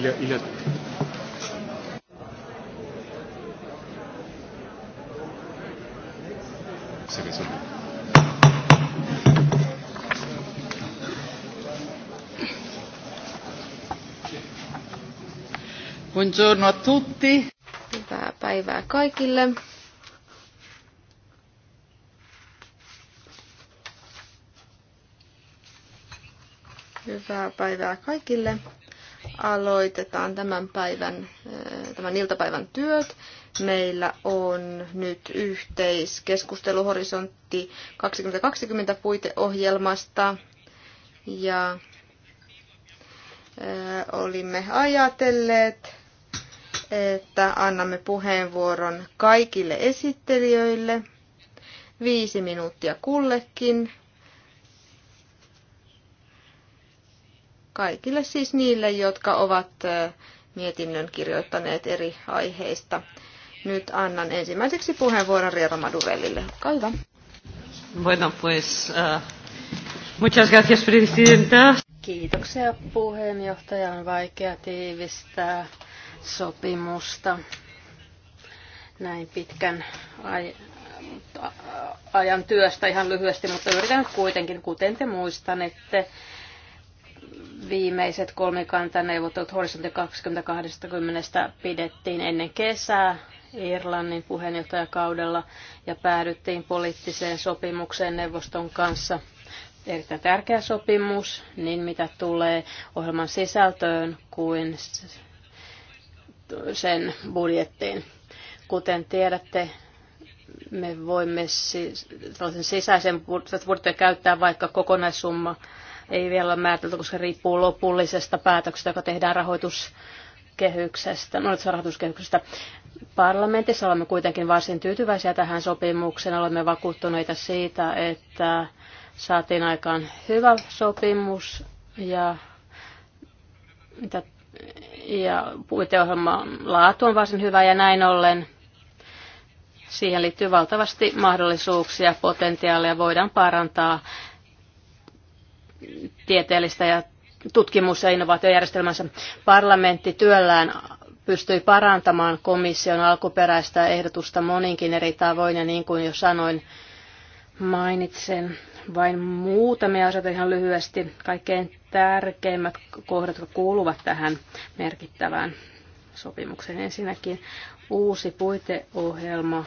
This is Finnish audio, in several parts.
il a, il a... Buongiorno a tutti. Hyvää päivää kaikille. Hyvää päivää kaikille aloitetaan tämän päivän, eh, tämän iltapäivän työt. Meillä on nyt yhteiskeskusteluhorisontti 2020 puiteohjelmasta ja eh, olimme ajatelleet, että annamme puheenvuoron kaikille esittelijöille, viisi minuuttia kullekin. Kaikille siis niille, jotka ovat mietinnön kirjoittaneet eri aiheista. Nyt annan ensimmäiseksi puheenvuoron Riera Maduvelille. Olkaa hyvä. Bueno, pues, uh, muchas gracias, presidenta. Kiitoksia puheenjohtaja. On vaikea tiivistää sopimusta näin pitkän ajan työstä ihan lyhyesti, mutta yritän kuitenkin, kuten te muistanette, viimeiset kolmikantaneuvottelut horisontti 2020 pidettiin ennen kesää Irlannin puheenjohtajakaudella ja päädyttiin poliittiseen sopimukseen neuvoston kanssa. Erittäin tärkeä sopimus, niin mitä tulee ohjelman sisältöön kuin sen budjettiin. Kuten tiedätte, me voimme siis, sisäisen budjetin käyttää, vaikka kokonaissumma ei vielä ole määritelty, koska se riippuu lopullisesta päätöksestä, joka tehdään rahoituskehyksestä, no, rahoituskehyksestä. Parlamentissa olemme kuitenkin varsin tyytyväisiä tähän sopimukseen. Olemme vakuuttuneita siitä, että saatiin aikaan hyvä sopimus ja, mitä, ja puiteohjelman laatu on varsin hyvä ja näin ollen siihen liittyy valtavasti mahdollisuuksia, potentiaalia voidaan parantaa tieteellistä ja tutkimus- ja innovaatiojärjestelmänsä parlamentti työllään pystyi parantamaan komission alkuperäistä ehdotusta moninkin eri tavoin ja niin kuin jo sanoin, mainitsen vain muutamia asioita ihan lyhyesti. Kaikkein tärkeimmät kohdat, jotka kuuluvat tähän merkittävään sopimukseen. Ensinnäkin uusi puiteohjelma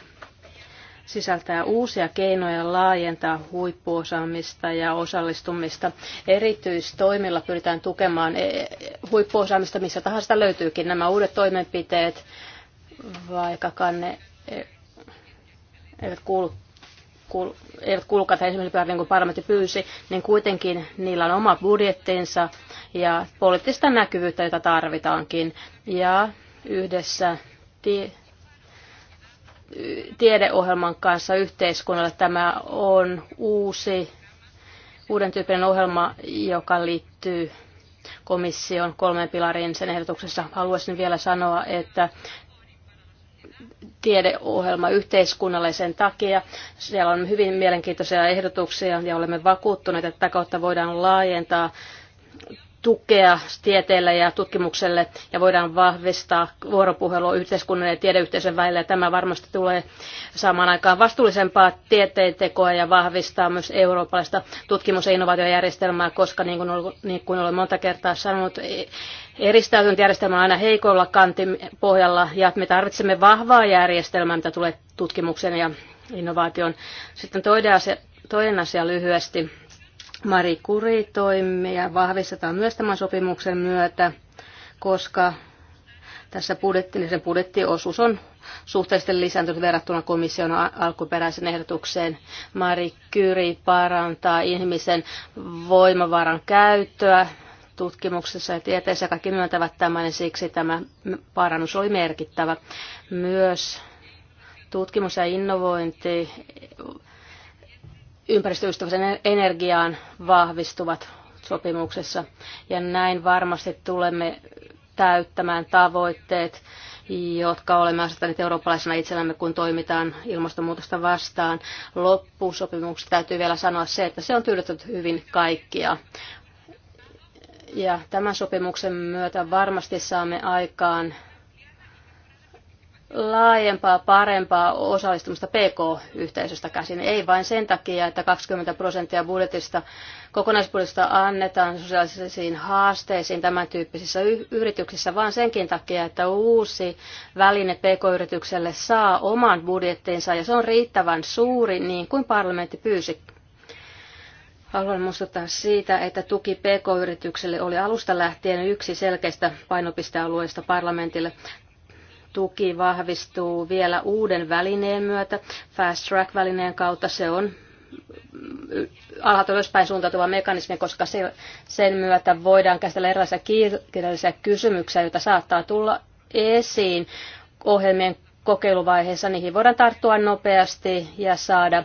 sisältää uusia keinoja laajentaa huippuosaamista ja osallistumista. Erityistoimilla pyritään tukemaan e, huippuosaamista missä tahansa löytyykin. Nämä uudet toimenpiteet, vaikkakaan ne e, eivät kuulu eivät kuulukaan tähän ensimmäisen päivän, kun parlamentti pyysi, niin kuitenkin niillä on oma budjettinsa ja poliittista näkyvyyttä, jota tarvitaankin. Ja yhdessä tiedeohjelman kanssa yhteiskunnalle. Tämä on uusi, uuden tyyppinen ohjelma, joka liittyy komission kolmeen pilariin sen ehdotuksessa. Haluaisin vielä sanoa, että tiedeohjelma yhteiskunnalle sen takia. Siellä on hyvin mielenkiintoisia ehdotuksia ja olemme vakuuttuneet, että tätä kautta voidaan laajentaa tukea tieteelle ja tutkimukselle ja voidaan vahvistaa vuoropuhelua yhteiskunnan ja tiedeyhteisön välillä. tämä varmasti tulee saamaan aikaan vastuullisempaa tieteentekoa ja vahvistaa myös eurooppalaista tutkimus- ja innovaatiojärjestelmää, koska niin kuin, niin kuin olen monta kertaa sanonut, e- eristäytynyt järjestelmä on aina heikolla kantipohjalla ja me tarvitsemme vahvaa järjestelmää, mitä tulee tutkimuksen ja innovaation. Sitten toinen asia, toinen asia lyhyesti Marie Curie ja vahvistetaan myös tämän sopimuksen myötä, koska tässä budjetti, sen budjettiosuus on suhteellisesti lisääntynyt verrattuna komission alkuperäiseen ehdotukseen. Marie Curie parantaa ihmisen voimavaran käyttöä tutkimuksessa ja tieteessä. Kaikki myöntävät tämän ja siksi tämä parannus oli merkittävä. Myös tutkimus ja innovointi ympäristöystävällisen energiaan vahvistuvat sopimuksessa. Ja näin varmasti tulemme täyttämään tavoitteet, jotka olemme asettaneet eurooppalaisena itsellämme, kun toimitaan ilmastonmuutosta vastaan. Loppusopimuksesta täytyy vielä sanoa se, että se on tyydyttänyt hyvin kaikkia. Ja tämän sopimuksen myötä varmasti saamme aikaan laajempaa, parempaa osallistumista PK-yhteisöstä käsin. Ei vain sen takia, että 20 prosenttia budjetista, kokonaisbudjetista annetaan sosiaalisiin haasteisiin tämän tyyppisissä yrityksissä, vaan senkin takia, että uusi väline PK-yritykselle saa oman budjettinsa ja se on riittävän suuri, niin kuin parlamentti pyysi Haluan muistuttaa siitä, että tuki PK-yritykselle oli alusta lähtien yksi selkeistä painopistealueista parlamentille tuki vahvistuu vielä uuden välineen myötä, Fast Track-välineen kautta. Se on alhaalta ylöspäin suuntautuva mekanismi, koska se, sen myötä voidaan käsitellä erilaisia kirjallisia kysymyksiä, joita saattaa tulla esiin ohjelmien kokeiluvaiheessa. Niihin voidaan tarttua nopeasti ja saada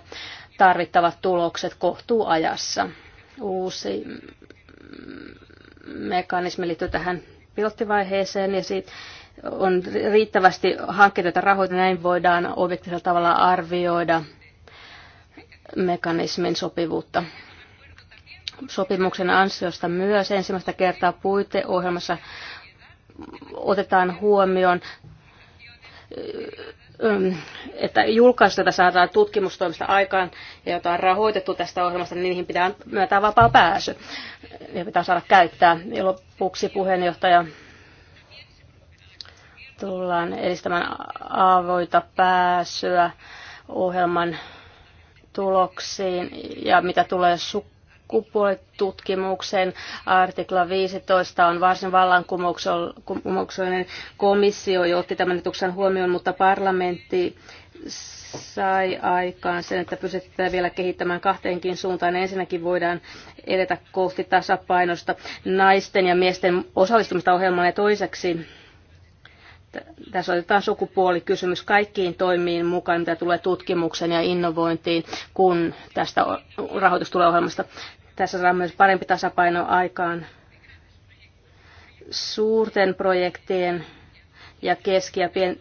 tarvittavat tulokset kohtuuajassa. Uusi mm, mekanismi liittyy tähän pilottivaiheeseen ja siitä on riittävästi hankkeita rahoita, näin voidaan objektiivisella tavalla arvioida mekanismin sopivuutta. Sopimuksen ansiosta myös ensimmäistä kertaa puiteohjelmassa otetaan huomioon, että julkaisuja, saadaan tutkimustoimista aikaan ja jota on rahoitettu tästä ohjelmasta, niin niihin pitää myöntää vapaa pääsy ja pitää saada käyttää. Ja lopuksi puheenjohtaja tullaan edistämään avoita pääsyä ohjelman tuloksiin ja mitä tulee sukupuolitutkimukseen. Artikla 15 on varsin vallankumouksellinen. Komissio jo otti tämän etuksen huomioon, mutta parlamentti sai aikaan sen, että pystytään vielä kehittämään kahteenkin suuntaan. Ensinnäkin voidaan edetä kohti tasapainosta naisten ja miesten osallistumista ohjelmaan ja toiseksi tässä otetaan sukupuolikysymys kaikkiin toimiin mukaan, mitä tulee tutkimukseen ja innovointiin, kun tästä rahoitus tulee ohjelmasta. Tässä saadaan myös parempi tasapaino aikaan suurten projektien ja keski- ja, pien-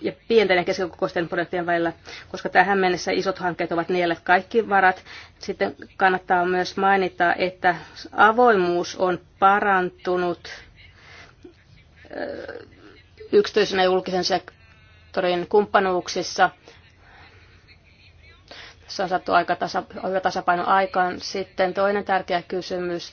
ja pienten ja keskikokoisten projektien välillä, koska tähän mennessä isot hankkeet ovat niille kaikki varat. Sitten kannattaa myös mainita, että avoimuus on parantunut yksityisen ja julkisen sektorin kumppanuuksissa. Tässä on saatu aika tasa, hyvä tasapaino aikaan. Sitten toinen tärkeä kysymys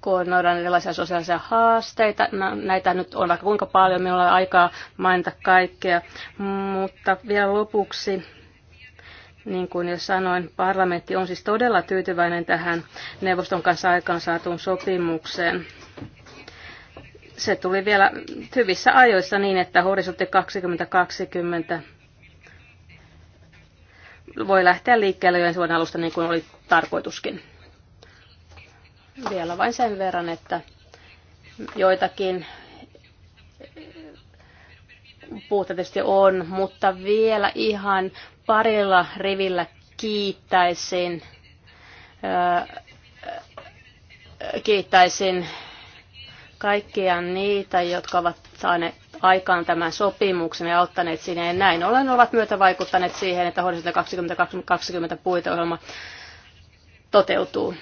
koordinoidaan erilaisia sosiaalisia haasteita. No, näitä nyt on vaikka kuinka paljon, minulla on aikaa mainita kaikkea. Mutta vielä lopuksi, niin kuin jo sanoin, parlamentti on siis todella tyytyväinen tähän neuvoston kanssa aikaan saatuun sopimukseen se tuli vielä hyvissä ajoissa niin, että horisontti 2020 voi lähteä liikkeelle jo ensi vuoden alusta niin kuin oli tarkoituskin. Vielä vain sen verran, että joitakin puutteita tietysti on, mutta vielä ihan parilla rivillä kiittäisin, kiittäisin kaikkia niitä, jotka ovat saaneet aikaan tämän sopimuksen ja auttaneet sinne, ja näin ollen ovat myötä vaikuttaneet siihen, että Horisontti 2020 puiteohjelma toteutuu.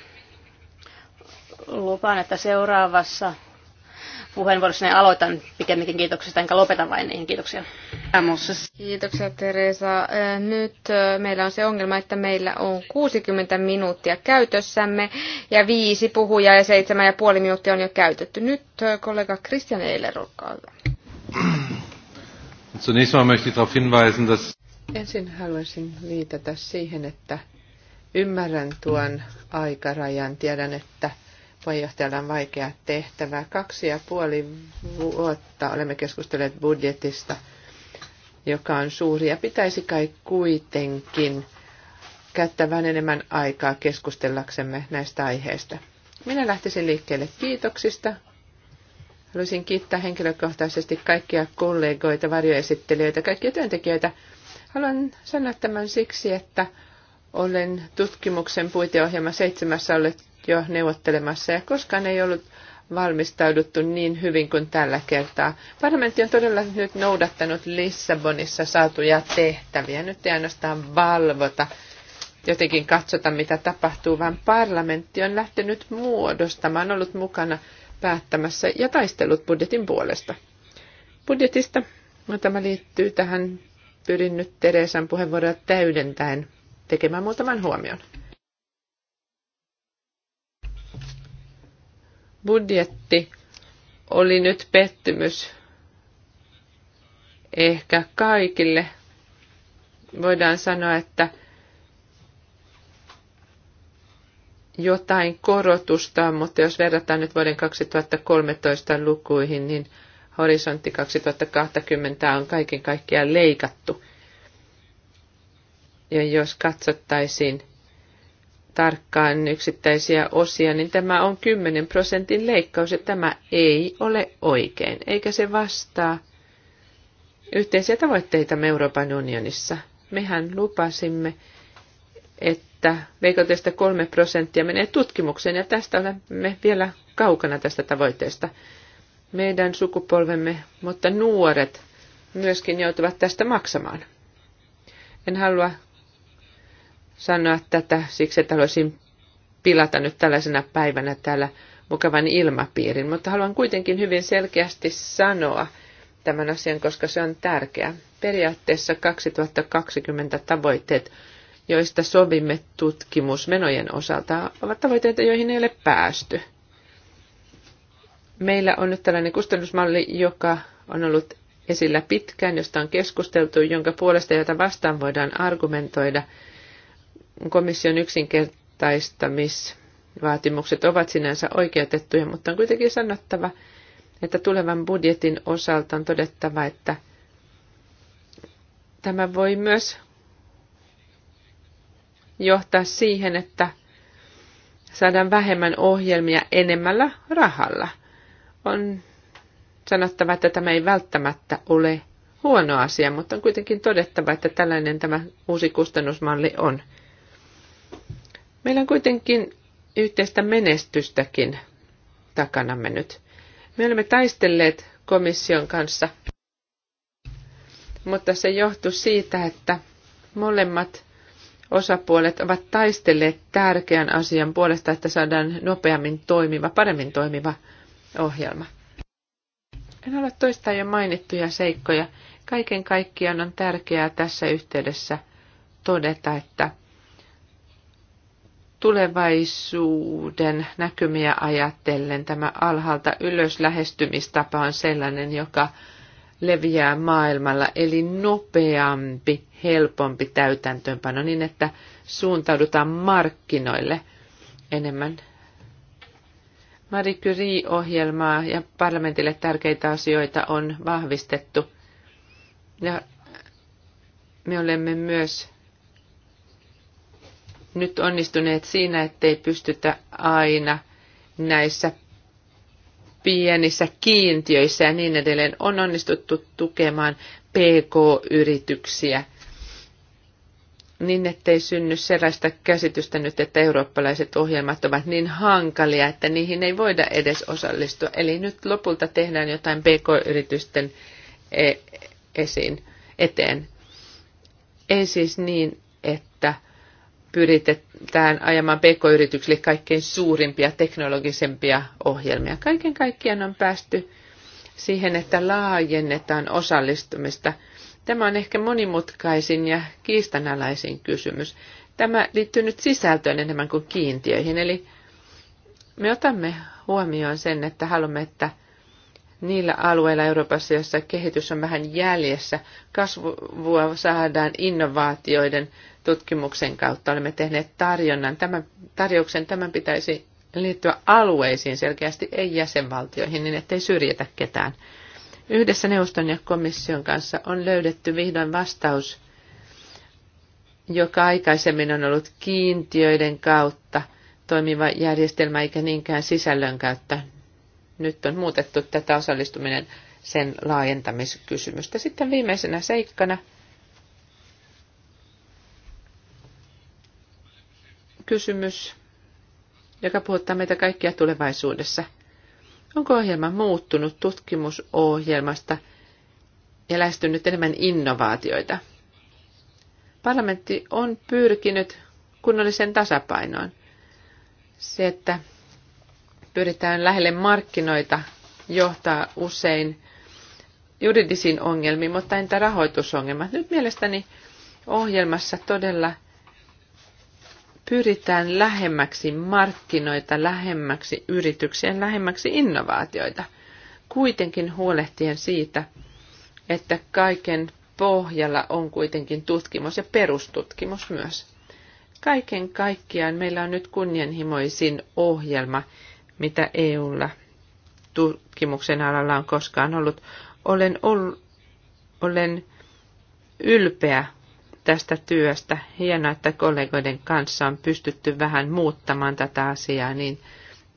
Lupaan, että seuraavassa puheenvuorossani niin aloitan pikemminkin kiitoksista, enkä lopeta vain niihin. Kiitoksia. Kiitoksia Teresa. Nyt meillä on se ongelma, että meillä on 60 minuuttia käytössämme ja viisi puhujaa ja seitsemän ja puoli minuuttia on jo käytetty. Nyt kollega Christian Eiler, olkaa hyvä. Ensin haluaisin viitata siihen, että ymmärrän tuon aikarajan. Tiedän, että Puheenjohtajalla on vaikea tehtävä. Kaksi ja puoli vuotta olemme keskustelleet budjetista, joka on suuri. Ja pitäisi kai kuitenkin käyttää vähän enemmän aikaa keskustellaksemme näistä aiheista. Minä lähtisin liikkeelle kiitoksista. Haluaisin kiittää henkilökohtaisesti kaikkia kollegoita, varjoesittelijöitä, kaikkia työntekijöitä. Haluan sanoa tämän siksi, että olen tutkimuksen puiteohjelma seitsemässä ollut jo neuvottelemassa ja koskaan ei ollut valmistauduttu niin hyvin kuin tällä kertaa. Parlamentti on todella nyt noudattanut Lissabonissa saatuja tehtäviä. Nyt ei ainoastaan valvota, jotenkin katsota mitä tapahtuu, vaan parlamentti on lähtenyt muodostamaan, ollut mukana päättämässä ja taistellut budjetin puolesta. Budjetista, no tämä liittyy tähän, pyrin nyt Teresan puheenvuoroa täydentäen tekemään muutaman huomion. budjetti oli nyt pettymys ehkä kaikille. Voidaan sanoa, että jotain korotusta, mutta jos verrataan nyt vuoden 2013 lukuihin, niin horisontti 2020 on kaiken kaikkiaan leikattu. Ja jos katsottaisiin tarkkaan yksittäisiä osia, niin tämä on 10 prosentin leikkaus ja tämä ei ole oikein, eikä se vastaa yhteisiä tavoitteita Euroopan unionissa. Mehän lupasimme, että BKTstä 3 prosenttia menee tutkimukseen ja tästä olemme vielä kaukana tästä tavoitteesta. Meidän sukupolvemme, mutta nuoret myöskin joutuvat tästä maksamaan. En halua sanoa tätä siksi, että haluaisin pilata nyt tällaisena päivänä täällä mukavan ilmapiirin, mutta haluan kuitenkin hyvin selkeästi sanoa tämän asian, koska se on tärkeä. Periaatteessa 2020 tavoitteet, joista sovimme tutkimusmenojen osalta, ovat tavoitteita, joihin ei ole päästy. Meillä on nyt tällainen kustannusmalli, joka on ollut esillä pitkään, josta on keskusteltu, jonka puolesta jota vastaan voidaan argumentoida – komission yksinkertaistamisvaatimukset ovat sinänsä oikeutettuja, mutta on kuitenkin sanottava, että tulevan budjetin osalta on todettava, että tämä voi myös johtaa siihen, että saadaan vähemmän ohjelmia enemmällä rahalla. On sanottava, että tämä ei välttämättä ole huono asia, mutta on kuitenkin todettava, että tällainen tämä uusi kustannusmalli on. Meillä on kuitenkin yhteistä menestystäkin takana mennyt. Me olemme taistelleet komission kanssa, mutta se johtui siitä, että molemmat osapuolet ovat taistelleet tärkeän asian puolesta, että saadaan nopeammin toimiva, paremmin toimiva ohjelma. En ole toista jo mainittuja seikkoja. Kaiken kaikkiaan on tärkeää tässä yhteydessä todeta, että tulevaisuuden näkymiä ajatellen tämä alhaalta ylös lähestymistapa on sellainen, joka leviää maailmalla, eli nopeampi, helpompi täytäntöönpano niin, että suuntaudutaan markkinoille enemmän. Marie Curie-ohjelmaa ja parlamentille tärkeitä asioita on vahvistettu. Ja me olemme myös nyt onnistuneet siinä, ettei pystytä aina näissä pienissä kiintiöissä ja niin edelleen on onnistuttu tukemaan PK-yrityksiä niin, ettei synny sellaista käsitystä nyt, että eurooppalaiset ohjelmat ovat niin hankalia, että niihin ei voida edes osallistua. Eli nyt lopulta tehdään jotain PK-yritysten eh, esiin eteen. Ei siis niin, että pyritetään ajamaan pk-yrityksille kaikkein suurimpia teknologisempia ohjelmia. Kaiken kaikkiaan on päästy siihen, että laajennetaan osallistumista. Tämä on ehkä monimutkaisin ja kiistanalaisin kysymys. Tämä liittyy nyt sisältöön enemmän kuin kiintiöihin, eli me otamme huomioon sen, että haluamme, että niillä alueilla Euroopassa, joissa kehitys on vähän jäljessä, kasvua saadaan innovaatioiden tutkimuksen kautta. Olemme tehneet tarjonnan. Tämän, tarjouksen tämän pitäisi liittyä alueisiin selkeästi, ei jäsenvaltioihin, niin ettei syrjetä ketään. Yhdessä neuvoston ja komission kanssa on löydetty vihdoin vastaus, joka aikaisemmin on ollut kiintiöiden kautta toimiva järjestelmä eikä niinkään sisällön kautta nyt on muutettu tätä osallistuminen sen laajentamiskysymystä. Sitten viimeisenä seikkana kysymys, joka puhuttaa meitä kaikkia tulevaisuudessa. Onko ohjelma muuttunut tutkimusohjelmasta ja lähestynyt enemmän innovaatioita? Parlamentti on pyrkinyt kunnolliseen tasapainoon. Se, että pyritään lähelle markkinoita, johtaa usein juridisiin ongelmiin, mutta entä rahoitusongelmat? Nyt mielestäni ohjelmassa todella pyritään lähemmäksi markkinoita, lähemmäksi yrityksiä, lähemmäksi innovaatioita. Kuitenkin huolehtien siitä, että kaiken pohjalla on kuitenkin tutkimus ja perustutkimus myös. Kaiken kaikkiaan meillä on nyt kunnianhimoisin ohjelma, mitä EUlla tutkimuksen alalla on koskaan ollut. Olen, ol, olen ylpeä tästä työstä. Hienoa, että kollegoiden kanssa on pystytty vähän muuttamaan tätä asiaa, niin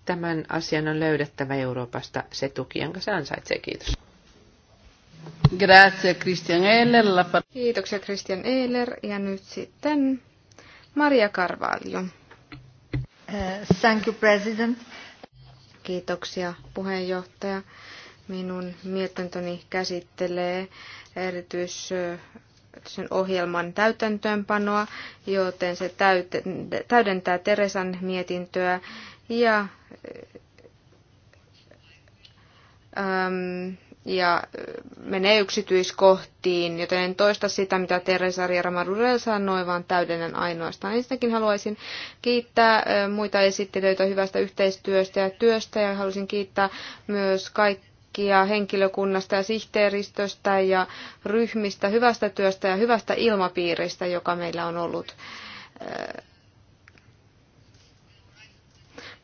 tämän asian on löydettävä Euroopasta se tuki, jonka se ansaitsee. Kiitos. Grazie Christian Ehler. Kiitoksia Christian Ehler ja nyt sitten Maria Carvalho. Uh, thank you, President. Kiitoksia puheenjohtaja. Minun mietintöni käsittelee erityis sen ohjelman täytäntöönpanoa, joten se täydentää Teresan mietintöä ja ähm, ja menee yksityiskohtiin, joten en toista sitä, mitä Teresa Rieramadurel sanoi, vaan täydennän ainoastaan. Ensinnäkin haluaisin kiittää muita esittelijöitä hyvästä yhteistyöstä ja työstä, ja haluaisin kiittää myös kaikkia henkilökunnasta ja sihteeristöstä ja ryhmistä hyvästä työstä ja hyvästä ilmapiiristä, joka meillä on ollut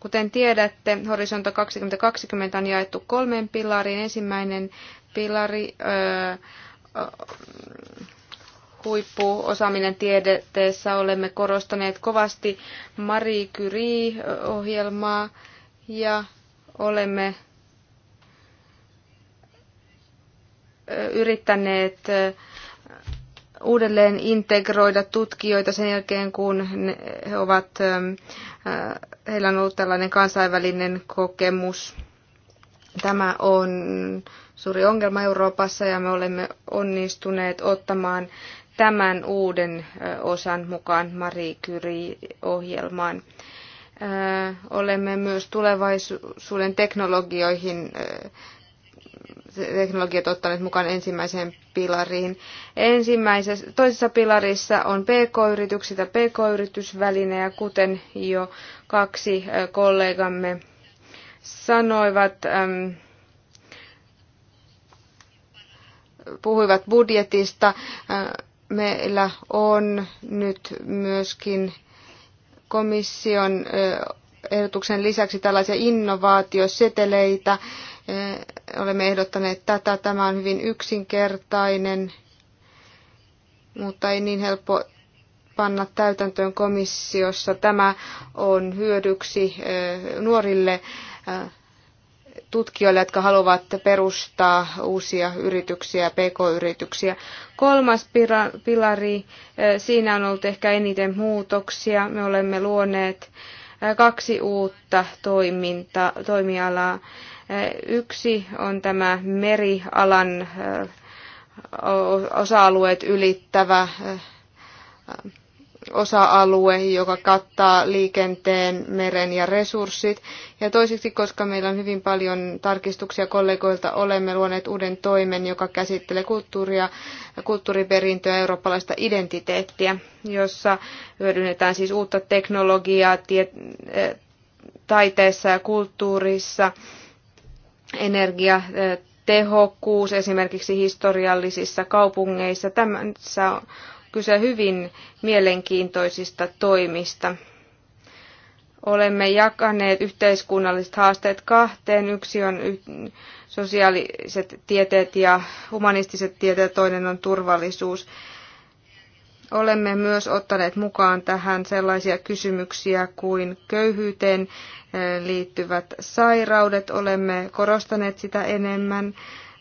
Kuten tiedätte, Horisonto 2020 on jaettu kolmeen pilariin. Ensimmäinen pilari öö, huippuosaaminen tiedeteessä olemme korostaneet kovasti Marie Curie-ohjelmaa ja olemme yrittäneet uudelleen integroida tutkijoita sen jälkeen, kun he ovat, ähm, äh, heillä on ollut tällainen kansainvälinen kokemus. Tämä on suuri ongelma Euroopassa ja me olemme onnistuneet ottamaan tämän uuden äh, osan mukaan Marie Curie-ohjelmaan. Äh, olemme myös tulevaisuuden teknologioihin teknologiat ottaneet mukaan ensimmäiseen pilariin. Ensimmäisessä, toisessa pilarissa on PK-yritykset ja PK-yritysväline, ja kuten jo kaksi kollegamme sanoivat, puhuivat budjetista. Meillä on nyt myöskin komission ehdotuksen lisäksi tällaisia innovaatioseteleitä, Eh, olemme ehdottaneet tätä. Tämä on hyvin yksinkertainen, mutta ei niin helppo panna täytäntöön komissiossa. Tämä on hyödyksi eh, nuorille eh, tutkijoille, jotka haluavat perustaa uusia yrityksiä, pk-yrityksiä. Kolmas pilari, siinä on ollut ehkä eniten muutoksia. Me olemme luoneet kaksi uutta toiminta, toimialaa Yksi on tämä merialan osa-alueet ylittävä osa-alue, joka kattaa liikenteen, meren ja resurssit. Ja toiseksi, koska meillä on hyvin paljon tarkistuksia kollegoilta, olemme luoneet uuden toimen, joka käsittelee kulttuuria, kulttuuriperintöä ja eurooppalaista identiteettiä, jossa hyödynnetään siis uutta teknologiaa tie, taiteessa ja kulttuurissa energiatehokkuus esimerkiksi historiallisissa kaupungeissa. Tässä on kyse hyvin mielenkiintoisista toimista. Olemme jakaneet yhteiskunnalliset haasteet kahteen. Yksi on sosiaaliset tieteet ja humanistiset tieteet, toinen on turvallisuus. Olemme myös ottaneet mukaan tähän sellaisia kysymyksiä kuin köyhyyteen liittyvät sairaudet. Olemme korostaneet sitä enemmän.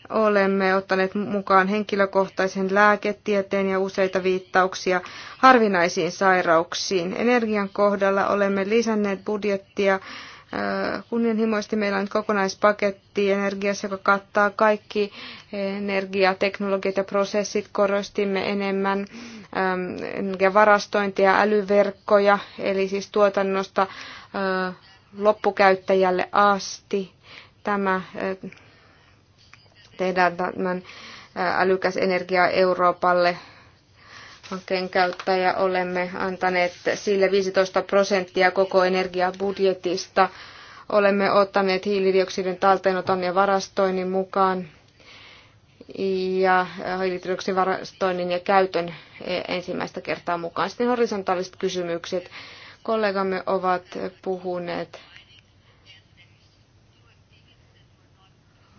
Olemme ottaneet mukaan henkilökohtaisen lääketieteen ja useita viittauksia harvinaisiin sairauksiin. Energian kohdalla olemme lisänneet budjettia kunnianhimoisesti meillä on nyt kokonaispaketti energiassa, joka kattaa kaikki energiateknologiat ja prosessit. Korostimme enemmän energiavarastointia, älyverkkoja, eli siis tuotannosta loppukäyttäjälle asti. Tämä äh, tehdään tämän äh, älykäs energia Euroopalle hankkeen käyttäjä. Olemme antaneet sille 15 prosenttia koko energiabudjetista. Olemme ottaneet hiilidioksidin talteenoton ja varastoinnin mukaan ja äh, hiilidioksidin varastoinnin ja käytön e, ensimmäistä kertaa mukaan. Sitten horisontaaliset kysymykset. Kollegamme ovat puhuneet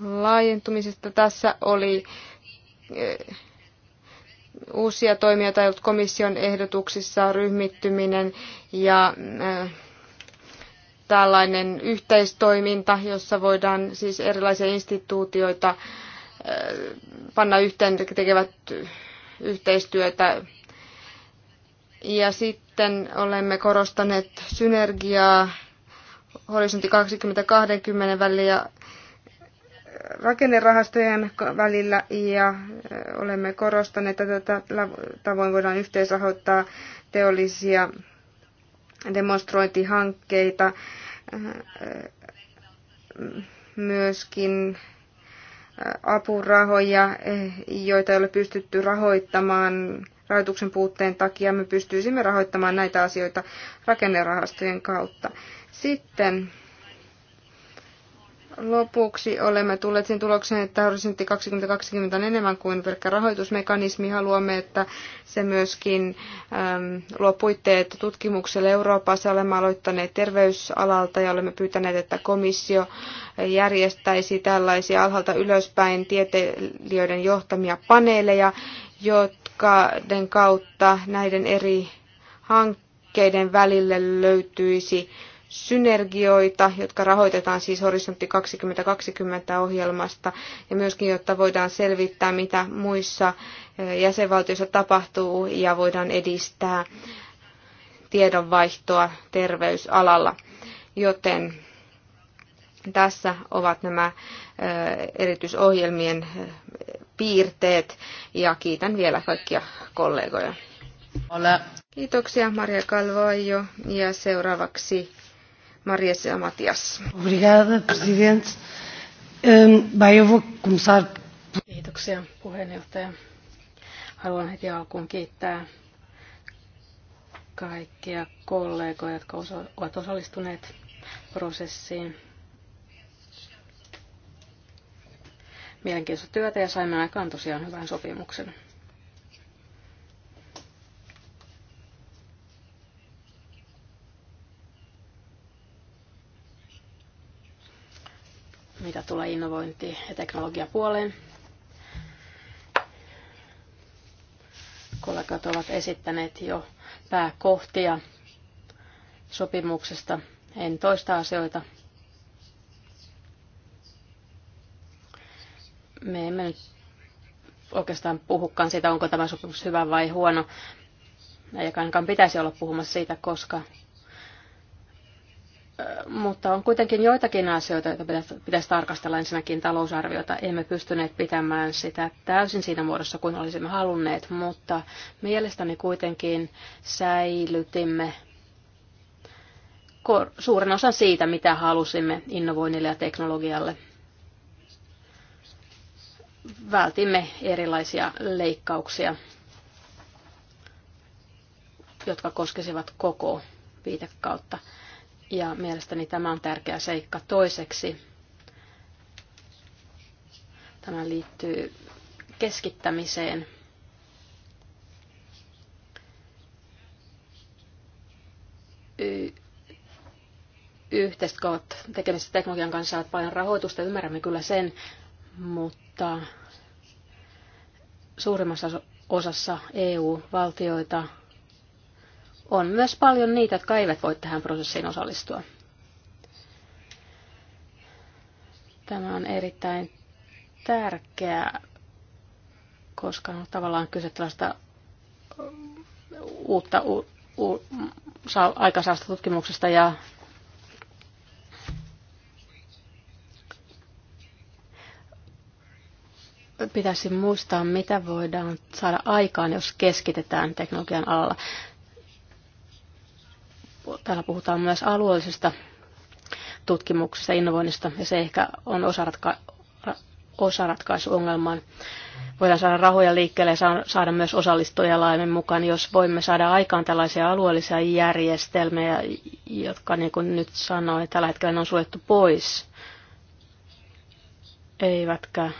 laajentumisesta. Tässä oli eh, uusia toimia tai komission ehdotuksissa ryhmittyminen ja eh, tällainen yhteistoiminta, jossa voidaan siis erilaisia instituutioita eh, panna yhteen, tekevät yhteistyötä. Ja sitten sitten olemme korostaneet synergiaa horisontti 2020 välillä ja rakennerahastojen välillä ja olemme korostaneet, että tällä tavoin voidaan yhteisrahoittaa teollisia demonstrointihankkeita, myöskin apurahoja, eh, joita ei ole pystytty rahoittamaan rahoituksen puutteen takia me pystyisimme rahoittamaan näitä asioita rakennerahastojen kautta. Sitten lopuksi olemme tulleet siihen tulokseen, että horisontti 2020 on enemmän kuin pelkkä rahoitusmekanismi. Haluamme, että se myöskin äm, luo puitteet tutkimukselle Euroopassa. Olemme aloittaneet terveysalalta ja olemme pyytäneet, että komissio järjestäisi tällaisia alhaalta ylöspäin tieteilijöiden johtamia paneeleja, jotka den kautta näiden eri hankkeiden välille löytyisi synergioita, jotka rahoitetaan siis Horisontti 2020 ohjelmasta ja myöskin, jotta voidaan selvittää, mitä muissa e, jäsenvaltioissa tapahtuu ja voidaan edistää tiedonvaihtoa terveysalalla. Joten tässä ovat nämä erityisohjelmien piirteet ja kiitän vielä kaikkia kollegoja. Ole. Kiitoksia Maria Kalvoajo ja seuraavaksi Maria ja Matias. Obrigada, presidente. Vai eu vou começar... Kiitoksia puheenjohtaja. Haluan heti alkuun kiittää kaikkia kollegoja, jotka ovat osallistuneet prosessiin. mielenkiintoista työtä ja saimme aikaan tosiaan hyvän sopimuksen. mitä tulee innovointi- ja teknologiapuoleen. Kollegat ovat esittäneet jo pääkohtia sopimuksesta. En toista asioita, Me emme nyt oikeastaan puhukaan siitä, onko tämä sopimus hyvä vai huono. Ei ainakaan pitäisi olla puhumassa siitä, koska mutta on kuitenkin joitakin asioita, joita pitäisi tarkastella. Ensinnäkin talousarviota emme pystyneet pitämään sitä täysin siinä muodossa kuin olisimme halunneet, mutta mielestäni kuitenkin säilytimme suuren osan siitä, mitä halusimme innovoinnille ja teknologialle vältimme erilaisia leikkauksia, jotka koskesivat koko viitekautta. Ja mielestäni tämä on tärkeä seikka. Toiseksi tämä liittyy keskittämiseen. Y- yhteiset teknologian kanssa saavat paljon rahoitusta, ymmärrämme kyllä sen, mutta mutta suurimmassa osassa EU-valtioita on myös paljon niitä, jotka eivät voi tähän prosessiin osallistua. Tämä on erittäin tärkeää, koska on tavallaan kyse tällaista uutta u, u, aikaisesta tutkimuksesta ja pitäisi muistaa, mitä voidaan saada aikaan, jos keskitetään teknologian alalla. Täällä puhutaan myös alueellisesta tutkimuksesta, innovoinnista, ja se ehkä on osaratka- osaratkaisu ongelmaan. Voidaan saada rahoja liikkeelle ja saada myös osallistujia laajemmin mukaan, jos voimme saada aikaan tällaisia alueellisia järjestelmiä, jotka niin kuin nyt sanoin, tällä hetkellä ne on suljettu pois. Eivätkä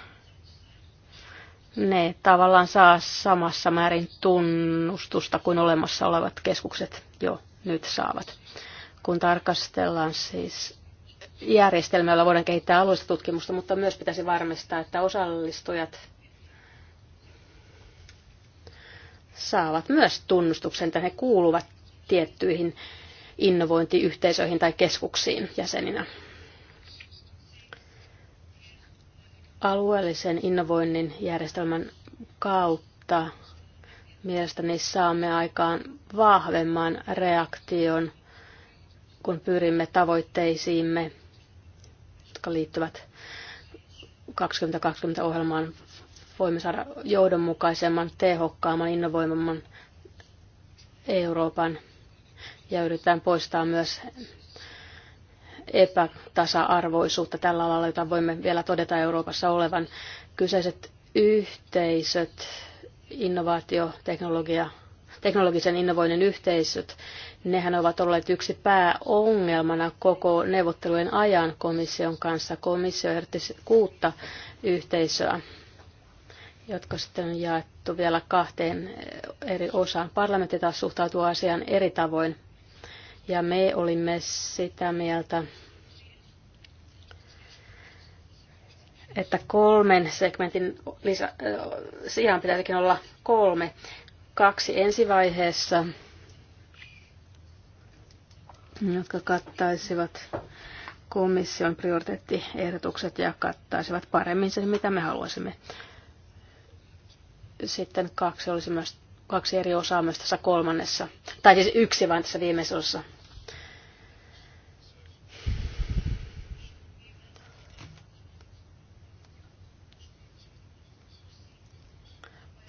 ne tavallaan saa samassa määrin tunnustusta kuin olemassa olevat keskukset jo nyt saavat. Kun tarkastellaan siis järjestelmää, jolla voidaan kehittää alueista tutkimusta, mutta myös pitäisi varmistaa, että osallistujat saavat myös tunnustuksen, että he kuuluvat tiettyihin innovointiyhteisöihin tai keskuksiin jäseninä. Alueellisen innovoinnin järjestelmän kautta mielestäni saamme aikaan vahvemman reaktion, kun pyrimme tavoitteisiimme, jotka liittyvät 2020-ohjelmaan. Voimme saada johdonmukaisemman, tehokkaamman, innovoimamman Euroopan ja yritetään poistaa myös epätasa-arvoisuutta tällä alalla, jota voimme vielä todeta Euroopassa olevan. Kyseiset yhteisöt, innovaatioteknologia, teknologisen innovoinnin yhteisöt, nehän ovat olleet yksi pääongelmana koko neuvottelujen ajan komission kanssa. Komissio ehdotti kuutta yhteisöä, jotka sitten on jaettu vielä kahteen eri osaan. Parlamentti taas suhtautuu asiaan eri tavoin. Ja me olimme sitä mieltä, että kolmen segmentin lisä, sijaan pitäisikin olla kolme. Kaksi ensivaiheessa, jotka kattaisivat komission prioriteettiehdotukset ja kattaisivat paremmin sen, mitä me haluaisimme. Sitten kaksi olisi myös kaksi eri osaa myös tässä kolmannessa, tai siis yksi vain tässä viimeisessä osassa.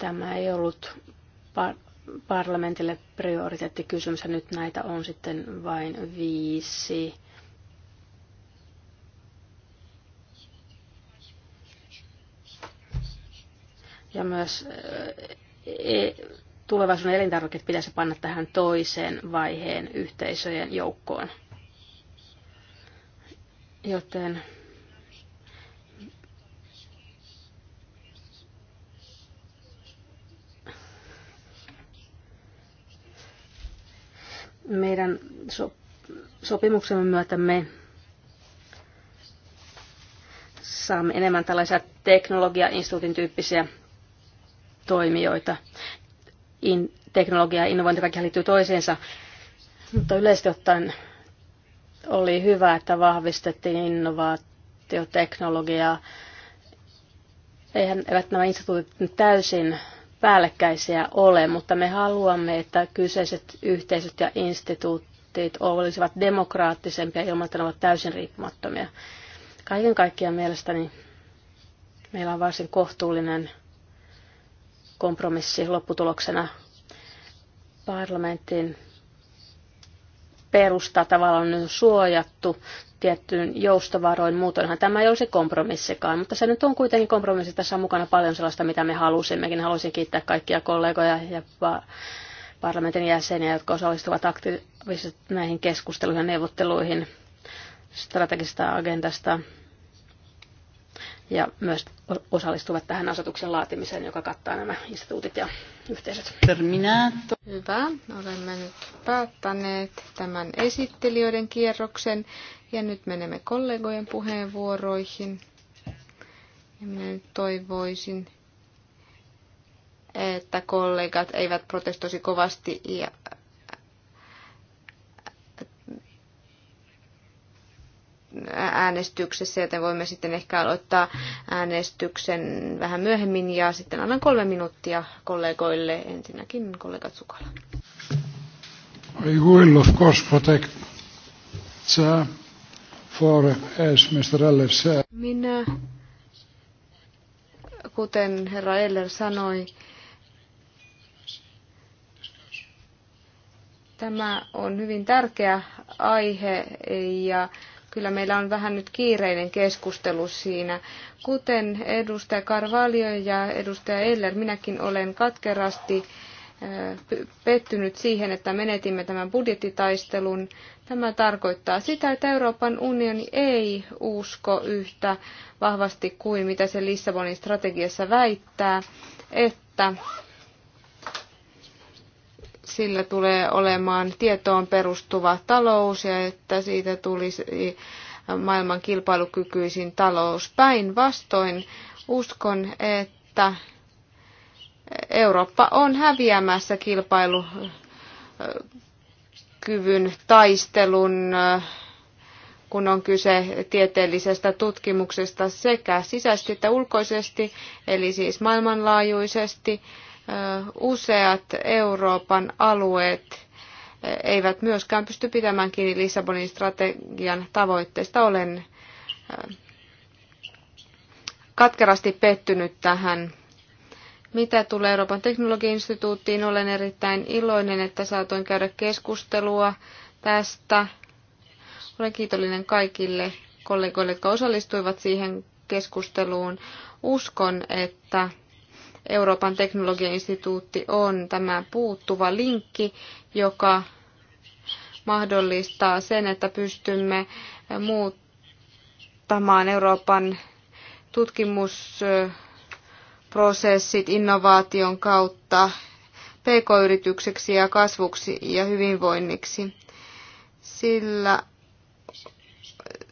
Tämä ei ollut par- parlamentille prioriteettikysymys, ja nyt näitä on sitten vain viisi. Ja myös eh, e- tulevaisuuden elintarvikkeet pitäisi panna tähän toiseen vaiheen yhteisöjen joukkoon. Joten Meidän sopimuksemme myötä me saamme enemmän tällaisia teknologiainstituutin tyyppisiä toimijoita. In, teknologia ja innovointi kaikki liittyy toisiinsa, mutta yleisesti ottaen oli hyvä, että vahvistettiin innovaatioteknologiaa. Eihän eivät nämä instituutit täysin päällekkäisiä ole, mutta me haluamme, että kyseiset yhteisöt ja instituutit olisivat demokraattisempia ilman, että ne ovat täysin riippumattomia. Kaiken kaikkiaan mielestäni meillä on varsin kohtuullinen kompromissi lopputuloksena parlamentin perusta tavallaan on suojattu tiettyyn joustovaroin. Muutoinhan tämä ei olisi kompromissikaan, mutta se nyt on kuitenkin kompromissi. Tässä on mukana paljon sellaista, mitä me halusimmekin. Haluaisin kiittää kaikkia kollegoja ja parlamentin jäseniä, jotka osallistuvat aktiivisesti näihin keskusteluihin ja neuvotteluihin strategisesta agendasta ja myös osallistuvat tähän asetuksen laatimiseen, joka kattaa nämä instituutit ja yhteisöt. Terminaatto. Hyvä. Olemme nyt päättäneet tämän esittelijöiden kierroksen ja nyt menemme kollegojen puheenvuoroihin. Ja minä nyt toivoisin, että kollegat eivät protestoisi kovasti ja äänestyksessä, joten voimme sitten ehkä aloittaa äänestyksen vähän myöhemmin ja sitten annan kolme minuuttia kollegoille, ensinnäkin kollega Tsukala. Ei will of for, as Mr. Eller said. Minä, kuten herra Eller sanoi, tämä on hyvin tärkeä aihe ja kyllä meillä on vähän nyt kiireinen keskustelu siinä. Kuten edustaja Karvalio ja edustaja Eller, minäkin olen katkerasti eh, pettynyt siihen, että menetimme tämän budjettitaistelun. Tämä tarkoittaa sitä, että Euroopan unioni ei usko yhtä vahvasti kuin mitä se Lissabonin strategiassa väittää, että sillä tulee olemaan tietoon perustuva talous ja että siitä tulisi maailman kilpailukykyisin talous. Päinvastoin uskon, että Eurooppa on häviämässä kilpailu kyvyn taistelun, kun on kyse tieteellisestä tutkimuksesta sekä sisäisesti että ulkoisesti, eli siis maailmanlaajuisesti. Useat Euroopan alueet eivät myöskään pysty pitämään kiinni Lissabonin strategian tavoitteista. Olen katkerasti pettynyt tähän mitä tulee Euroopan teknologiainstituuttiin, olen erittäin iloinen, että saatoin käydä keskustelua tästä. Olen kiitollinen kaikille kollegoille, jotka osallistuivat siihen keskusteluun. Uskon, että Euroopan teknologiainstituutti on tämä puuttuva linkki, joka mahdollistaa sen, että pystymme muuttamaan Euroopan tutkimus prosessit innovaation kautta pk-yritykseksi ja kasvuksi ja hyvinvoinniksi. Sillä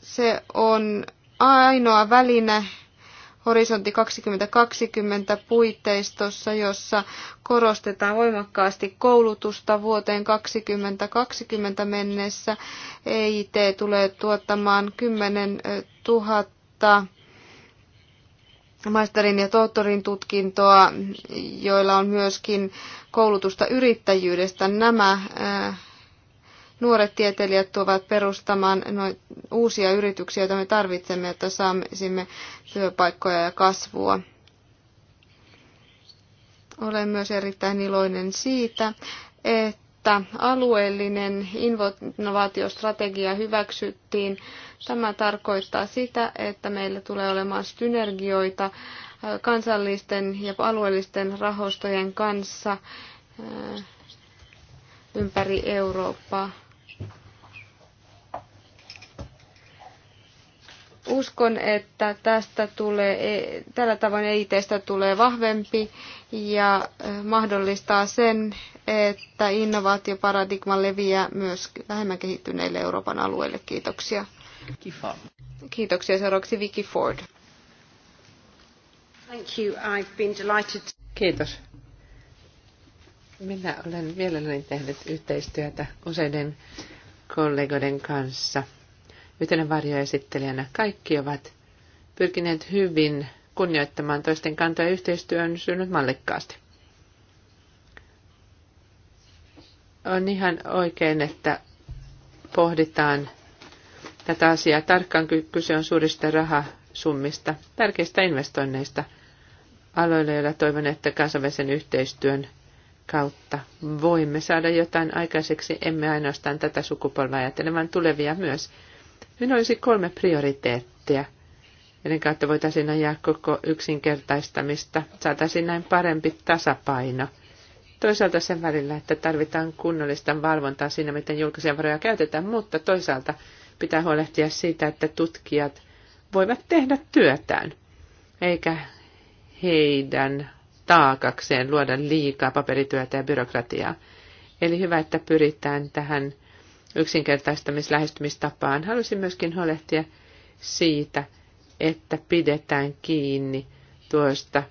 se on ainoa väline Horisontti 2020 puitteistossa, jossa korostetaan voimakkaasti koulutusta vuoteen 2020 mennessä. EIT tulee tuottamaan 10 000 maisterin ja tohtorin tutkintoa, joilla on myöskin koulutusta yrittäjyydestä. Nämä äh, nuoret tieteilijät tuovat perustamaan uusia yrityksiä, joita me tarvitsemme, että saisimme työpaikkoja ja kasvua. Olen myös erittäin iloinen siitä, että että alueellinen innovaatiostrategia hyväksyttiin. Tämä tarkoittaa sitä, että meillä tulee olemaan synergioita äh, kansallisten ja alueellisten rahastojen kanssa äh, ympäri Eurooppaa. Uskon, että tästä tulee, e, tällä tavoin EITstä tulee vahvempi ja e, mahdollistaa sen, että innovaatioparadigma leviää myös vähemmän kehittyneille Euroopan alueille. Kiitoksia. Kiitoksia. Seuraavaksi Vicky Ford. Thank you. I've been delighted. Kiitos. Minä olen mielelläni tehnyt yhteistyötä useiden kollegoiden kanssa – yhtenä varjoesittelijänä. Kaikki ovat pyrkineet hyvin kunnioittamaan toisten kantoja yhteistyön synnyt mallikkaasti. On ihan oikein, että pohditaan tätä asiaa tarkkaan. Kyse on suurista rahasummista, tärkeistä investoinneista aloille, joilla toivon, että kansainvälisen yhteistyön kautta voimme saada jotain aikaiseksi, emme ainoastaan tätä sukupolvaa ajatellen, tulevia myös. Meillä olisi kolme prioriteettia, joiden kautta voitaisiin ajaa koko yksinkertaistamista. Saataisiin näin parempi tasapaino. Toisaalta sen välillä, että tarvitaan kunnollista valvontaa siinä, miten julkisia varoja käytetään, mutta toisaalta pitää huolehtia siitä, että tutkijat voivat tehdä työtään, eikä heidän taakakseen luoda liikaa paperityötä ja byrokratiaa. Eli hyvä, että pyritään tähän yksinkertaistamislähestymistapaan. Halusin myöskin huolehtia siitä, että pidetään kiinni tuosta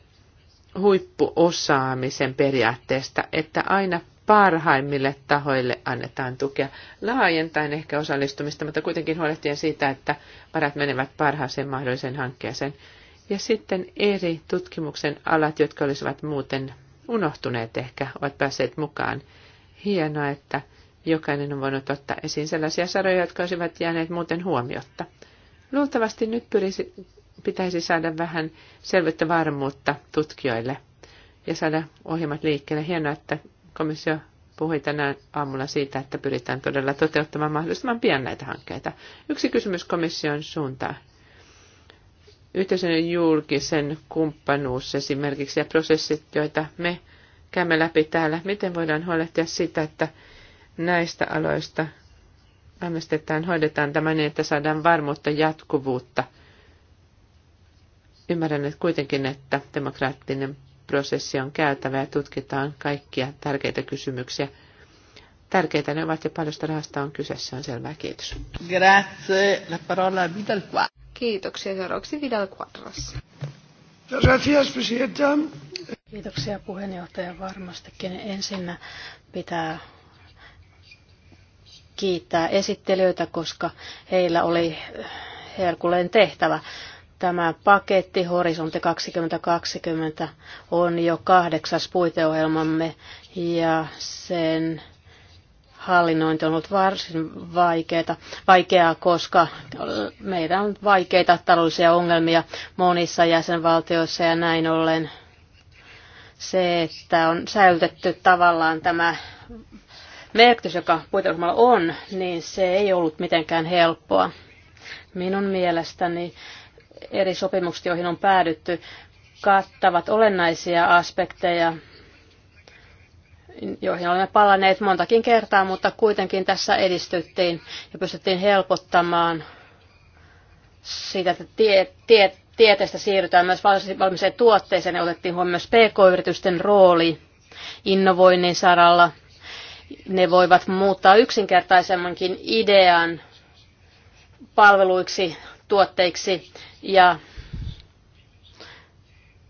huippuosaamisen periaatteesta, että aina parhaimmille tahoille annetaan tukea laajentain ehkä osallistumista, mutta kuitenkin huolehtien siitä, että varat menevät parhaaseen mahdolliseen hankkeeseen. Ja sitten eri tutkimuksen alat, jotka olisivat muuten unohtuneet ehkä, ovat päässeet mukaan. Hienoa, että jokainen on voinut ottaa esiin sellaisia saroja, jotka olisivat jääneet muuten huomiotta. Luultavasti nyt pyrisi, pitäisi saada vähän selvyyttä varmuutta tutkijoille ja saada ohjelmat liikkeelle. Hienoa, että komissio puhui tänään aamulla siitä, että pyritään todella toteuttamaan mahdollisimman pian näitä hankkeita. Yksi kysymys komission suuntaan. Yhteisen julkisen kumppanuus esimerkiksi ja prosessit, joita me käymme läpi täällä, miten voidaan huolehtia sitä, että näistä aloista äänestetään, hoidetaan tämä niin, että saadaan varmuutta jatkuvuutta. Ymmärrän että kuitenkin, että demokraattinen prosessi on käytävä ja tutkitaan kaikkia tärkeitä kysymyksiä. Tärkeitä ne ovat ja paljon rahasta on kyseessä, on selvää. Kiitos. Grazie. La parola Vidal Kiitoksia. Seuraavaksi Vidal Quadras. Gracias, presidenta. Kiitoksia puheenjohtaja. Varmastikin ensinnä pitää kiittää esittelijöitä, koska heillä oli herkullinen tehtävä. Tämä paketti Horisonte 2020 on jo kahdeksas puiteohjelmamme ja sen hallinnointi on ollut varsin vaikeata, vaikeaa, koska meidän on vaikeita taloudellisia ongelmia monissa jäsenvaltioissa ja näin ollen se, että on säilytetty tavallaan tämä merkitys, joka puiteohjelmalla on, niin se ei ollut mitenkään helppoa. Minun mielestäni eri sopimukset, joihin on päädytty, kattavat olennaisia aspekteja, joihin olemme palanneet montakin kertaa, mutta kuitenkin tässä edistyttiin ja pystyttiin helpottamaan siitä, että tie, tie, tieteestä siirrytään myös valmiseen tuotteeseen ja otettiin huomioon myös pk-yritysten rooli innovoinnin saralla – ne voivat muuttaa yksinkertaisemmankin idean palveluiksi, tuotteiksi ja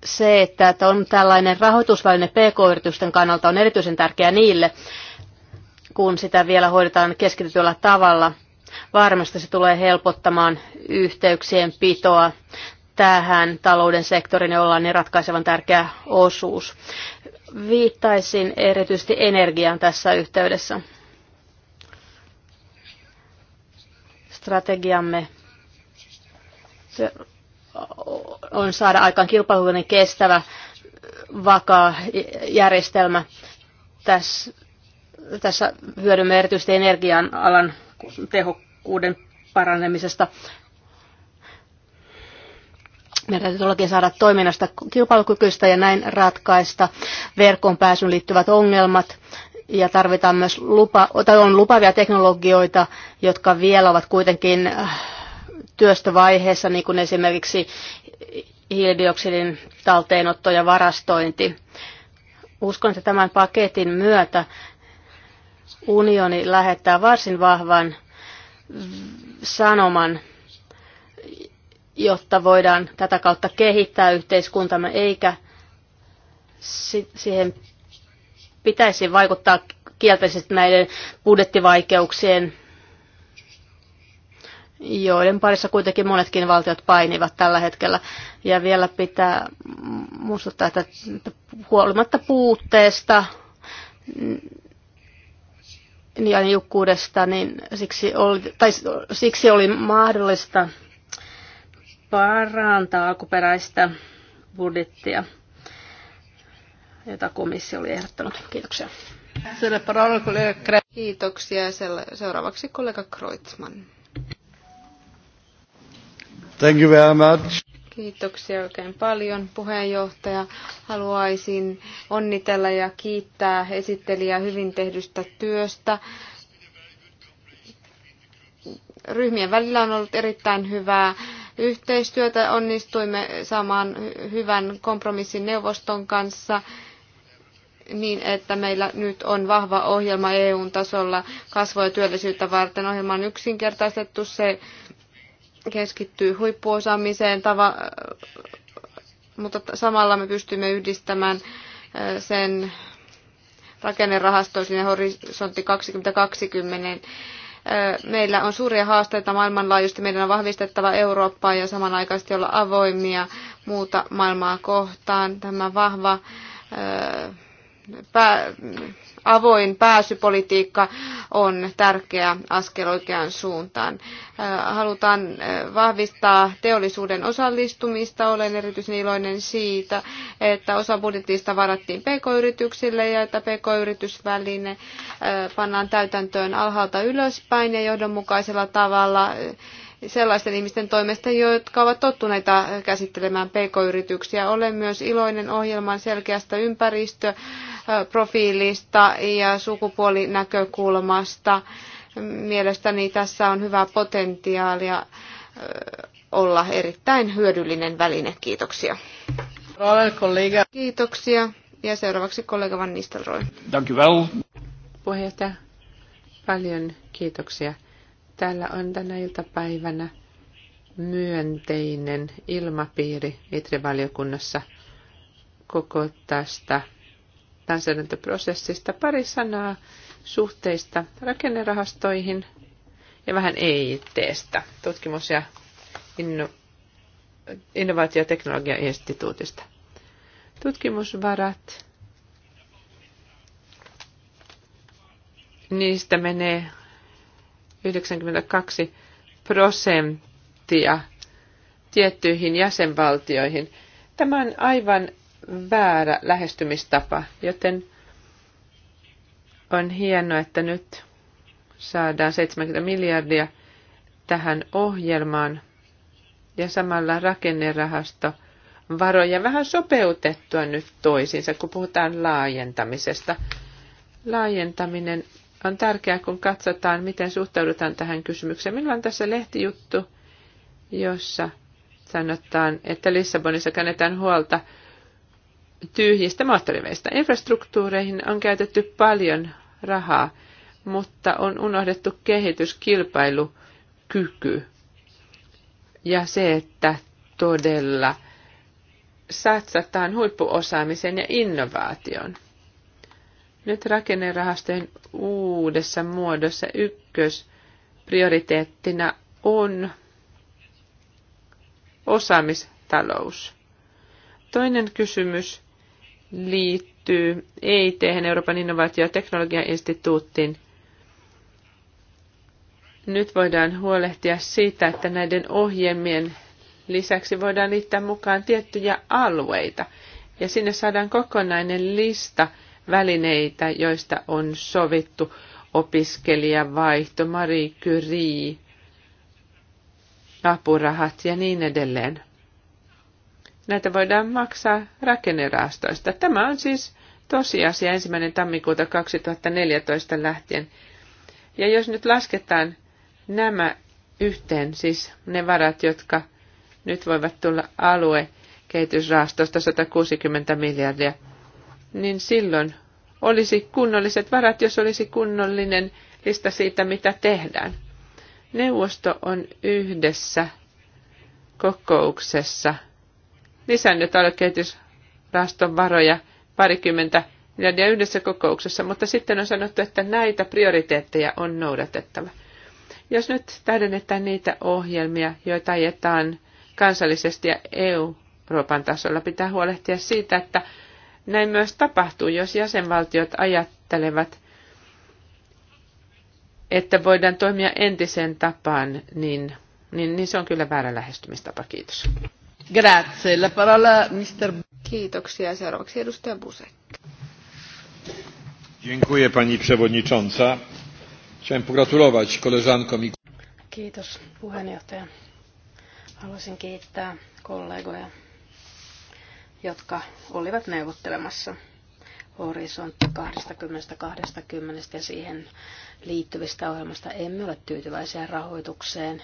se, että on tällainen rahoitusväline pk-yritysten kannalta on erityisen tärkeää niille, kun sitä vielä hoidetaan keskitetyllä tavalla. Varmasti se tulee helpottamaan yhteyksien pitoa tähän talouden sektorin, jolla on niin ratkaisevan tärkeä osuus. Viittaisin erityisesti energiaan tässä yhteydessä. Strategiamme on saada aikaan kilpailullinen kestävä, vakaa järjestelmä. Tässä, tässä hyödymme erityisesti energian alan tehokkuuden parannemisesta meidän täytyy todellakin saada toiminnasta kilpailukykyistä ja näin ratkaista verkkoon pääsyyn liittyvät ongelmat. Ja tarvitaan myös lupa, tai on lupavia teknologioita, jotka vielä ovat kuitenkin äh, työstövaiheessa, niin kuin esimerkiksi hiilidioksidin talteenotto ja varastointi. Uskon, että tämän paketin myötä unioni lähettää varsin vahvan sanoman jotta voidaan tätä kautta kehittää yhteiskuntamme, eikä siihen pitäisi vaikuttaa kielteisesti näiden budjettivaikeuksien, joiden parissa kuitenkin monetkin valtiot painivat tällä hetkellä. Ja vielä pitää muistuttaa, että huolimatta puutteesta ja niukkuudesta, niin siksi oli, tai siksi oli mahdollista parantaa alkuperäistä budjettia, jota komissio oli ehdottanut. Kiitoksia. Kiitoksia. Seuraavaksi kollega Kreutzmann. Thank you very much. Kiitoksia oikein paljon puheenjohtaja. Haluaisin onnitella ja kiittää esittelijää hyvin tehdystä työstä. Ryhmien välillä on ollut erittäin hyvää yhteistyötä. Onnistuimme saamaan hyvän kompromissin neuvoston kanssa niin, että meillä nyt on vahva ohjelma eu tasolla kasvua ja työllisyyttä varten. Ohjelma on yksinkertaistettu, se keskittyy huippuosaamiseen, tava, mutta samalla me pystymme yhdistämään äh, sen rakennerahastoisiin ja horisontti 2020 Meillä on suuria haasteita maailmanlaajuisesti. Meidän on vahvistettava Eurooppaa ja samanaikaisesti olla avoimia muuta maailmaa kohtaan. Tämä vahva pää, avoin pääsypolitiikka on tärkeä askel oikeaan suuntaan. Halutaan vahvistaa teollisuuden osallistumista. Olen erityisen iloinen siitä, että osa budjetista varattiin pk-yrityksille ja että pk-yritysväline pannaan täytäntöön alhaalta ylöspäin ja johdonmukaisella tavalla sellaisten ihmisten toimesta, jotka ovat tottuneita käsittelemään pk-yrityksiä. Olen myös iloinen ohjelman selkeästä ympäristöprofiilista ja sukupuolinäkökulmasta. Mielestäni tässä on hyvää potentiaalia olla erittäin hyödyllinen väline. Kiitoksia. Kiitoksia. Ja seuraavaksi kollega Van Nistelrooy. Dank Puheenjohtaja, paljon kiitoksia. Täällä on tänä iltapäivänä myönteinen ilmapiiri Itrivaliokunnassa koko tästä lainsäädäntöprosessista. Pari sanaa suhteista rakennerahastoihin ja vähän EIT-stä, tutkimus- ja inno- innovaatio- ja teknologiainstituutista. Tutkimusvarat, niistä menee 92 prosenttia tiettyihin jäsenvaltioihin. Tämä on aivan väärä lähestymistapa, joten on hienoa, että nyt saadaan 70 miljardia tähän ohjelmaan ja samalla rakennerahasto varoja vähän sopeutettua nyt toisiinsa, kun puhutaan laajentamisesta. Laajentaminen on tärkeää, kun katsotaan, miten suhtaudutaan tähän kysymykseen. Minulla on tässä lehtijuttu, jossa sanotaan, että Lissabonissa kannetaan huolta tyhjistä moottoriveistä. Infrastruktuureihin on käytetty paljon rahaa, mutta on unohdettu kehitys, kyky ja se, että todella satsataan huippuosaamiseen ja innovaatioon. Nyt rakennerahastojen uudessa muodossa ykkösprioriteettina on osaamistalous. Toinen kysymys liittyy EIT, Euroopan innovaatio- ja teknologiainstituuttiin. Nyt voidaan huolehtia siitä, että näiden ohjelmien lisäksi voidaan liittää mukaan tiettyjä alueita. Ja sinne saadaan kokonainen lista – välineitä, joista on sovittu opiskelijavaihto, Marie Curie, apurahat ja niin edelleen. Näitä voidaan maksaa rakennerahastoista. Tämä on siis tosiasia ensimmäinen tammikuuta 2014 lähtien. Ja jos nyt lasketaan nämä yhteen, siis ne varat, jotka nyt voivat tulla alue kehitysrahastosta 160 miljardia – niin silloin olisi kunnolliset varat, jos olisi kunnollinen lista siitä, mitä tehdään. Neuvosto on yhdessä kokouksessa lisännyt aluekehitysrahaston varoja parikymmentä miljardia yhdessä kokouksessa, mutta sitten on sanottu, että näitä prioriteetteja on noudatettava. Jos nyt täydennetään niitä ohjelmia, joita ajetaan kansallisesti ja EU-Euroopan tasolla, pitää huolehtia siitä, että näin myös tapahtuu, jos jäsenvaltiot ajattelevat, että voidaan toimia entisen tapaan, niin, niin, niin se on kyllä väärä lähestymistapa. Kiitos. Grazie. La parola Mr. Kiitoksia. Seuraavaksi edustaja Busek. Dziękuję pani przewodnicząca. Chciałem pogratulować koleżankom i... Kiitos puheenjohtaja. Haluaisin kiittää kollegoja jotka olivat neuvottelemassa horisontti 20-20 ja siihen liittyvistä ohjelmasta emme ole tyytyväisiä rahoitukseen.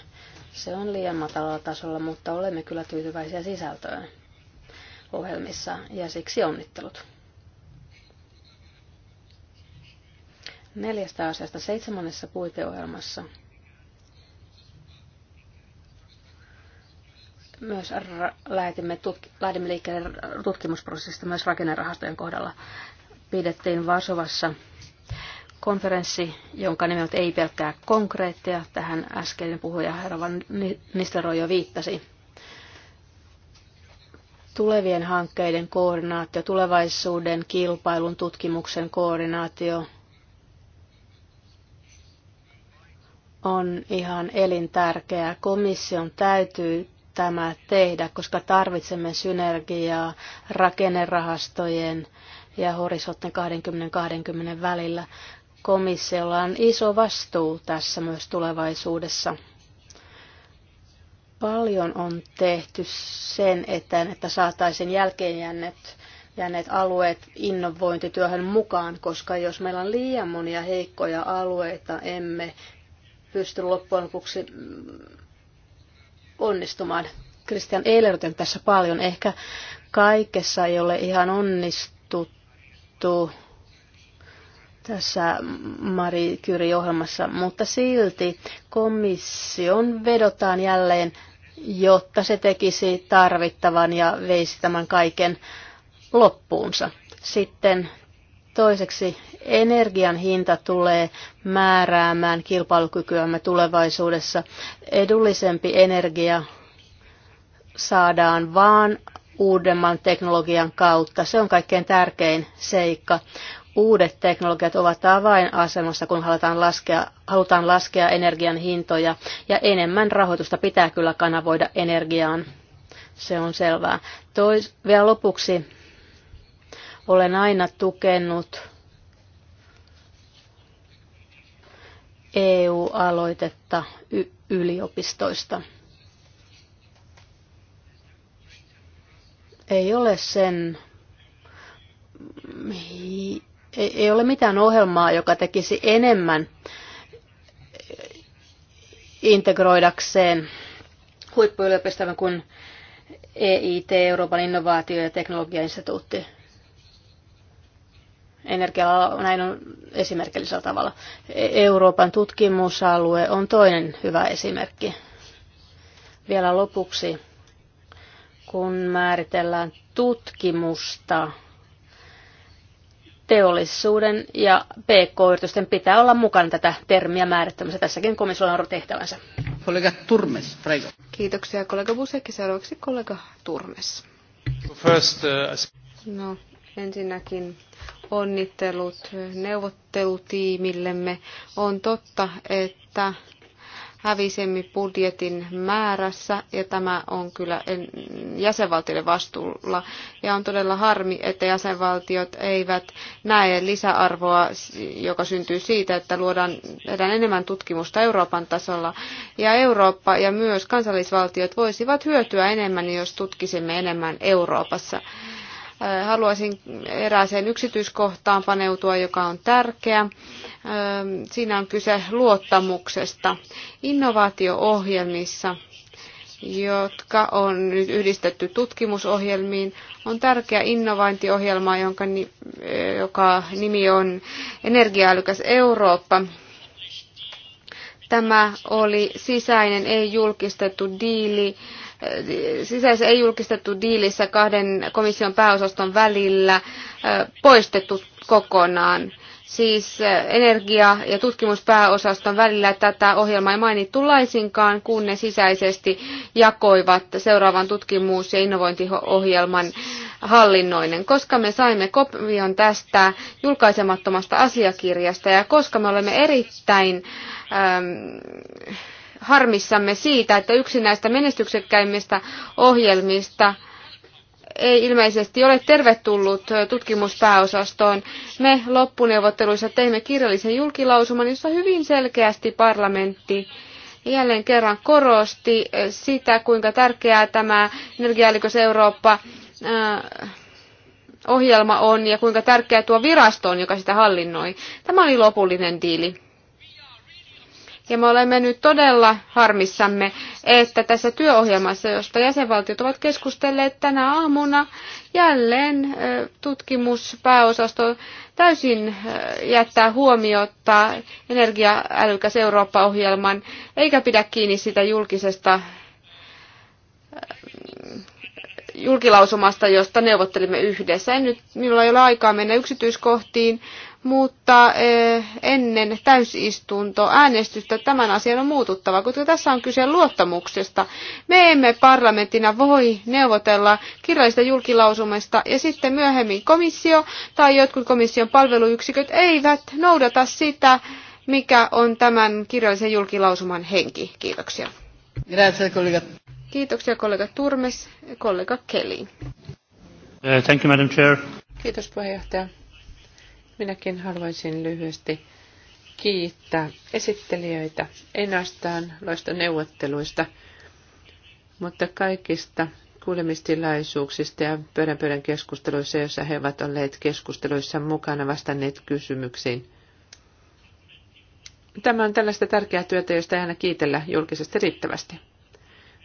Se on liian matalalla tasolla, mutta olemme kyllä tyytyväisiä sisältöön ohjelmissa ja siksi onnittelut. Neljästä asiasta seitsemännessä puiteohjelmassa – myös ra- lähetimme, tutk- lähetimme liikkeelle tutkimusprosessista myös rakennerahastojen kohdalla. Pidettiin Varsovassa konferenssi, jonka on ei pelkkää konkreettia. Tähän äskeinen puhuja herra Van Nistelrooy jo viittasi. Tulevien hankkeiden koordinaatio, tulevaisuuden kilpailun tutkimuksen koordinaatio on ihan elintärkeää. Komission täytyy tämä tehdä, koska tarvitsemme synergiaa rakennerahastojen ja horisontin 20-20 välillä. Komissiolla on iso vastuu tässä myös tulevaisuudessa. Paljon on tehty sen eteen, että saataisiin jälkeenjännet jääneet alueet innovointityöhön mukaan, koska jos meillä on liian monia heikkoja alueita, emme pysty loppujen lopuksi onnistumaan. Christian Eilerten tässä paljon. Ehkä kaikessa ei ole ihan onnistuttu tässä Mari Kyri-ohjelmassa, mutta silti komission vedotaan jälleen, jotta se tekisi tarvittavan ja veisi tämän kaiken loppuunsa. Sitten Toiseksi energian hinta tulee määräämään kilpailukykyämme tulevaisuudessa. Edullisempi energia saadaan vaan uudemman teknologian kautta. Se on kaikkein tärkein seikka. Uudet teknologiat ovat avainasemassa, kun halutaan laskea, halutaan laskea energian hintoja, ja enemmän rahoitusta pitää kyllä kanavoida energiaan. Se on selvää. Tois, vielä lopuksi olen aina tukenut EU-aloitetta yliopistoista. Ei ole sen ei ole mitään ohjelmaa, joka tekisi enemmän integroidakseen huippuyliopistoon kuin EIT, Euroopan innovaatio- ja teknologiainstituutti energialalla näin on esimerkillisellä tavalla. Euroopan tutkimusalue on toinen hyvä esimerkki. Vielä lopuksi, kun määritellään tutkimusta, teollisuuden ja PK-yritysten pitää olla mukana tätä termiä määrittämässä. Tässäkin komissiolla on tehtävänsä. Kollega Turmes, prego. Kiitoksia kollega Busekki. seuraavaksi kollega Turmes. First, uh... No, ensinnäkin onnittelut neuvottelutiimillemme. On totta, että hävisemme budjetin määrässä ja tämä on kyllä jäsenvaltioiden vastuulla. Ja on todella harmi, että jäsenvaltiot eivät näe lisäarvoa, joka syntyy siitä, että luodaan enemmän tutkimusta Euroopan tasolla. Ja Eurooppa ja myös kansallisvaltiot voisivat hyötyä enemmän, jos tutkisimme enemmän Euroopassa. Äh, haluaisin erääseen yksityiskohtaan paneutua, joka on tärkeä. Äh, siinä on kyse luottamuksesta. Innovaatio-ohjelmissa jotka on nyt yhdistetty tutkimusohjelmiin, on tärkeä innovointiohjelma, jonka, joka nimi on Energiaälykäs Eurooppa. Tämä oli sisäinen ei julkistettu diili sisäisessä ei-julkistettu diilissä kahden komission pääosaston välillä poistettu kokonaan. Siis energia- ja tutkimuspääosaston välillä tätä ohjelmaa ei mainittu laisinkaan, kun ne sisäisesti jakoivat seuraavan tutkimus- ja innovointiohjelman hallinnoinen. Koska me saimme kopion tästä julkaisemattomasta asiakirjasta ja koska me olemme erittäin... Ähm, harmissamme siitä, että yksi näistä menestyksekkäimmistä ohjelmista ei ilmeisesti ole tervetullut tutkimuspääosastoon. Me loppuneuvotteluissa teimme kirjallisen julkilausuman, jossa hyvin selkeästi parlamentti jälleen kerran korosti sitä, kuinka tärkeää tämä energiaalikos Eurooppa ohjelma on ja kuinka tärkeä tuo virasto on, joka sitä hallinnoi. Tämä oli lopullinen diili. Ja me olemme nyt todella harmissamme, että tässä työohjelmassa, josta jäsenvaltiot ovat keskustelleet tänä aamuna, jälleen tutkimuspääosasto täysin jättää huomiota energiaälykäs Eurooppa-ohjelman, eikä pidä kiinni sitä julkisesta julkilausumasta, josta neuvottelimme yhdessä. En nyt, minulla ei ole aikaa mennä yksityiskohtiin, mutta eh, ennen täysistunto äänestystä tämän asian on muututtava, koska tässä on kyse luottamuksesta. Me emme parlamentina voi neuvotella kirjallista julkilausumista ja sitten myöhemmin komissio tai jotkut komission palveluyksiköt eivät noudata sitä, mikä on tämän kirjallisen julkilausuman henki. Kiitoksia. Grazie, Kiitoksia kollega Turmes, kollega Kelly. Uh, thank you, Madam Chair. Kiitos puheenjohtaja. Minäkin haluaisin lyhyesti kiittää esittelijöitä enästään loista neuvotteluista, mutta kaikista kuulemistilaisuuksista ja pöydän pöydän keskusteluissa, joissa he ovat olleet keskusteluissa mukana vastanneet kysymyksiin. Tämä on tällaista tärkeää työtä, josta ei aina kiitellä julkisesti riittävästi.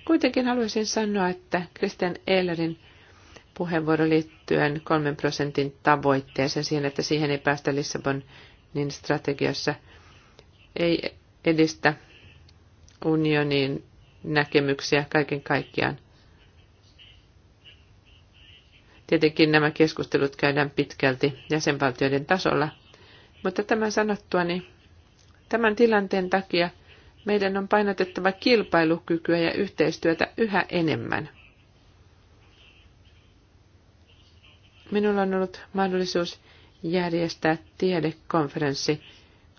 Kuitenkin haluaisin sanoa, että Christian Ehlerin puheenvuoro liittyen kolmen prosentin tavoitteeseen siihen, että siihen ei päästä Lissabonin strategiassa, ei edistä unionin näkemyksiä kaiken kaikkiaan. Tietenkin nämä keskustelut käydään pitkälti jäsenvaltioiden tasolla, mutta tämän sanottua, niin tämän tilanteen takia meidän on painotettava kilpailukykyä ja yhteistyötä yhä enemmän. Minulla on ollut mahdollisuus järjestää tiedekonferenssi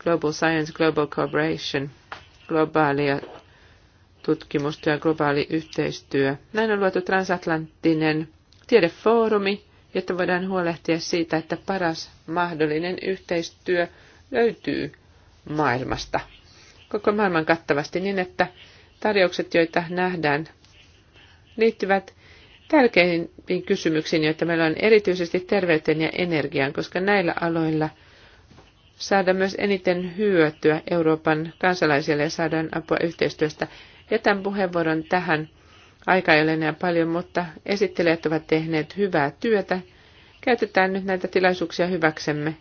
Global Science, Global Cooperation, globaalia ja globaali yhteistyö. Näin on luotu transatlanttinen tiedefoorumi, jotta voidaan huolehtia siitä, että paras mahdollinen yhteistyö löytyy maailmasta koko maailman kattavasti niin, että tarjoukset, joita nähdään, liittyvät tärkeimpiin kysymyksiin, joita meillä on erityisesti terveyteen ja energiaan, koska näillä aloilla saada myös eniten hyötyä Euroopan kansalaisille ja saadaan apua yhteistyöstä. Jätän puheenvuoron tähän. Aika ei ole enää paljon, mutta esittelijät ovat tehneet hyvää työtä. Käytetään nyt näitä tilaisuuksia hyväksemme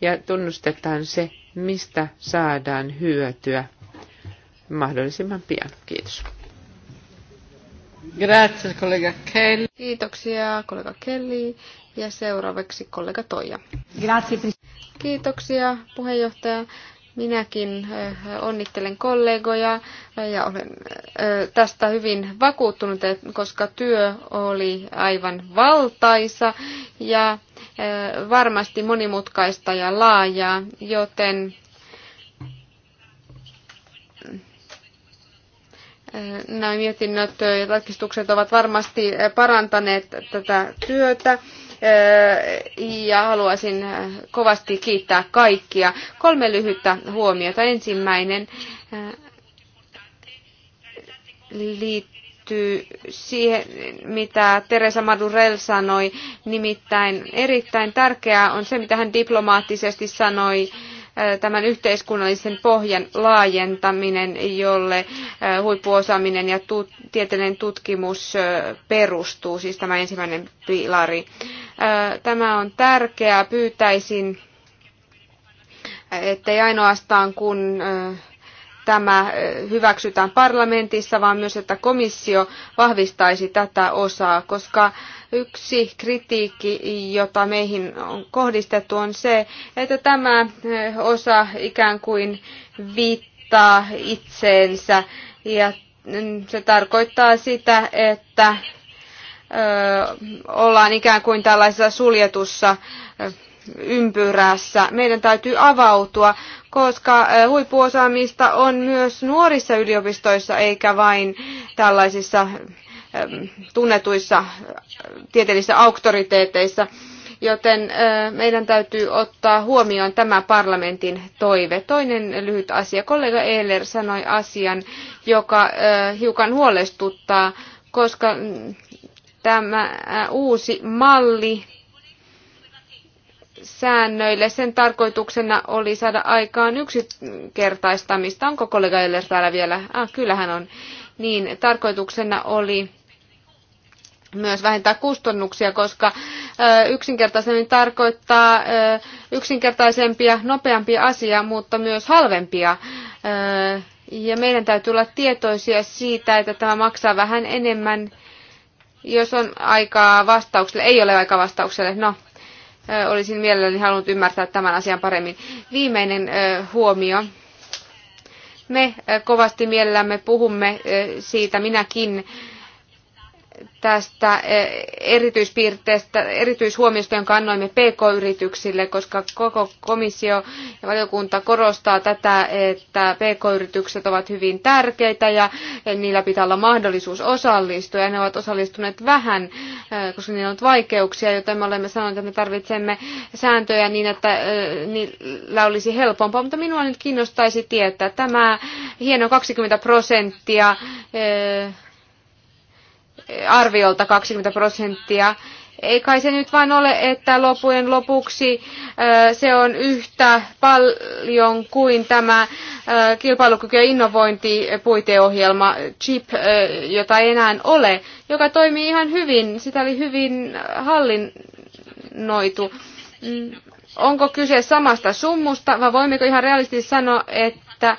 ja tunnustetaan se, mistä saadaan hyötyä mahdollisimman pian. Kiitos. Grazie, kollega Kelly. Kiitoksia, kollega Kelly. Ja seuraavaksi kollega Toija. Grazie. Kiitoksia, puheenjohtaja. Minäkin äh, onnittelen kollegoja äh, ja olen äh, tästä hyvin vakuuttunut, koska työ oli aivan valtaisa ja varmasti monimutkaista ja laajaa, joten Nämä mietinnöt ja tarkistukset ovat varmasti parantaneet tätä työtä ja haluaisin kovasti kiittää kaikkia. Kolme lyhyttä huomiota. Ensimmäinen liittyy siihen, mitä Teresa Madurell sanoi. Nimittäin erittäin tärkeää on se, mitä hän diplomaattisesti sanoi tämän yhteiskunnallisen pohjan laajentaminen, jolle huippuosaaminen ja tut- tieteellinen tutkimus perustuu, siis tämä ensimmäinen pilari. Tämä on tärkeää. Pyytäisin ettei ainoastaan kun tämä hyväksytään parlamentissa, vaan myös, että komissio vahvistaisi tätä osaa, koska yksi kritiikki, jota meihin on kohdistettu, on se, että tämä osa ikään kuin viittaa itseensä ja mm, se tarkoittaa sitä, että ollaan ikään kuin tällaisessa suljetussa ympyrässä. Meidän täytyy avautua, koska eh, huippuosaamista on myös nuorissa yliopistoissa eikä vain tällaisissa eh, tunnetuissa eh, tieteellisissä auktoriteeteissa joten meidän täytyy ottaa huomioon tämä parlamentin toive. Toinen lyhyt asia. Kollega Ehler sanoi asian, joka hiukan huolestuttaa, koska mm, tämä uusi malli säännöille. Sen tarkoituksena oli saada aikaan yksinkertaistamista. Onko kollega Eller täällä vielä? Ah, kyllähän on. Niin, tarkoituksena oli myös vähentää kustannuksia, koska yksinkertaisemmin tarkoittaa yksinkertaisempia, nopeampia asiaa, mutta myös halvempia. Ja meidän täytyy olla tietoisia siitä, että tämä maksaa vähän enemmän, jos on aikaa vastaukselle. Ei ole aikaa vastaukselle. No, olisin mielelläni halunnut ymmärtää tämän asian paremmin. Viimeinen huomio. Me kovasti mielellämme puhumme siitä minäkin tästä eh, erityispiirteestä, erityishuomiosta, jonka annoimme PK-yrityksille, koska koko komissio ja valiokunta korostaa tätä, että PK-yritykset ovat hyvin tärkeitä ja niillä pitää olla mahdollisuus osallistua. Ja ne ovat osallistuneet vähän, eh, koska niillä on ollut vaikeuksia, joten me olemme sanoneet, että me tarvitsemme sääntöjä niin, että eh, niillä olisi helpompaa. Mutta minua nyt kiinnostaisi tietää tämä hieno 20 prosenttia arviolta 20 prosenttia. Ei kai se nyt vain ole, että lopujen lopuksi se on yhtä paljon kuin tämä kilpailukyky- ja innovointipuiteohjelma CHIP, jota ei enää ole, joka toimii ihan hyvin. Sitä oli hyvin hallinnoitu. Mm. Onko kyse samasta summusta vai voimmeko ihan realistisesti sanoa, että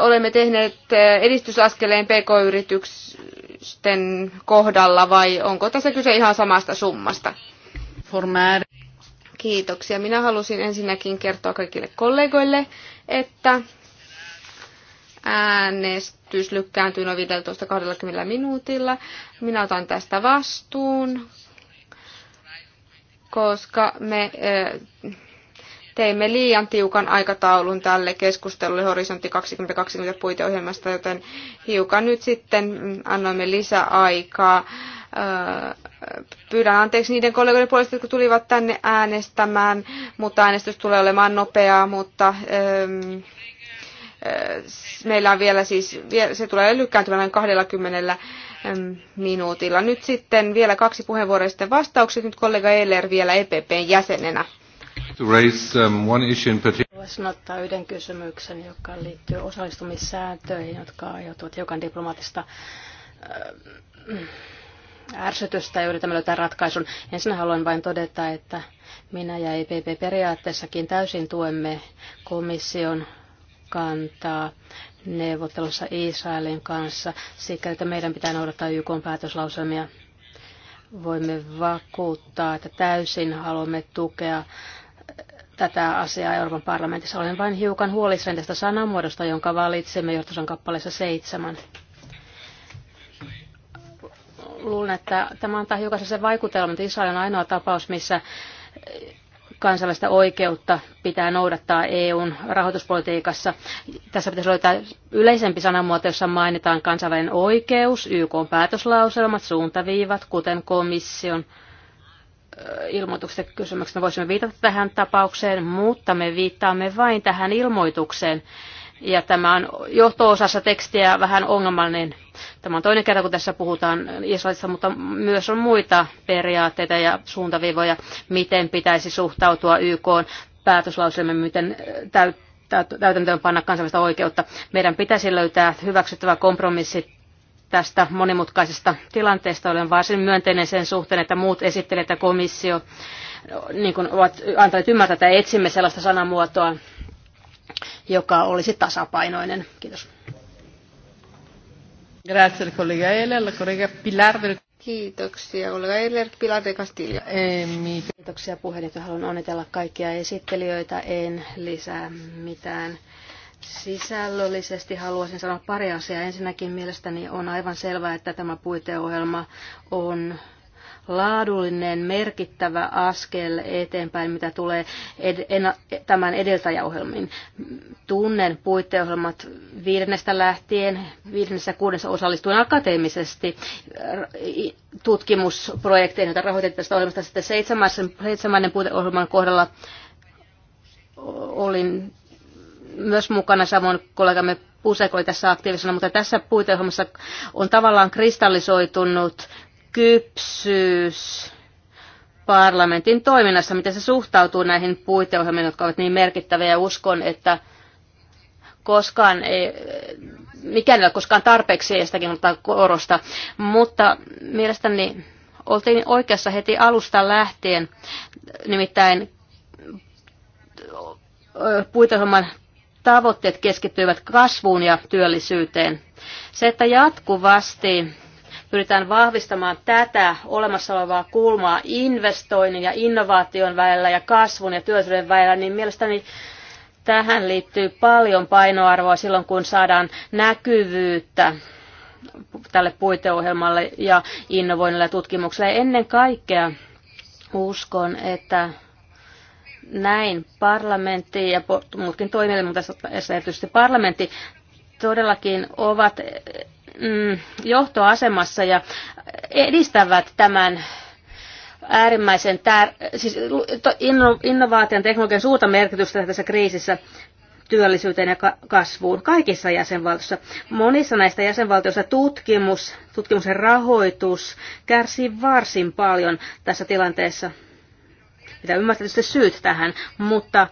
olemme tehneet edistysaskeleen pk-yritysten kohdalla vai onko tässä kyse ihan samasta summasta? Kiitoksia. Minä halusin ensinnäkin kertoa kaikille kollegoille, että äänestys lykkääntyy noin 15-20 minuutilla. Minä otan tästä vastuun, koska me teimme liian tiukan aikataulun tälle keskustelulle Horisontti 2020 puiteohjelmasta, joten hiukan nyt sitten annoimme lisäaikaa. Pyydän anteeksi niiden kollegoiden puolesta, jotka tulivat tänne äänestämään, mutta äänestys tulee olemaan nopeaa, mutta meillä on vielä siis, se tulee lykkääntymään 20 minuutilla. Nyt sitten vielä kaksi puheenvuoroa sitten vastaukset. Nyt kollega Eller vielä EPPn jäsenenä. To raise, um, one issue in particular. Haluaisin ottaa yhden kysymyksen, joka liittyy osallistumissääntöihin, jotka aiheutuvat hiukan diplomaattista äh, ärsytystä ja yritämme löytää ratkaisun. Ensin haluan vain todeta, että minä ja EPP periaatteessakin täysin tuemme komission kantaa neuvottelussa Israelin kanssa, sikäli että meidän pitää noudattaa YK päätöslauselmia voimme vakuuttaa, että täysin haluamme tukea tätä asiaa Euroopan parlamentissa. Olen vain hiukan huolissani tästä sanamuodosta, jonka valitsemme johtosan kappaleessa seitsemän. Luulen, että tämä antaa hiukan sen vaikutelman, että Israel on ainoa tapaus, missä kansallista oikeutta pitää noudattaa EUn rahoituspolitiikassa. Tässä pitäisi löytää yleisempi sanamuoto, jossa mainitaan kansainvälinen oikeus, YK päätöslauselmat, suuntaviivat, kuten komission ilmoituksesta kysymyksestä. Voisimme viitata tähän tapaukseen, mutta me viittaamme vain tähän ilmoitukseen. Ja tämä on johto-osassa tekstiä vähän ongelmallinen. Tämä on toinen kerta, kun tässä puhutaan Israelista, mutta myös on muita periaatteita ja suuntaviivoja, miten pitäisi suhtautua YK päätöslauselmme, miten täyttää täytäntöön panna kansainvälistä oikeutta. Meidän pitäisi löytää hyväksyttävä kompromissi tästä monimutkaisesta tilanteesta. Olen varsin myönteinen sen suhteen, että muut esittelijät ja komissio niin kuin ovat antaneet ymmärtää, että etsimme sellaista sanamuotoa, joka olisi tasapainoinen. Kiitos. Grazie collega Eller, la collega Pilar del... Kiitoksia, kollega Eller, Pilar de Castilla. Eh, Kiitoksia puheenjohtaja. Haluan onnitella kaikkia esittelijöitä. En lisää mitään Sisällöllisesti haluaisin sanoa pari asiaa. Ensinnäkin mielestäni on aivan selvää, että tämä puiteohjelma on laadullinen merkittävä askel eteenpäin, mitä tulee ed- en- tämän edeltäjäohjelmin Tunnen puitteohjelmat viidennestä lähtien, viidennessä kuudessa osallistuin akateemisesti äh, tutkimusprojekteihin, joita rahoitettiin tästä ohjelmasta. Sitten seitsemännen, seitsemännen puiteohjelman kohdalla olin myös mukana, samoin kollegamme Pusek oli tässä aktiivisena, mutta tässä puiteohjelmassa on tavallaan kristallisoitunut kypsyys parlamentin toiminnassa, miten se suhtautuu näihin puiteohjelmiin, jotka ovat niin merkittäviä ja uskon, että koskaan ei, mikään ei ole koskaan tarpeeksi ja sitäkin ottaa korosta, mutta mielestäni oltiin oikeassa heti alusta lähtien, nimittäin puiteohjelman tavoitteet keskittyivät kasvuun ja työllisyyteen. Se, että jatkuvasti pyritään vahvistamaan tätä olemassa olevaa kulmaa investoinnin ja innovaation välillä ja kasvun ja työllisyyden välillä, niin mielestäni tähän liittyy paljon painoarvoa silloin, kun saadaan näkyvyyttä tälle puiteohjelmalle ja innovoinnille ja tutkimukselle. Ennen kaikkea uskon, että näin parlamentti ja muutkin toimielimet, mutta erityisesti parlamentti, todellakin ovat mm, johtoasemassa ja edistävät tämän äärimmäisen tär- siis inno- innovaation teknologian suurta merkitystä tässä kriisissä työllisyyteen ja kasvuun kaikissa jäsenvaltioissa. Monissa näistä jäsenvaltioissa tutkimus, tutkimuksen rahoitus kärsii varsin paljon tässä tilanteessa pitää ymmärtää syyt tähän, mutta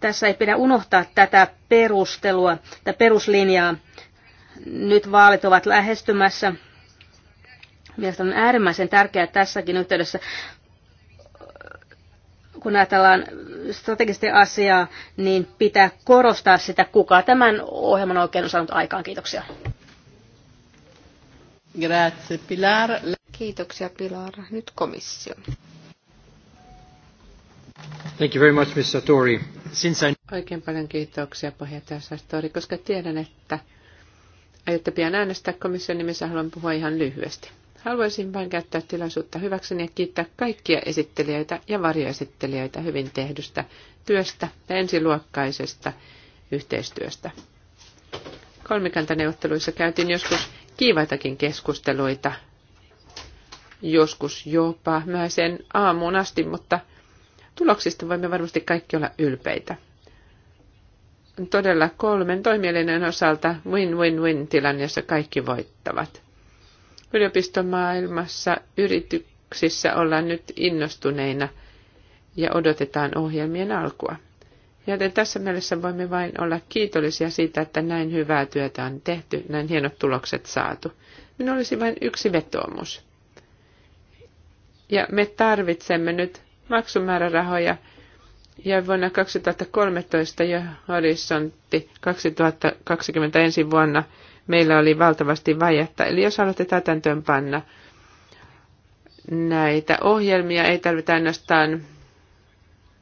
tässä ei pidä unohtaa tätä perustelua, tätä peruslinjaa. Nyt vaalit ovat lähestymässä. Mielestäni on äärimmäisen tärkeää tässäkin yhteydessä, kun ajatellaan strategisesti asiaa, niin pitää korostaa sitä, kuka tämän ohjelman oikein on saanut aikaan. Kiitoksia. Grazie, Pilar. Kiitoksia Pilar. Nyt komissio. Thank you very much, Satori. Since I... Oikein paljon kiitoksia, puheenjohtaja Satori, koska tiedän, että aiotte pian äänestää komission nimessä, haluan puhua ihan lyhyesti. Haluaisin vain käyttää tilaisuutta hyväkseni ja kiittää kaikkia esittelijöitä ja varjoesittelijöitä hyvin tehdystä työstä ja ensiluokkaisesta yhteistyöstä. Kolmikantaneuvotteluissa käytiin joskus kiivaitakin keskusteluita, joskus jopa myöhäiseen aamuun asti, mutta Tuloksista voimme varmasti kaikki olla ylpeitä. Todella kolmen toimielinen osalta win-win-win tilanne, jossa kaikki voittavat. Yliopistomaailmassa yrityksissä ollaan nyt innostuneina ja odotetaan ohjelmien alkua. Joten tässä mielessä voimme vain olla kiitollisia siitä, että näin hyvää työtä on tehty, näin hienot tulokset saatu. Minulla olisi vain yksi vetoomus. Ja me tarvitsemme nyt maksumäärärahoja ja vuonna 2013 ja horisontti 2020 ensi vuonna meillä oli valtavasti vajetta. Eli jos haluatte täytäntöön panna näitä ohjelmia, ei tarvita ainoastaan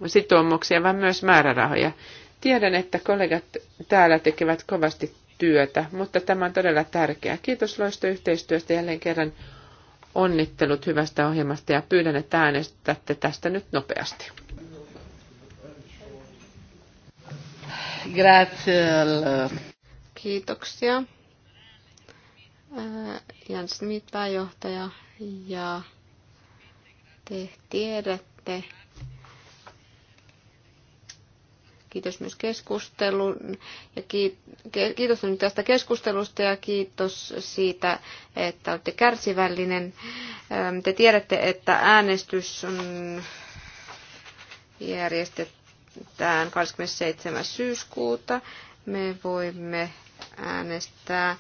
sitoumuksia, vaan myös määrärahoja. Tiedän, että kollegat täällä tekevät kovasti työtä, mutta tämä on todella tärkeää. Kiitos loistoyhteistyöstä jälleen kerran onnittelut hyvästä ohjelmasta ja pyydän, että äänestätte tästä nyt nopeasti. Grazie. Kiitoksia. Äh, Jan Smith, pääjohtaja, ja te tiedätte, Kiitos myös keskustelun ja kiitos nyt tästä keskustelusta ja kiitos siitä, että olette kärsivällinen. Ähm, te tiedätte, että äänestys on järjestetään 27. syyskuuta. Me voimme äänestää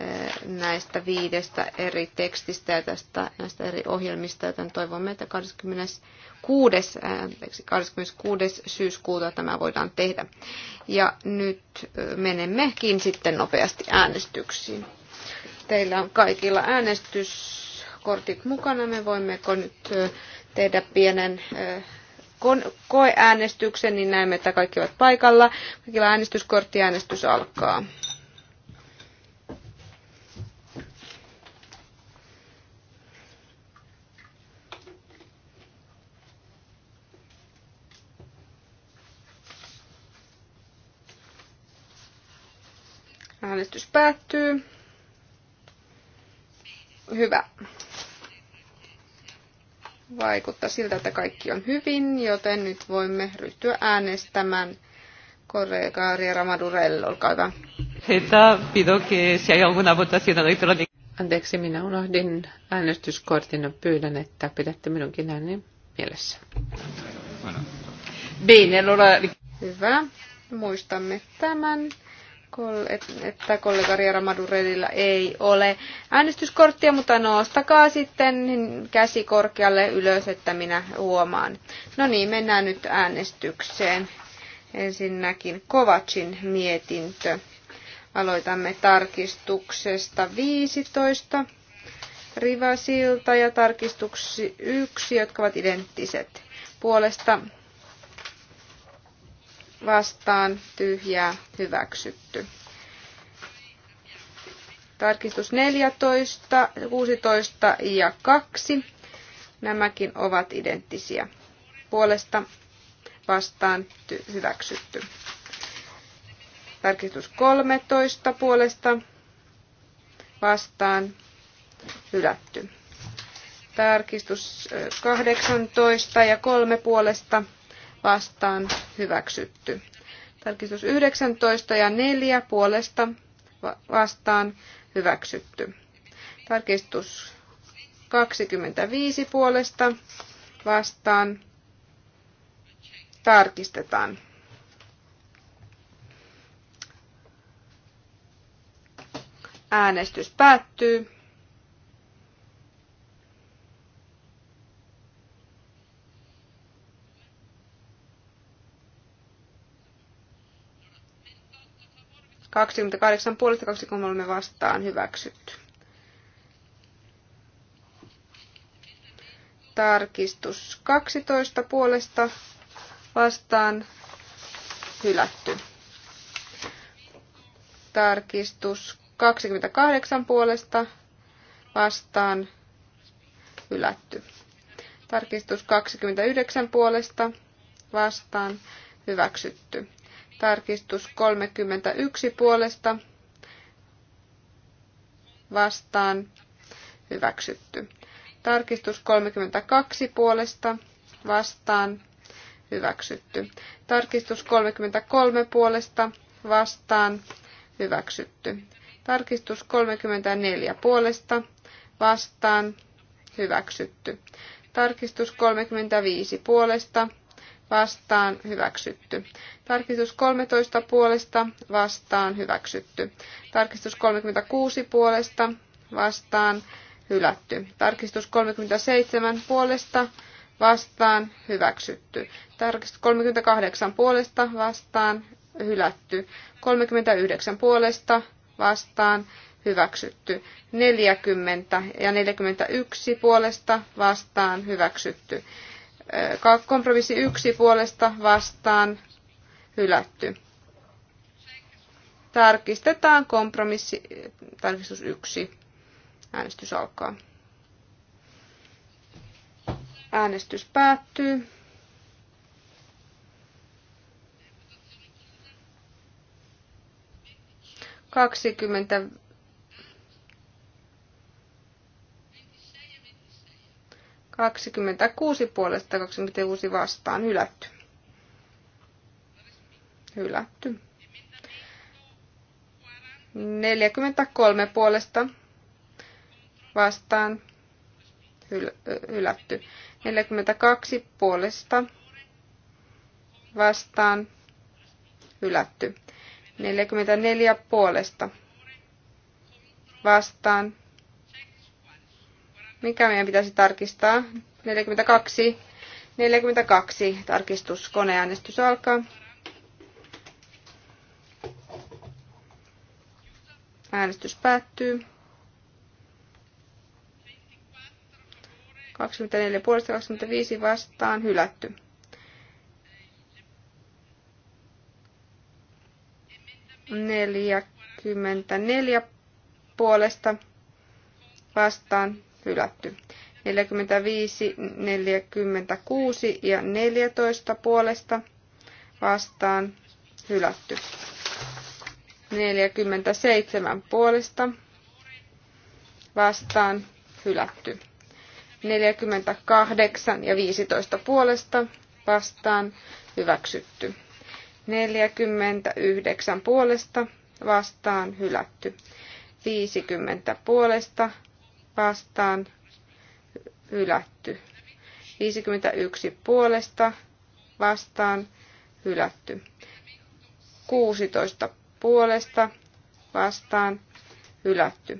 Eh, näistä viidestä eri tekstistä ja tästä, näistä eri ohjelmista, joten toivomme, että 26, 26. Eh, syyskuuta tämä voidaan tehdä. Ja nyt eh, menemmekin sitten nopeasti äänestyksiin. Teillä on kaikilla äänestyskortit mukana. Me voimmeko nyt tehdä pienen koeäänestyksen, niin näemme, että kaikki ovat paikalla. Kaikilla äänestyskortti äänestys alkaa. Äänestys päättyy. Hyvä. Vaikuttaa siltä, että kaikki on hyvin, joten nyt voimme ryhtyä äänestämään. Correga Riera Madurello, olkaa hyvä. Heta, pido que si hay alguna votación electrónica. Anteeksi, minä unohdin äänestyskortin ja no, pyydän, että pidätte minunkin ääni mielessä. Bene, allora... Hyvä, muistamme tämän että kollega Riera Madurellilla ei ole äänestyskorttia, mutta nostakaa sitten käsi korkealle ylös, että minä huomaan. No niin, mennään nyt äänestykseen. Ensinnäkin Kovacin mietintö. Aloitamme tarkistuksesta 15. Rivasilta ja tarkistuksi 1, jotka ovat identtiset. Puolesta vastaan tyhjää hyväksytty. Tarkistus 14, 16 ja 2. Nämäkin ovat identtisiä. Puolesta vastaan ty- hyväksytty. Tarkistus 13 puolesta vastaan hylätty. Tarkistus 18 ja 3 puolesta vastaan hyväksytty. Tarkistus 19 ja 4 puolesta vastaan hyväksytty. Tarkistus 25 puolesta vastaan tarkistetaan. Äänestys päättyy. 28 puolesta 23 vastaan hyväksytty. Tarkistus 12 puolesta vastaan hylätty. Tarkistus 28 puolesta vastaan hylätty. Tarkistus 29 puolesta vastaan hyväksytty. Tarkistus 31 puolesta vastaan hyväksytty. Tarkistus 32 puolesta vastaan hyväksytty. Tarkistus 33 puolesta vastaan hyväksytty. Tarkistus 34 puolesta vastaan hyväksytty. Tarkistus 35 puolesta vastaan hyväksytty. Tarkistus 13 puolesta vastaan hyväksytty. Tarkistus 36 puolesta vastaan hylätty. Tarkistus 37 puolesta vastaan hyväksytty. Tarkistus 38 puolesta vastaan hylätty. 39 puolesta vastaan hyväksytty. 40 ja 41 puolesta vastaan hyväksytty. Kompromissi yksi puolesta vastaan hylätty. Tarkistetaan kompromissi, tarkistus yksi. Äänestys alkaa. Äänestys päättyy. Kaksikymmentä 26 puolesta 26 vastaan hylätty. Hylätty. 43 puolesta vastaan hylätty. 42 puolesta vastaan hylätty. 44 puolesta vastaan mikä meidän pitäisi tarkistaa? 42. 42. Tarkistus. Koneäänestys alkaa. Äänestys päättyy. 24 puolesta 25 vastaan hylätty. neljä puolesta vastaan hylätty. 45, 46 ja 14 puolesta vastaan hylätty. 47 puolesta vastaan hylätty. 48 ja 15 puolesta vastaan hyväksytty. 49 puolesta vastaan hylätty. 50 puolesta vastaan hylätty. 51 puolesta vastaan hylätty. 16 puolesta vastaan hylätty.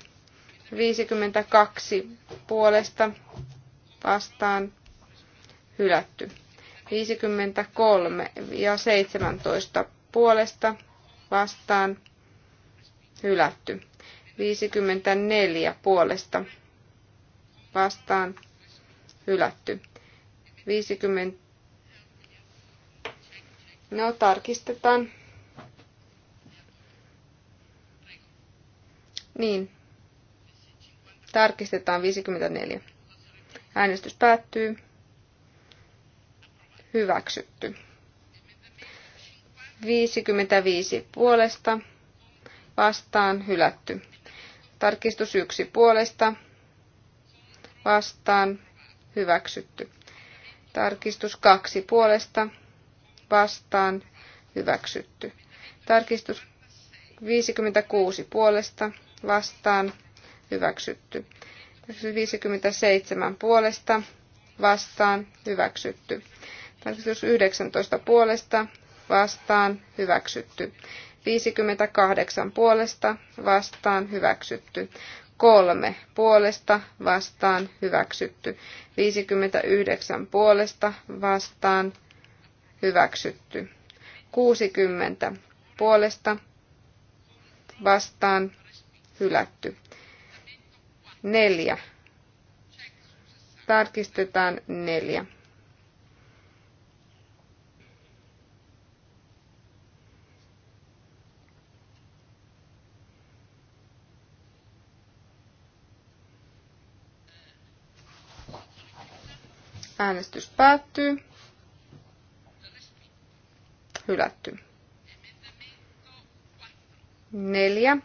52 puolesta vastaan hylätty. 53 ja 17 puolesta vastaan hylätty. 54 puolesta vastaan hylätty. 50. No, tarkistetaan. Niin. Tarkistetaan 54. Äänestys päättyy. Hyväksytty. 55 puolesta. Vastaan hylätty. Tarkistus 1 puolesta vastaan hyväksytty. Tarkistus kaksi puolesta vastaan hyväksytty. Tarkistus 56 puolesta vastaan hyväksytty. 57 puolesta vastaan hyväksytty. Tarkistus 19 puolesta vastaan hyväksytty. 58 puolesta vastaan hyväksytty. 53 puolesta vastaan hyväksytty. 59 puolesta vastaan hyväksytty. 60 puolesta vastaan hylätty. 4. Tarkistetaan 4. Äänestys päättyy. Hylätty. Neljä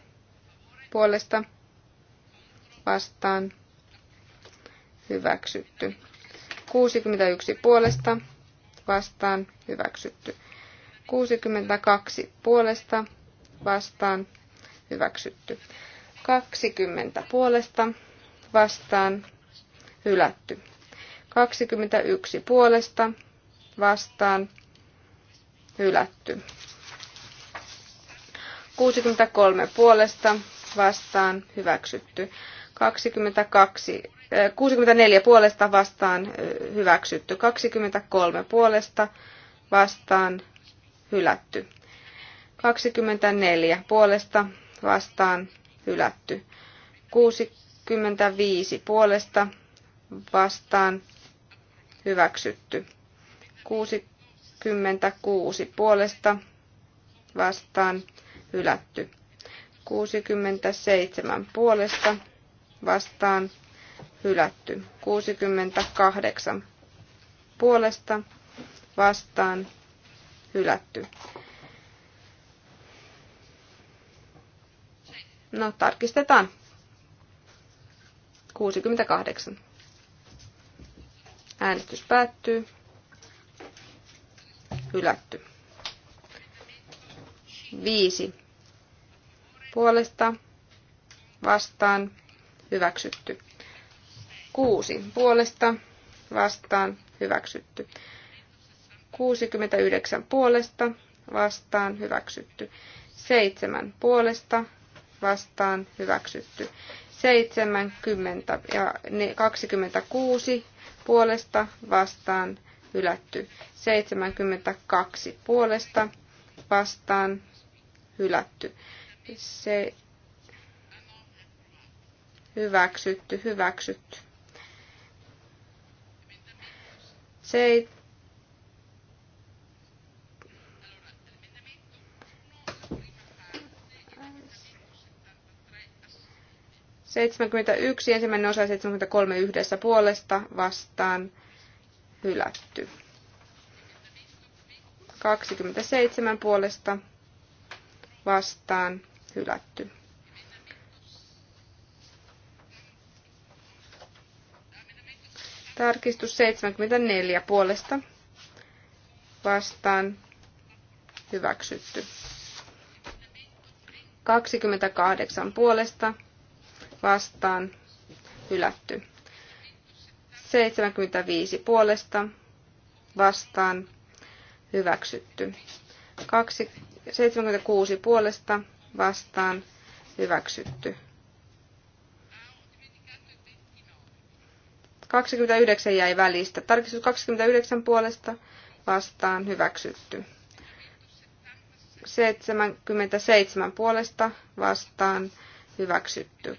puolesta vastaan hyväksytty. 61 puolesta vastaan hyväksytty. 62 puolesta vastaan hyväksytty. 20 puolesta vastaan hylätty. 21 puolesta vastaan hylätty. 63 puolesta vastaan hyväksytty. 22, 64 eh, puolesta vastaan eh, hyväksytty. 23 puolesta vastaan hylätty. 24 puolesta vastaan hylätty. 65 puolesta vastaan hyväksytty. 66 puolesta vastaan hylätty. 67 puolesta vastaan hylätty. 68 puolesta vastaan hylätty. No, tarkistetaan. 68. Äänestys päättyy. Hylätty. Viisi. Puolesta. Vastaan. Hyväksytty. Kuusi. Puolesta. Vastaan. Hyväksytty. 69 puolesta. Vastaan. Hyväksytty. Seitsemän puolesta. Vastaan. Hyväksytty. 70 ja 26 puolesta vastaan hylätty. 72 puolesta vastaan hylätty. Se hyväksytty, hyväksytty. Se 71, ensimmäinen osa 73 yhdessä puolesta vastaan hylätty. 27 puolesta vastaan hylätty. Tarkistus 74 puolesta vastaan hyväksytty. 28 puolesta vastaan hylätty. 75 puolesta vastaan hyväksytty. 2, 76 puolesta vastaan hyväksytty. 29 jäi välistä. Tarkistus 29 puolesta vastaan hyväksytty. 77 puolesta vastaan hyväksytty.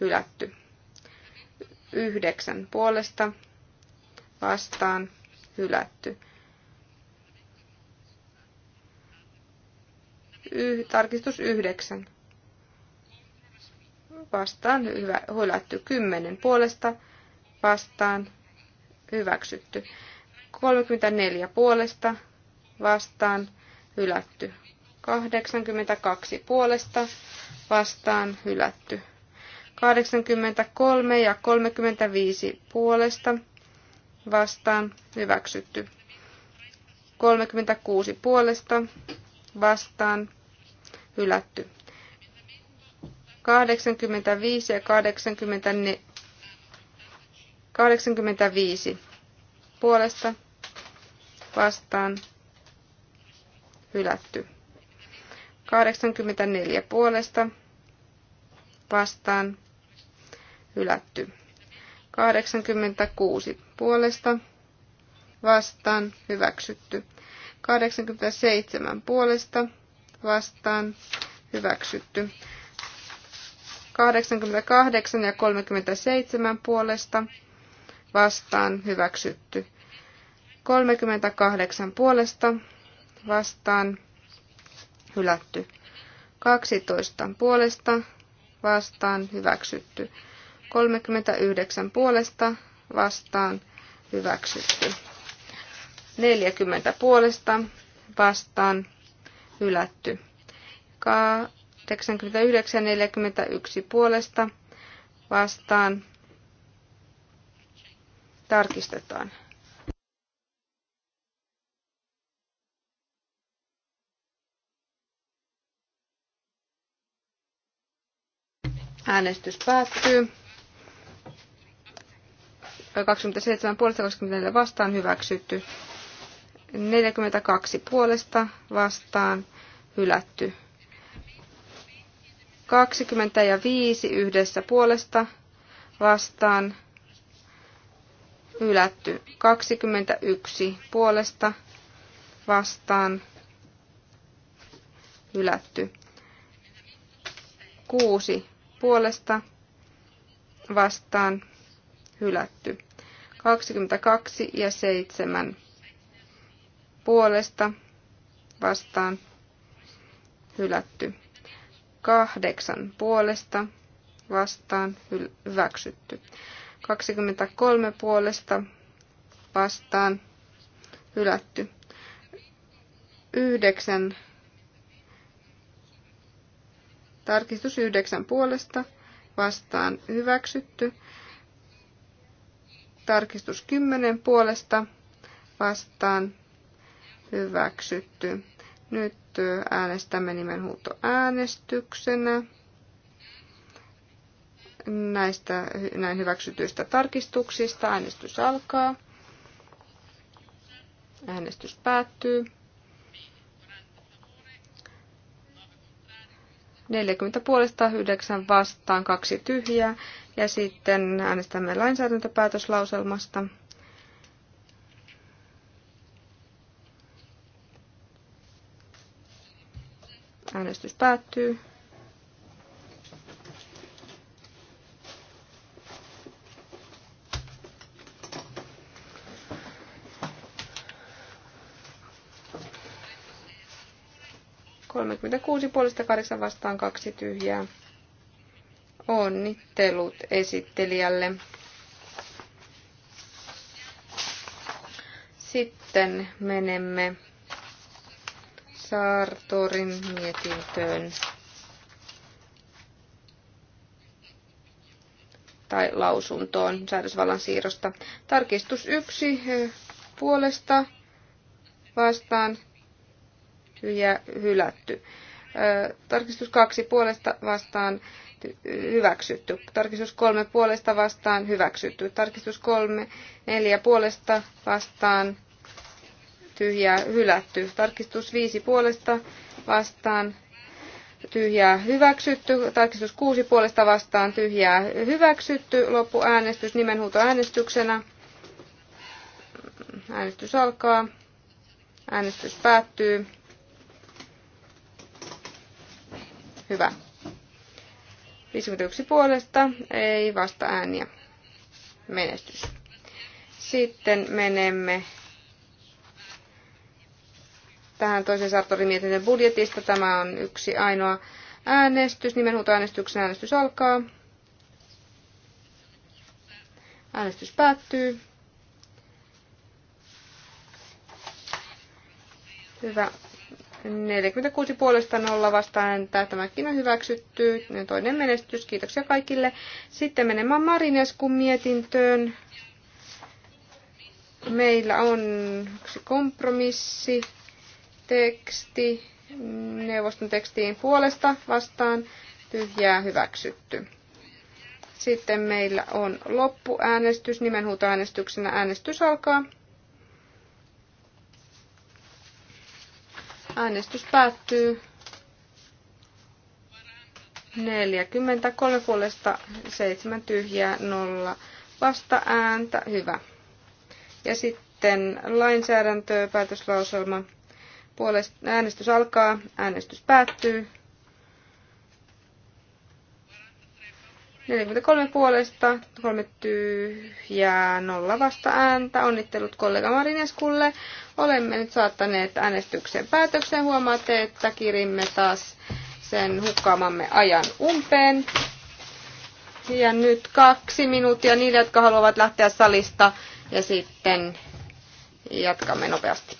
hylätty. Yhdeksän puolesta vastaan hylätty. Y- tarkistus yhdeksän. Vastaan hyvä, hylätty. Kymmenen puolesta vastaan hyväksytty. 34 puolesta vastaan hylätty. 82 puolesta vastaan hylätty. 83 ja 35 puolesta vastaan hyväksytty. 36 puolesta vastaan hylätty. 85 ja 85 puolesta vastaan hylätty. 84 puolesta vastaan hylätty. 86 puolesta vastaan hyväksytty. 87 puolesta vastaan hyväksytty. 88 ja 37 puolesta vastaan hyväksytty. 38 puolesta vastaan hylätty. 12 puolesta vastaan hyväksytty. 39 puolesta vastaan hyväksytty. 40 puolesta vastaan hylätty. 89 41 puolesta vastaan tarkistetaan. Äänestys päättyy. 27 puolesta 24 vastaan hyväksytty. 42 puolesta vastaan hylätty. 20 ja 5 yhdessä puolesta vastaan hylätty. 21 puolesta vastaan hylätty. 6 puolesta vastaan hylätty. 22 ja 7 puolesta vastaan hylätty. 8 puolesta vastaan hyväksytty. 23 puolesta vastaan hylätty. 9 tarkistus 9 puolesta vastaan hyväksytty. Tarkistus 10 puolesta vastaan hyväksytty. Nyt äänestämme nimenhuuto äänestyksenä näistä näin hyväksytyistä tarkistuksista. Äänestys alkaa. Äänestys päättyy. 40 puolesta, 9 vastaan, 2 tyhjää. Ja sitten äänestämme lainsäädäntöpäätöslauselmasta. Äänestys päättyy. Kolmekymmentäkuusi puolesta kahdeksan vastaan kaksi tyhjää. Onnittelut esittelijälle. Sitten menemme Saartorin mietintöön tai lausuntoon säädösvallan siirrosta. Tarkistus yksi eh, puolesta vastaan tyhjä hylätty. Tarkistus kaksi puolesta vastaan hyväksytty. Tarkistus kolme puolesta vastaan hyväksytty. Tarkistus kolme neljä puolesta vastaan tyhjää hylätty. Tarkistus viisi puolesta vastaan tyhjää hyväksytty. Tarkistus kuusi puolesta vastaan tyhjää hyväksytty. Loppuäänestys nimenhuutoäänestyksenä. Äänestys alkaa. Äänestys päättyy. Hyvä. 51 puolesta, ei vasta ääniä. Menestys. Sitten menemme tähän toisen Sartorin mietinnön budjetista. Tämä on yksi ainoa äänestys. äänestyksen äänestys alkaa. Äänestys päättyy. Hyvä. 46 puolesta nolla vastaan tämäkin on hyväksytty. Toinen menestys, kiitoksia kaikille. Sitten menemään Marineskun mietintöön. Meillä on yksi kompromissi, teksti, neuvoston tekstiin puolesta vastaan, tyhjää hyväksytty. Sitten meillä on loppuäänestys, nimenhuutoäänestyksenä äänestys alkaa. Äänestys päättyy 43 puolesta 7 tyhjää 0 vasta ääntä. Hyvä. Ja sitten lainsäädäntö, päätöslauselma. Puolest, äänestys alkaa, äänestys päättyy. 43 puolesta, kolme tyhjää, nolla vasta ääntä. Onnittelut kollega Marineskulle. Olemme nyt saattaneet äänestyksen päätökseen. Huomaatte, että kirimme taas sen hukkaamamme ajan umpeen. Ja nyt kaksi minuuttia niille, jotka haluavat lähteä salista. Ja sitten jatkamme nopeasti.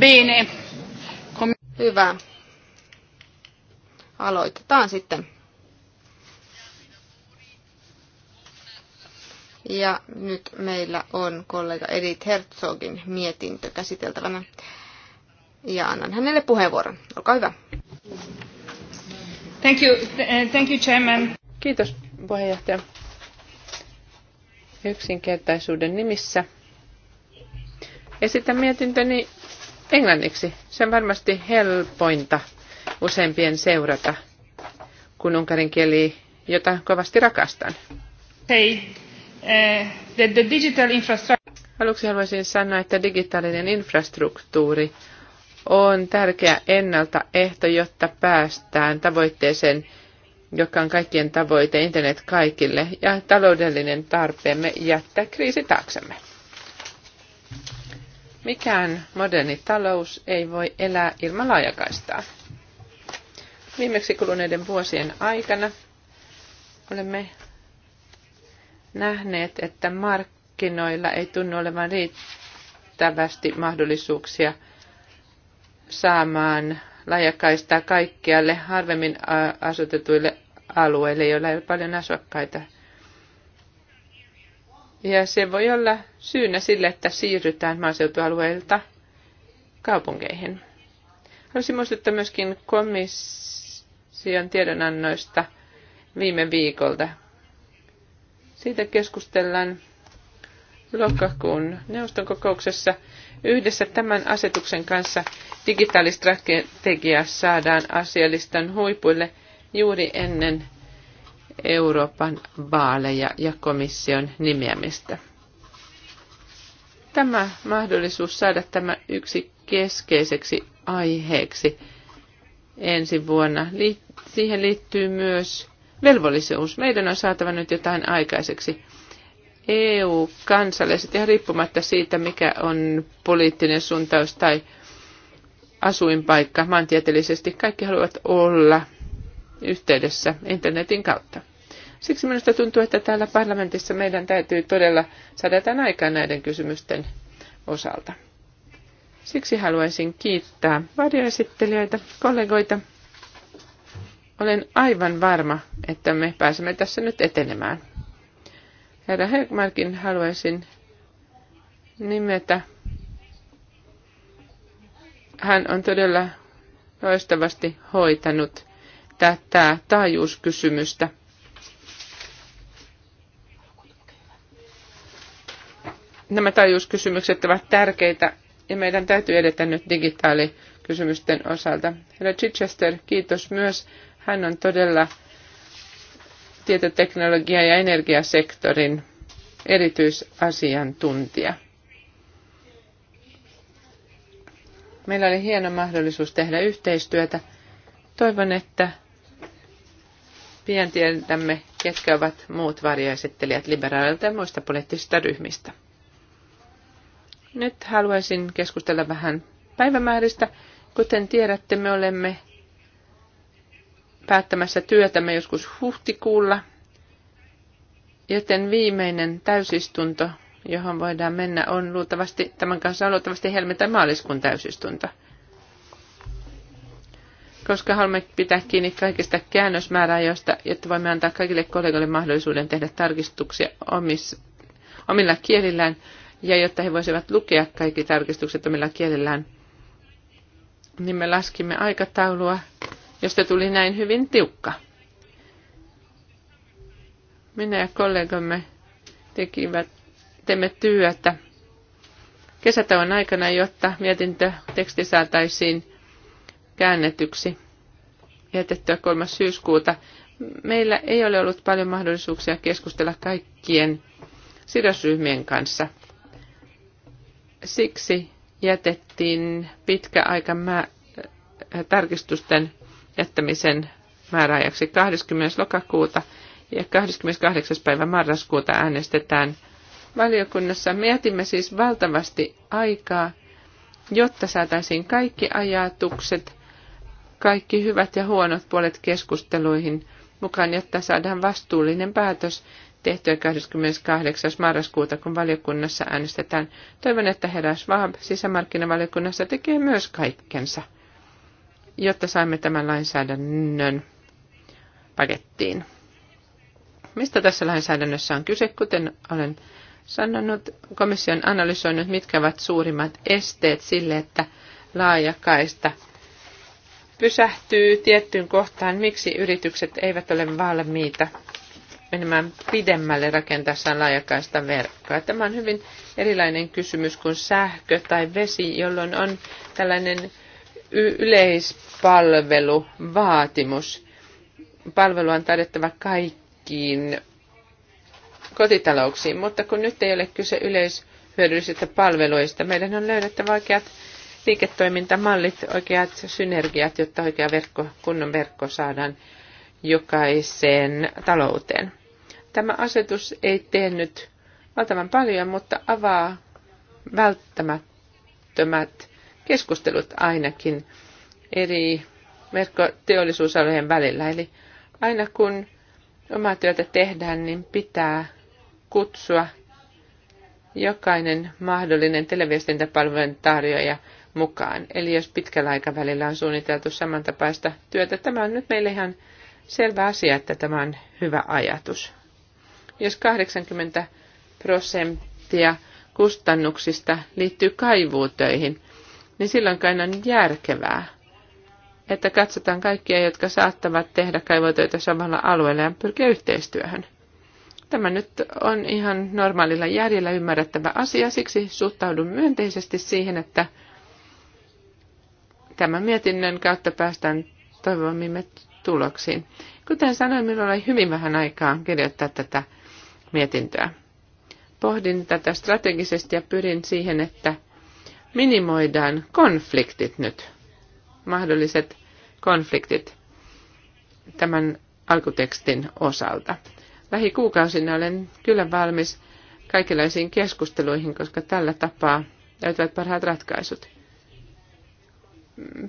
Bene. Hyvä. Aloitetaan sitten. Ja nyt meillä on kollega Edith Herzogin mietintö käsiteltävänä. Ja annan hänelle puheenvuoron. Olkaa hyvä. Thank you, thank you chairman. Kiitos puheenjohtaja. Yksinkertaisuuden nimissä esitän mietintöni englanniksi. Se on varmasti helpointa useimpien seurata, kun unkarin kieli, jota kovasti rakastan. Hei, uh, eh, the, the digital infrastructure. Aluksi haluaisin sanoa, että digitaalinen infrastruktuuri on tärkeä ennaltaehto, jotta päästään tavoitteeseen, joka on kaikkien tavoite, internet kaikille ja taloudellinen tarpeemme jättää kriisi taaksemme. Mikään moderni talous ei voi elää ilman laajakaistaa. Viimeksi kuluneiden vuosien aikana olemme nähneet, että markkinoilla ei tunnu olevan riittävästi mahdollisuuksia saamaan laajakaistaa kaikkialle harvemmin asutetuille alueille, joilla ei ole paljon asukkaita – ja se voi olla syynä sille, että siirrytään maaseutualueilta kaupunkeihin. Haluaisin muistuttaa myöskin komission tiedonannoista viime viikolta. Siitä keskustellaan lokakuun neuvoston kokouksessa. Yhdessä tämän asetuksen kanssa digitaalistrategia saadaan asialistan huipuille juuri ennen Euroopan vaaleja ja komission nimeämistä. Tämä mahdollisuus saada tämä yksi keskeiseksi aiheeksi ensi vuonna. Siihen liittyy myös velvollisuus. Meidän on saatava nyt jotain aikaiseksi. EU-kansalaiset, ihan riippumatta siitä, mikä on poliittinen suuntaus tai asuinpaikka maantieteellisesti, kaikki haluavat olla yhteydessä internetin kautta. Siksi minusta tuntuu, että täällä parlamentissa meidän täytyy todella saada jotain aikaan näiden kysymysten osalta. Siksi haluaisin kiittää varjoesittelijöitä, kollegoita. Olen aivan varma, että me pääsemme tässä nyt etenemään. Herra Hegmarkin haluaisin nimetä. Hän on todella loistavasti hoitanut tätä taajuuskysymystä – nämä tajuuskysymykset ovat tärkeitä ja meidän täytyy edetä nyt digitaalikysymysten osalta. Herra Chichester, kiitos myös. Hän on todella tietoteknologia- ja energiasektorin erityisasiantuntija. Meillä oli hieno mahdollisuus tehdä yhteistyötä. Toivon, että pian tiedämme, ketkä ovat muut varjoesittelijät liberaaleilta ja muista poliittisista ryhmistä. Nyt haluaisin keskustella vähän päivämääristä. Kuten tiedätte, me olemme päättämässä työtämme joskus huhtikuulla, joten viimeinen täysistunto, johon voidaan mennä, on luultavasti, tämän kanssa on luultavasti helmi- tai maaliskuun täysistunto. Koska haluamme pitää kiinni kaikista käännösmääräajoista, jotta voimme antaa kaikille kollegoille mahdollisuuden tehdä tarkistuksia omis, omilla kielillään, ja jotta he voisivat lukea kaikki tarkistukset omilla kielellään, niin me laskimme aikataulua, josta tuli näin hyvin tiukka. Minä ja kollegamme tekivät, temme työtä kesätauon aikana, jotta mietintöteksti saataisiin käännetyksi jätettyä 3. syyskuuta. Meillä ei ole ollut paljon mahdollisuuksia keskustella kaikkien sidosryhmien kanssa – Siksi jätettiin pitkä aika äh, tarkistusten jättämisen määräajaksi 20. lokakuuta ja 28. päivä marraskuuta äänestetään valiokunnassa. Mietimme siis valtavasti aikaa, jotta saataisiin kaikki ajatukset, kaikki hyvät ja huonot puolet keskusteluihin mukaan, jotta saadaan vastuullinen päätös tehtyä 28. marraskuuta, kun valiokunnassa äänestetään. Toivon, että herra Schwab sisämarkkinavaliokunnassa tekee myös kaikkensa, jotta saamme tämän lainsäädännön pakettiin. Mistä tässä lainsäädännössä on kyse? Kuten olen sanonut, komissio on analysoinut, mitkä ovat suurimmat esteet sille, että laajakaista pysähtyy tiettyyn kohtaan, miksi yritykset eivät ole valmiita menemään pidemmälle rakentaessaan laajakaista verkkoa. Tämä on hyvin erilainen kysymys kuin sähkö tai vesi, jolloin on tällainen yleispalveluvaatimus. Palvelu on tarjottava kaikkiin kotitalouksiin, mutta kun nyt ei ole kyse yleishyödyllisistä palveluista, meidän on löydettävä oikeat liiketoimintamallit, oikeat synergiat, jotta oikea verkko, kunnon verkko saadaan jokaiseen talouteen. Tämä asetus ei tehnyt valtavan paljon, mutta avaa välttämättömät keskustelut ainakin eri verkkoteollisuusalojen välillä. Eli aina kun omaa työtä tehdään, niin pitää kutsua jokainen mahdollinen televiestintäpalvelujen tarjoaja mukaan. Eli jos pitkällä aikavälillä on suunniteltu samantapaista työtä, tämä on nyt meille ihan selvä asia, että tämä on hyvä ajatus jos 80 prosenttia kustannuksista liittyy kaivuutöihin, niin silloin kai on järkevää, että katsotaan kaikkia, jotka saattavat tehdä kaivotöitä samalla alueella ja pyrkiä yhteistyöhön. Tämä nyt on ihan normaalilla järjellä ymmärrettävä asia, siksi suhtaudun myönteisesti siihen, että tämän mietinnön kautta päästään toivomimme tuloksiin. Kuten sanoin, minulla oli hyvin vähän aikaa kirjoittaa tätä mietintöä. Pohdin tätä strategisesti ja pyrin siihen, että minimoidaan konfliktit nyt, mahdolliset konfliktit tämän alkutekstin osalta. Lähikuukausina olen kyllä valmis kaikenlaisiin keskusteluihin, koska tällä tapaa löytyvät parhaat ratkaisut.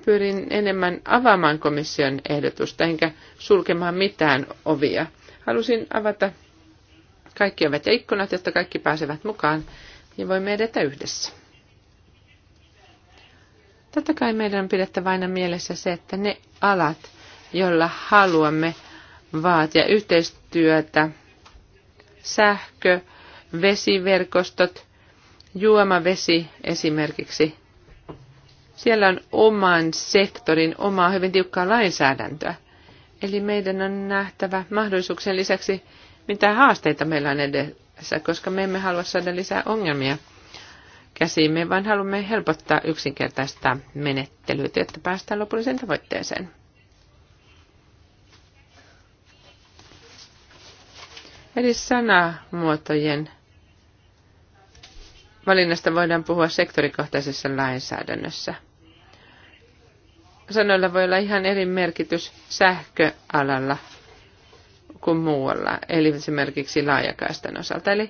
Pyrin enemmän avaamaan komission ehdotusta, enkä sulkemaan mitään ovia. Halusin avata kaikki ovet ja ikkunat, jotta kaikki pääsevät mukaan ja niin voimme edetä yhdessä. Totta kai meidän on pidettävä aina mielessä se, että ne alat, joilla haluamme vaatia yhteistyötä, sähkö, vesiverkostot, juomavesi esimerkiksi, siellä on oman sektorin omaa hyvin tiukkaa lainsäädäntöä. Eli meidän on nähtävä mahdollisuuksien lisäksi mitä haasteita meillä on edessä, koska me emme halua saada lisää ongelmia käsiimme, vaan haluamme helpottaa yksinkertaista menettelyä, että päästään lopulliseen tavoitteeseen. Eli sanamuotojen valinnasta voidaan puhua sektorikohtaisessa lainsäädännössä. Sanoilla voi olla ihan eri merkitys sähköalalla kuin muualla, eli esimerkiksi laajakaistan osalta. Eli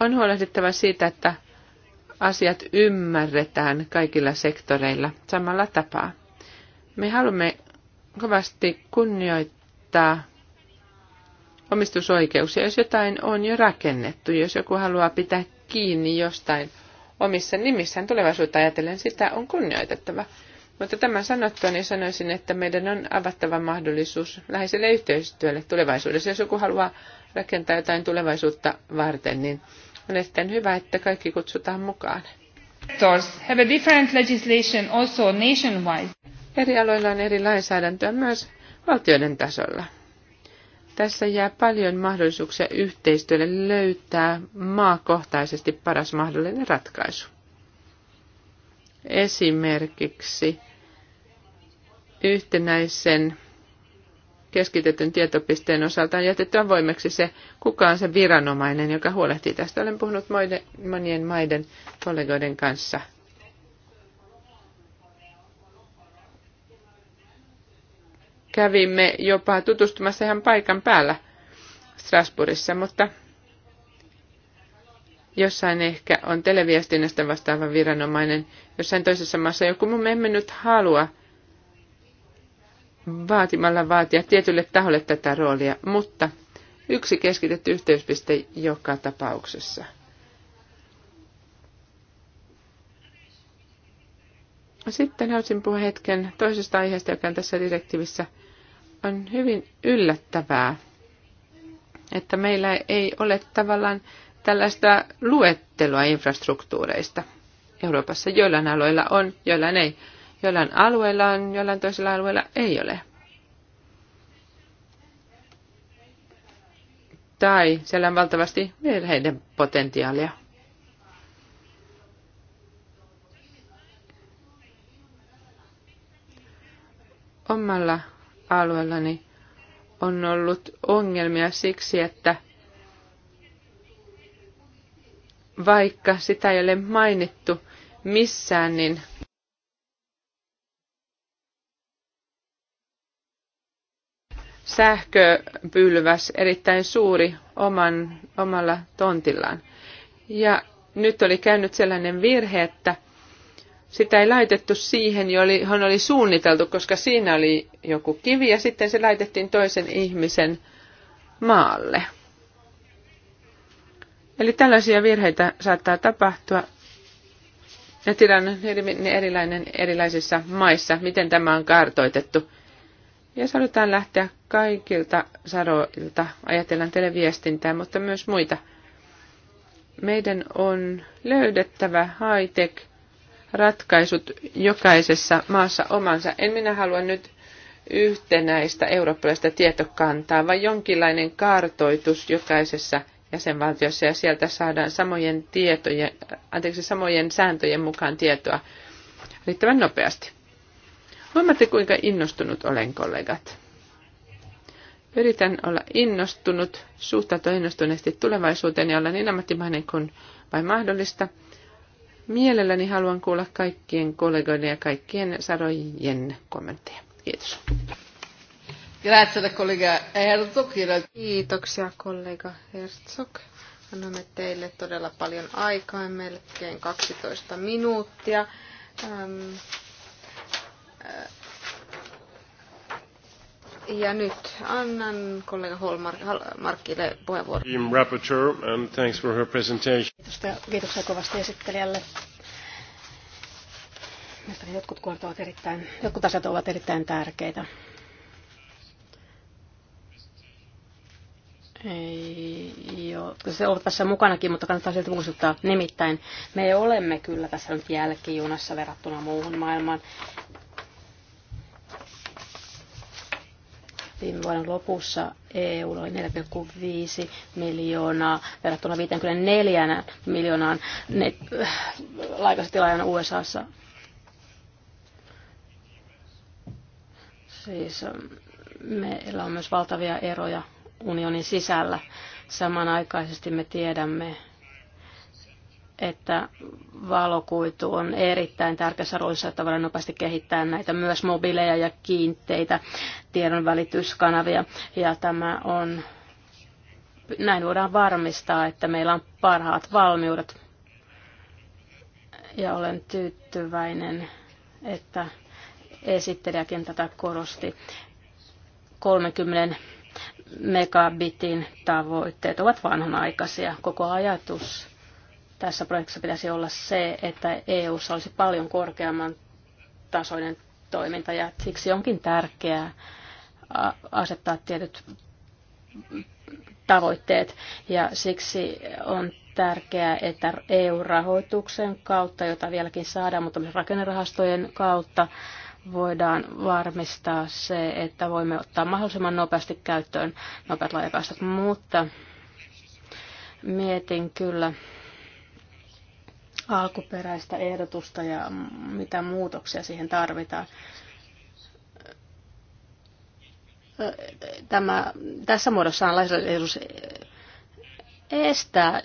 on huolehdittava siitä, että asiat ymmärretään kaikilla sektoreilla samalla tapaa. Me haluamme kovasti kunnioittaa omistusoikeuksia, jos jotain on jo rakennettu, jos joku haluaa pitää kiinni jostain omissa nimissään tulevaisuutta ajatellen, sitä on kunnioitettava. Mutta tämän sanottua, niin sanoisin, että meidän on avattava mahdollisuus läheiselle yhteistyölle tulevaisuudessa. Jos joku haluaa rakentaa jotain tulevaisuutta varten, niin on erittäin hyvä, että kaikki kutsutaan mukaan. Have a different legislation also nationwide. Eri aloilla on eri lainsäädäntöä myös valtioiden tasolla. Tässä jää paljon mahdollisuuksia yhteistyölle löytää maakohtaisesti paras mahdollinen ratkaisu. Esimerkiksi yhtenäisen keskitetyn tietopisteen osalta on jätetty avoimeksi se, kuka on se viranomainen, joka huolehtii tästä. Olen puhunut monien maiden kollegoiden kanssa. Kävimme jopa tutustumassa ihan paikan päällä Strasbourgissa, mutta jossain ehkä on televiestinnästä vastaava viranomainen, jossain toisessa maassa joku, me emme nyt halua – vaatimalla vaatia tietylle taholle tätä roolia, mutta yksi keskitetty yhteyspiste joka tapauksessa. Sitten haluaisin puhua hetken toisesta aiheesta, joka on tässä direktiivissä. On hyvin yllättävää, että meillä ei ole tavallaan tällaista luettelua infrastruktuureista Euroopassa. Joillain aloilla on, joillain ei. Jollain alueella on, jollain toisella alueella ei ole. Tai siellä on valtavasti virheiden potentiaalia. Omalla alueellani on ollut ongelmia siksi, että vaikka sitä ei ole mainittu missään, niin sähköpylväs erittäin suuri oman, omalla tontillaan. Ja nyt oli käynyt sellainen virhe, että sitä ei laitettu siihen, johon oli suunniteltu, koska siinä oli joku kivi ja sitten se laitettiin toisen ihmisen maalle. Eli tällaisia virheitä saattaa tapahtua ja tilanne on erilainen erilaisissa maissa, miten tämä on kartoitettu. Ja halutaan lähteä kaikilta saroilta, ajatellaan televiestintää, mutta myös muita, meidän on löydettävä high-tech ratkaisut jokaisessa maassa omansa. En minä halua nyt yhtenäistä eurooppalaista tietokantaa, vaan jonkinlainen kartoitus jokaisessa jäsenvaltiossa ja sieltä saadaan samojen, tietojen, anteeksi, samojen sääntöjen mukaan tietoa riittävän nopeasti. Huomaatte, kuinka innostunut olen, kollegat. Yritän olla innostunut, suhtautua innostuneesti tulevaisuuteen ja olla niin ammattimainen kuin vain mahdollista. Mielelläni haluan kuulla kaikkien kollegoiden ja kaikkien sarojen kommentteja. Kiitos. kollega Kiitoksia, kollega Herzog. Annamme teille todella paljon aikaa, melkein 12 minuuttia. Ähm, ja nyt annan kollega Holmarkille puheenvuoron. Rapporteur and um, thanks for her presentation. Kiitoksia, kiitoksia kovasti esittelijälle. Mielestäni jotkut kohdat ovat erittäin, jotkut asiat ovat erittäin tärkeitä. Ei, joo. Se on tässä mukanakin, mutta kannattaa silti muistuttaa. Nimittäin me olemme kyllä tässä nyt jälkijunassa verrattuna muuhun maailmaan. Viime vuoden lopussa EU oli 4,5 miljoonaa verrattuna 54 miljoonaan äh, laikaisetilajan USAssa. Siis ähm, meillä on myös valtavia eroja unionin sisällä. Samanaikaisesti me tiedämme, että valokuitu on erittäin tärkeässä roolissa, että voidaan nopeasti kehittää näitä myös mobiileja ja kiinteitä tiedonvälityskanavia. Ja tämä on, näin voidaan varmistaa, että meillä on parhaat valmiudet. Ja olen tyytyväinen, että esittelijäkin tätä korosti. 30 megabitin tavoitteet ovat vanhanaikaisia. Koko ajatus tässä projektissa pitäisi olla se, että EU:ssa olisi paljon korkeamman tasoinen toiminta ja siksi onkin tärkeää asettaa tietyt tavoitteet ja siksi on tärkeää, että EU-rahoituksen kautta, jota vieläkin saadaan, mutta myös rakennerahastojen kautta voidaan varmistaa se, että voimme ottaa mahdollisimman nopeasti käyttöön nopeat laajakaistat, mutta mietin kyllä alkuperäistä ehdotusta ja mitä muutoksia siihen tarvitaan. Tämä, tässä muodossaan lainsäädäntöehdotus estää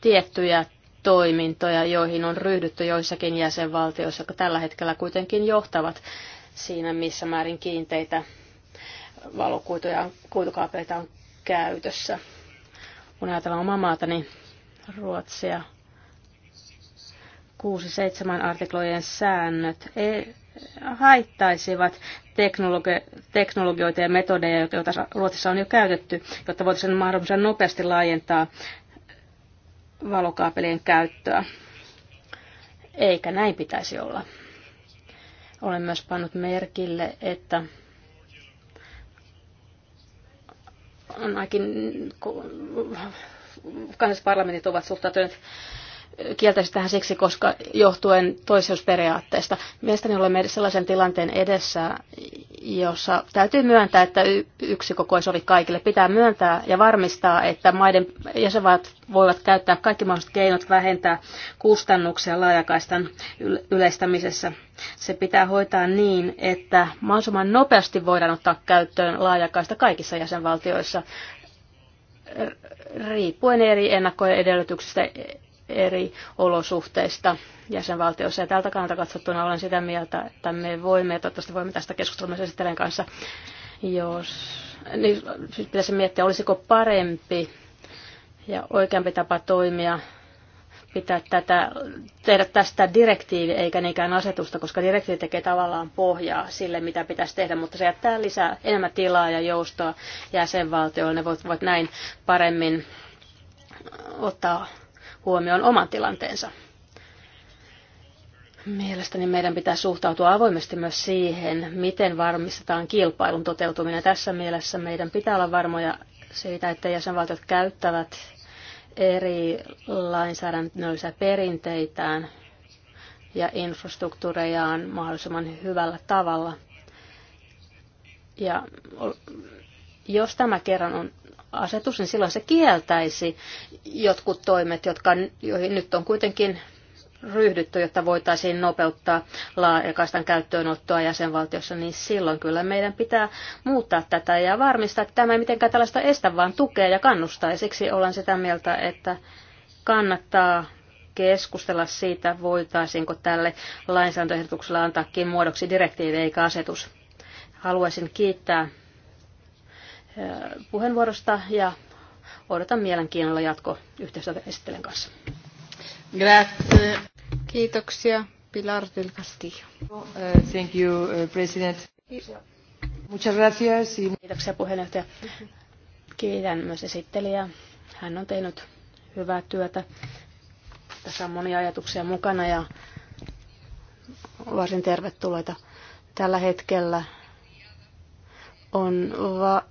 tiettyjä toimintoja, joihin on ryhdytty joissakin jäsenvaltioissa, jotka tällä hetkellä kuitenkin johtavat siinä, missä määrin kiinteitä valokuituja, kuitukaapeita on käytössä. Kun ajatellaan omaa maatani, niin Ruotsia, 6-7 artiklojen säännöt e- haittaisivat teknologi- teknologioita ja metodeja, joita Ruotsissa on jo käytetty, jotta voitaisiin mahdollisimman nopeasti laajentaa valokaapelien käyttöä. Eikä näin pitäisi olla. Olen myös pannut merkille, että on ainakin kansallisparlamentit ovat suhtautuneet kieltäisi tähän siksi, koska johtuen toiseusperiaatteesta. Mielestäni olemme sellaisen tilanteen edessä, jossa täytyy myöntää, että yksi koko ei sovi kaikille. Pitää myöntää ja varmistaa, että maiden jäsenvaltiot voivat käyttää kaikki mahdolliset keinot vähentää kustannuksia laajakaistan yleistämisessä. Se pitää hoitaa niin, että mahdollisimman nopeasti voidaan ottaa käyttöön laajakaista kaikissa jäsenvaltioissa riippuen eri ennakkojen edellytyksistä eri olosuhteista jäsenvaltioissa. Ja tältä kannalta katsottuna olen sitä mieltä, että me voimme, ja toivottavasti voimme tästä keskustella myös kanssa, jos niin, siis pitäisi miettiä, olisiko parempi ja oikeampi tapa toimia pitää tätä, tehdä tästä direktiivi eikä niinkään asetusta, koska direktiivi tekee tavallaan pohjaa sille, mitä pitäisi tehdä, mutta se jättää lisää enemmän tilaa ja joustoa jäsenvaltioille. Ne voivat, voivat näin paremmin ottaa huomioon oman tilanteensa. Mielestäni meidän pitää suhtautua avoimesti myös siihen, miten varmistetaan kilpailun toteutuminen. Tässä mielessä meidän pitää olla varmoja siitä, että jäsenvaltiot käyttävät eri lainsäädännöllisiä perinteitään ja infrastruktuurejaan mahdollisimman hyvällä tavalla. Ja jos tämä kerran on asetus, niin silloin se kieltäisi jotkut toimet, jotka, joihin nyt on kuitenkin ryhdytty, jotta voitaisiin nopeuttaa laajakaistan käyttöönottoa jäsenvaltiossa, niin silloin kyllä meidän pitää muuttaa tätä ja varmistaa, että tämä ei mitenkään tällaista estä, vaan tukea ja kannustaa. Ja siksi olen sitä mieltä, että kannattaa keskustella siitä, voitaisiinko tälle lainsäädäntöehdotukselle antaakin muodoksi direktiivi eikä asetus. Haluaisin kiittää Eh, puheenvuorosta ja odotan mielenkiinnolla jatko yhteistyötä esittelen kanssa. Grazie. Kiitoksia. Pilar del Castillo. Eh, thank you, eh, President. Muchas gracias. Kiitoksia puheenjohtaja. Kiitän myös esittelijää. Hän on tehnyt hyvää työtä. Tässä on monia ajatuksia mukana ja varsin tervetulleita. Tällä hetkellä on va-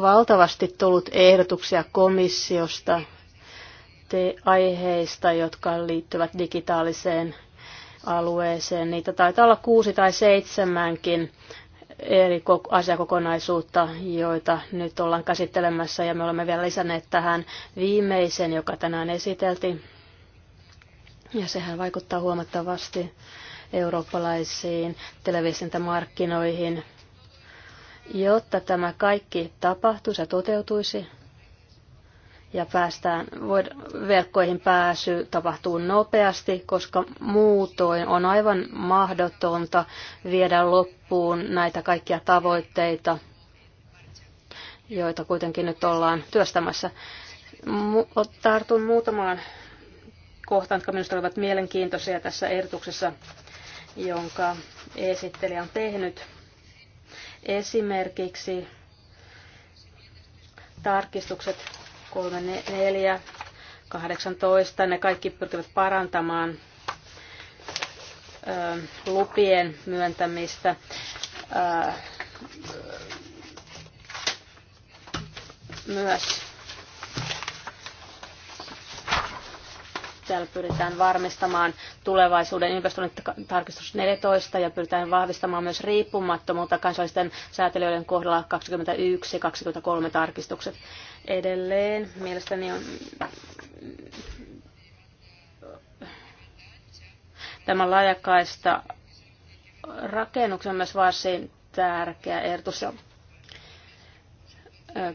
valtavasti tullut ehdotuksia komissiosta te- aiheista, jotka liittyvät digitaaliseen alueeseen. Niitä taitaa olla kuusi tai seitsemänkin eri asiakokonaisuutta, joita nyt ollaan käsittelemässä, ja me olemme vielä lisänneet tähän viimeisen, joka tänään esiteltiin. Ja sehän vaikuttaa huomattavasti eurooppalaisiin televisiintämarkkinoihin. Jotta tämä kaikki tapahtuisi ja toteutuisi ja päästään, verkkoihin pääsy tapahtuu nopeasti, koska muutoin on aivan mahdotonta viedä loppuun näitä kaikkia tavoitteita, joita kuitenkin nyt ollaan työstämässä. Tartun muutamaan kohtaan, jotka minusta olivat mielenkiintoisia tässä ehdotuksessa, jonka esittelijä on tehnyt Esimerkiksi tarkistukset 3, 4, 18, ne kaikki pyrkivät parantamaan lupien myöntämistä myös Täällä pyritään varmistamaan tulevaisuuden ympäristön tarkistus 14 ja pyritään vahvistamaan myös riippumattomuutta kansallisten säätelijöiden kohdalla 21 ja 23 tarkistukset. Edelleen mielestäni on tämä laajakaista rakennuksen myös varsin tärkeä ehdotus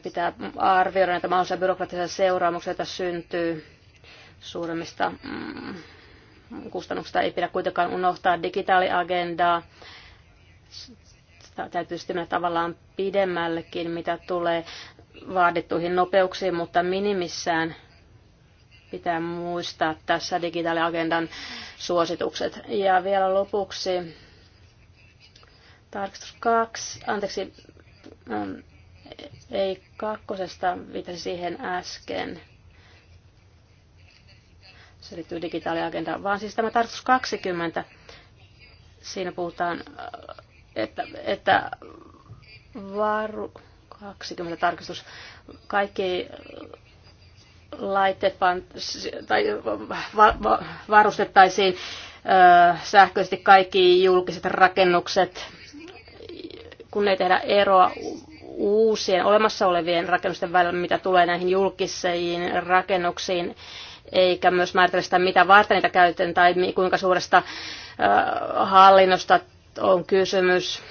pitää arvioida näitä mahdollisia byrokratisia seuraamuksia, joita syntyy suuremmista mm, kustannuksista ei pidä kuitenkaan unohtaa digitaaliagendaa. Sitä täytyy sitten mennä tavallaan pidemmällekin, mitä tulee vaadittuihin nopeuksiin, mutta minimissään pitää muistaa tässä digitaaliagendan suositukset. Ja vielä lopuksi tarkistus kaksi anteeksi, mm, ei kakkosesta viitasi siihen äsken se liittyy digitaaliagendaan, vaan siis tämä tarkoitus 20. Siinä puhutaan, äh, että, että varu, 20 tarkistus, kaikki äh, laitteet pant, tai varustettaisiin äh, sähköisesti kaikki julkiset rakennukset, kun ei tehdä eroa uusien olemassa olevien rakennusten välillä, mitä tulee näihin julkisiin rakennuksiin eikä myös määritellä sitä, mitä varten niitä käytetään tai kuinka suuresta hallinnosta on kysymys.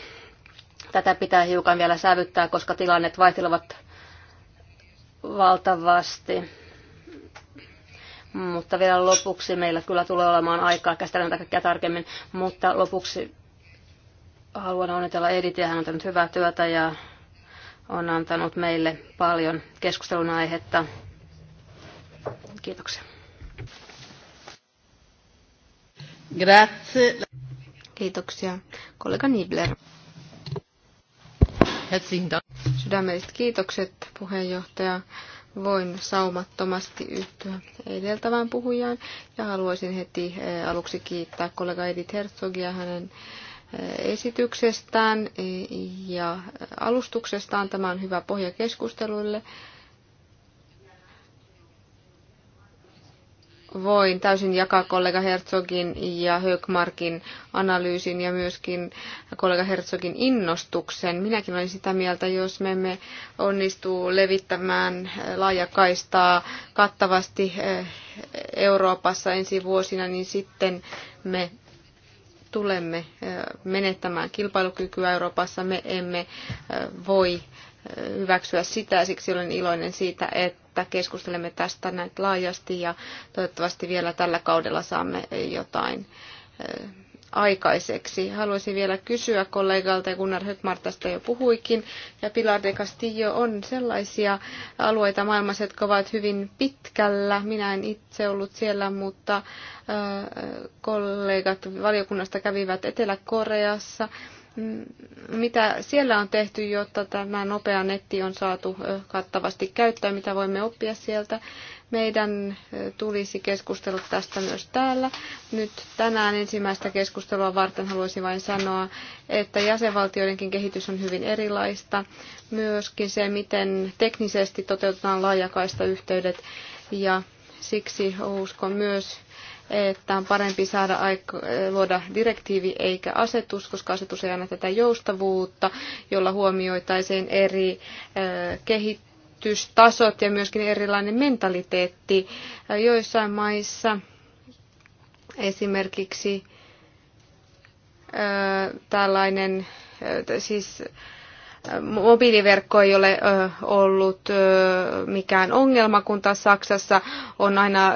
Tätä pitää hiukan vielä sävyttää, koska tilannet vaihtelevat valtavasti. Mutta vielä lopuksi meillä kyllä tulee olemaan aikaa käsitellä näitä kaikkea tarkemmin. Mutta lopuksi haluan onnitella Editiä. Hän on tehnyt hyvää työtä ja on antanut meille paljon keskustelun aihetta. Kiitoksia. Grazie. Kiitoksia. Kollega Nibler. Sydämelliset kiitokset, puheenjohtaja. Voin saumattomasti yhtyä edeltävään puhujaan ja haluaisin heti eh, aluksi kiittää kollega Edith Herzogia hänen eh, esityksestään eh, ja alustuksestaan. Tämä on hyvä pohja keskusteluille. voin täysin jakaa kollega Herzogin ja Högmarkin analyysin ja myöskin kollega Herzogin innostuksen. Minäkin olin sitä mieltä, jos me emme onnistu levittämään laajakaistaa kattavasti eh, Euroopassa ensi vuosina, niin sitten me tulemme eh, menettämään kilpailukykyä Euroopassa. Me emme eh, voi hyväksyä sitä, siksi olen iloinen siitä, että että keskustelemme tästä näitä laajasti ja toivottavasti vielä tällä kaudella saamme jotain aikaiseksi. Haluaisin vielä kysyä kollegalta, ja Gunnar Högmar tästä jo puhuikin, ja Pilar de Castillo on sellaisia alueita maailmassa, jotka ovat hyvin pitkällä. Minä en itse ollut siellä, mutta kollegat valiokunnasta kävivät Etelä-Koreassa Mm, mitä siellä on tehty, jotta tämä nopea netti on saatu kattavasti käyttöön, mitä voimme oppia sieltä. Meidän tulisi keskustella tästä myös täällä. Nyt tänään ensimmäistä keskustelua varten haluaisin vain sanoa, että jäsenvaltioidenkin kehitys on hyvin erilaista. Myöskin se, miten teknisesti toteutetaan laajakaista yhteydet ja siksi uskon myös että on parempi saada aiko, luoda direktiivi eikä asetus, koska asetus ei anna tätä joustavuutta, jolla huomioitaisiin eri kehitystasot ja myöskin erilainen mentaliteetti. Joissain maissa esimerkiksi tällainen, siis Mobiiliverkko ei ole ollut mikään ongelma, kun taas Saksassa on aina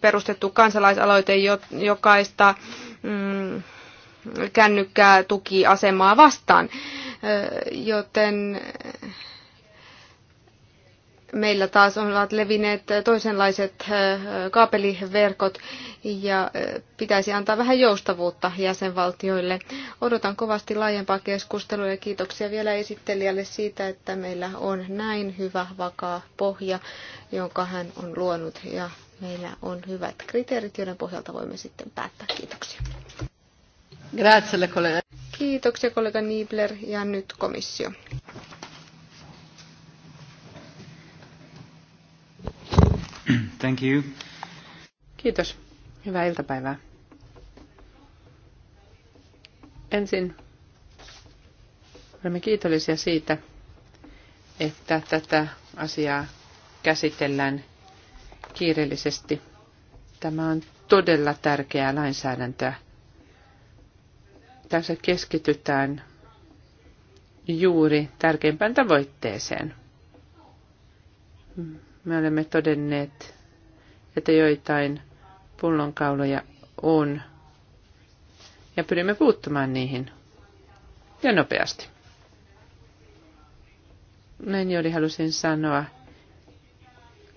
perustettu kansalaisaloite jokaista mm, kännykkää tukiasemaa vastaan. Joten meillä taas ovat levinneet toisenlaiset äh, kaapeliverkot ja äh, pitäisi antaa vähän joustavuutta jäsenvaltioille. Odotan kovasti laajempaa keskustelua ja kiitoksia vielä esittelijälle siitä, että meillä on näin hyvä vakaa pohja, jonka hän on luonut ja meillä on hyvät kriteerit, joiden pohjalta voimme sitten päättää. Kiitoksia. Grazie, kollega. Kiitoksia kollega Niebler ja nyt komissio. Thank you. Kiitos. Hyvää iltapäivää. Ensin olemme kiitollisia siitä, että tätä asiaa käsitellään kiireellisesti. Tämä on todella tärkeää lainsäädäntöä. Tässä keskitytään juuri tärkeimpään tavoitteeseen. Me olemme todenneet, että joitain pullonkauloja on ja pyrimme puuttumaan niihin ja nopeasti. Näin juuri halusin sanoa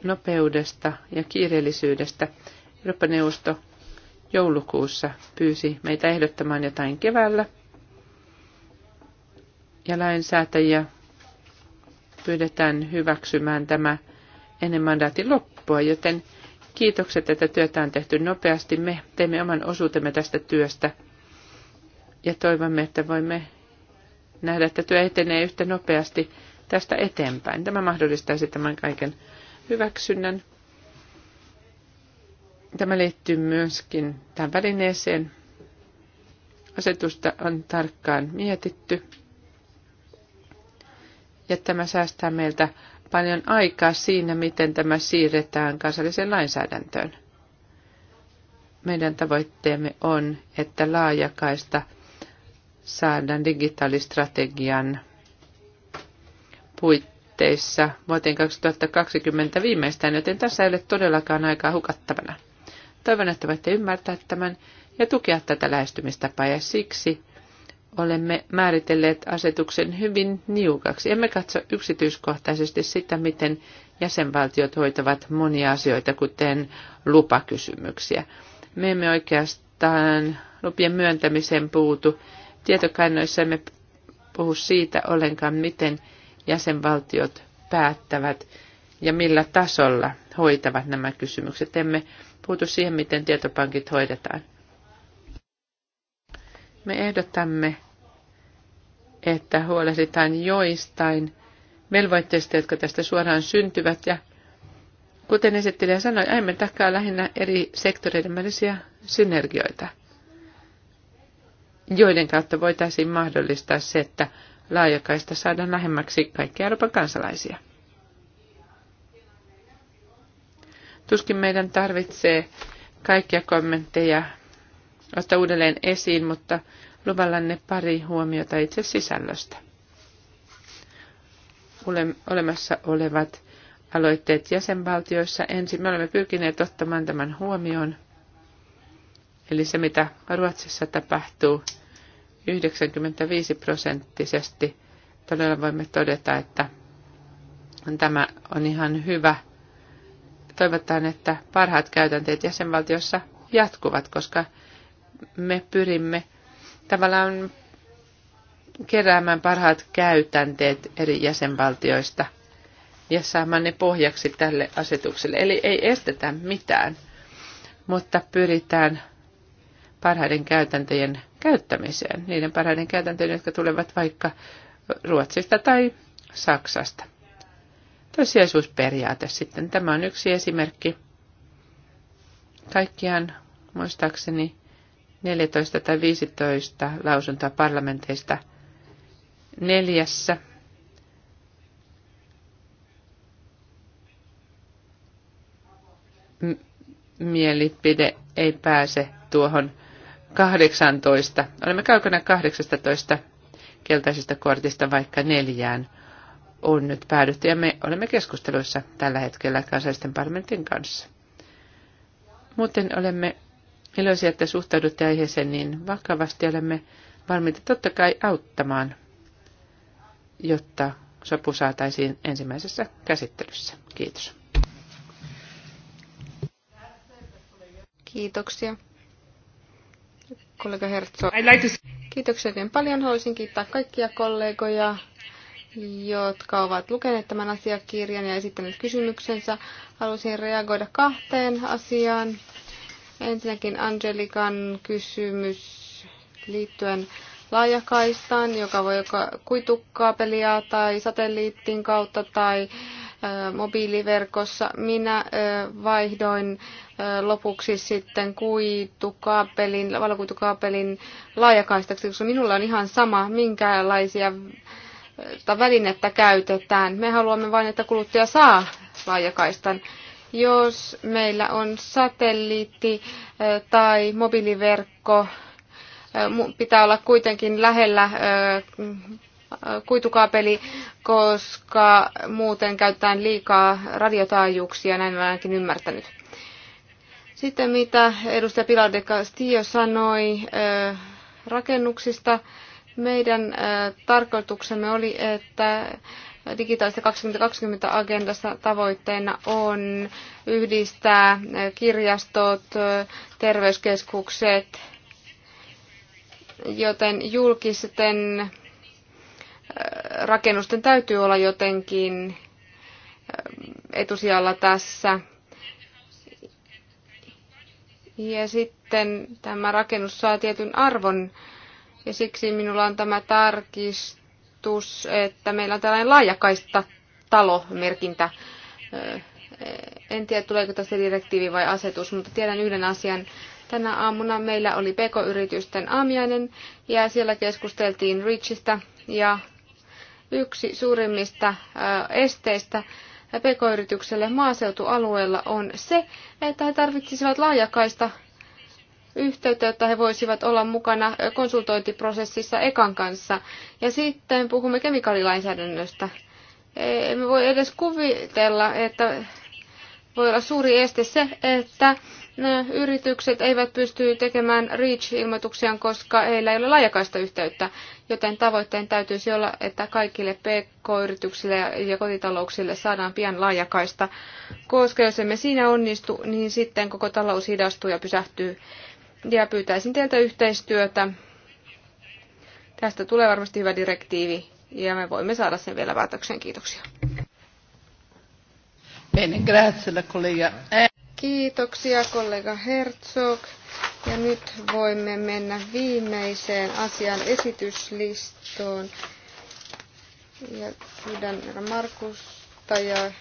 nopeudesta ja kiireellisyydestä. Euroopan neuvosto joulukuussa pyysi meitä ehdottamaan jotain keväällä. Ja lainsäätäjiä pyydetään hyväksymään tämä ennen mandaatin loppua, joten kiitokset, että työtä on tehty nopeasti. Me teemme oman osuutemme tästä työstä ja toivomme, että voimme nähdä, että työ etenee yhtä nopeasti tästä eteenpäin. Tämä mahdollistaisi tämän kaiken hyväksynnän. Tämä liittyy myöskin tähän välineeseen. Asetusta on tarkkaan mietitty. Ja tämä säästää meiltä paljon aikaa siinä, miten tämä siirretään kansalliseen lainsäädäntöön. Meidän tavoitteemme on, että laajakaista saadaan digitaalistrategian puitteissa vuoteen 2020 viimeistään, joten tässä ei ole todellakaan aikaa hukattavana. Toivon, että voitte ymmärtää tämän ja tukea tätä lähestymistapaa ja siksi olemme määritelleet asetuksen hyvin niukaksi. Emme katso yksityiskohtaisesti sitä, miten jäsenvaltiot hoitavat monia asioita, kuten lupakysymyksiä. Me emme oikeastaan lupien myöntämiseen puutu. Tietokannoissa emme puhu siitä ollenkaan, miten jäsenvaltiot päättävät ja millä tasolla hoitavat nämä kysymykset. Emme puutu siihen, miten tietopankit hoidetaan. Me ehdotamme että huolehditaan joistain velvoitteista, jotka tästä suoraan syntyvät. Ja kuten esittelijä sanoi, aiemmin takaa lähinnä eri sektoreiden välisiä synergioita, joiden kautta voitaisiin mahdollistaa se, että laajakaista saadaan lähemmäksi kaikkia Euroopan kansalaisia. Tuskin meidän tarvitsee kaikkia kommentteja ottaa uudelleen esiin, mutta luvallanne pari huomiota itse sisällöstä. Olemassa olevat aloitteet jäsenvaltioissa ensin. Me olemme pyrkineet ottamaan tämän huomioon. Eli se, mitä Ruotsissa tapahtuu 95 prosenttisesti, todella voimme todeta, että tämä on ihan hyvä. Toivotaan, että parhaat käytänteet jäsenvaltiossa jatkuvat, koska me pyrimme tavallaan keräämään parhaat käytänteet eri jäsenvaltioista ja saamaan ne pohjaksi tälle asetukselle. Eli ei estetä mitään, mutta pyritään parhaiden käytäntöjen käyttämiseen, niiden parhaiden käytäntöjen, jotka tulevat vaikka Ruotsista tai Saksasta. Toissijaisuusperiaate sitten. Tämä on yksi esimerkki. Kaikkiaan muistaakseni 14 tai 15 lausuntoa parlamenteista neljässä. mielipide ei pääse tuohon 18. Olemme kaukana 18 keltaisesta kortista, vaikka neljään on nyt päädytty, ja me olemme keskusteluissa tällä hetkellä kansallisten parlamentin kanssa. Muuten olemme iloisia, että suhtaudutte aiheeseen niin vakavasti. Olemme valmiita totta kai auttamaan, jotta sopu saataisiin ensimmäisessä käsittelyssä. Kiitos. Kiitoksia. Kollega Herzog. Kiitoksia oikein paljon. Haluaisin kiittää kaikkia kollegoja, jotka ovat lukeneet tämän asiakirjan ja esittäneet kysymyksensä. Haluaisin reagoida kahteen asiaan. Ensinnäkin Angelikan kysymys liittyen laajakaistaan, joka voi joka kuitukkaapelia tai satelliittin kautta tai mobiiliverkossa. Minä vaihdoin lopuksi sitten kuitukaapelin, valokuitukaapelin laajakaistaksi, koska minulla on ihan sama, minkälaisia välinettä käytetään. Me haluamme vain, että kuluttaja saa laajakaistan. Jos meillä on satelliitti eh, tai mobiiliverkko, eh, pitää olla kuitenkin lähellä eh, kuitukaapeli, koska muuten käytetään liikaa radiotaajuuksia, näin olen ainakin ymmärtänyt. Sitten mitä edustaja Pilar de Castillo sanoi rakennuksista, meidän tarkoituksemme oli, että digitaalista 2020-agendassa tavoitteena on yhdistää kirjastot, terveyskeskukset, joten julkisten äh, rakennusten täytyy olla jotenkin äh, etusijalla tässä. Ja sitten tämä rakennus saa tietyn arvon ja siksi minulla on tämä tarkistus ajatus, että meillä on tällainen laajakaista talomerkintä. En tiedä, tuleeko tästä direktiivi vai asetus, mutta tiedän yhden asian. Tänä aamuna meillä oli PK-yritysten aamiainen ja siellä keskusteltiin REACHista ja yksi suurimmista esteistä pk-yritykselle maaseutualueella on se, että he tarvitsisivat laajakaista yhteyttä, jotta he voisivat olla mukana konsultointiprosessissa ekan kanssa. Ja sitten puhumme kemikaalilainsäädännöstä. Emme voi edes kuvitella, että voi olla suuri este se, että yritykset eivät pysty tekemään REACH-ilmoituksiaan, koska heillä ei ole laajakaista yhteyttä, joten tavoitteen täytyisi olla, että kaikille PK-yrityksille ja kotitalouksille saadaan pian laajakaista, koska jos emme siinä onnistu, niin sitten koko talous hidastuu ja pysähtyy ja pyytäisin teiltä yhteistyötä. Tästä tulee varmasti hyvä direktiivi ja me voimme saada sen vielä päätökseen. Kiitoksia. Bene, grazie la collega. Eh. Kiitoksia kollega Herzog. Ja nyt voimme mennä viimeiseen asian esityslistoon. Ja pyydän Markusta ja,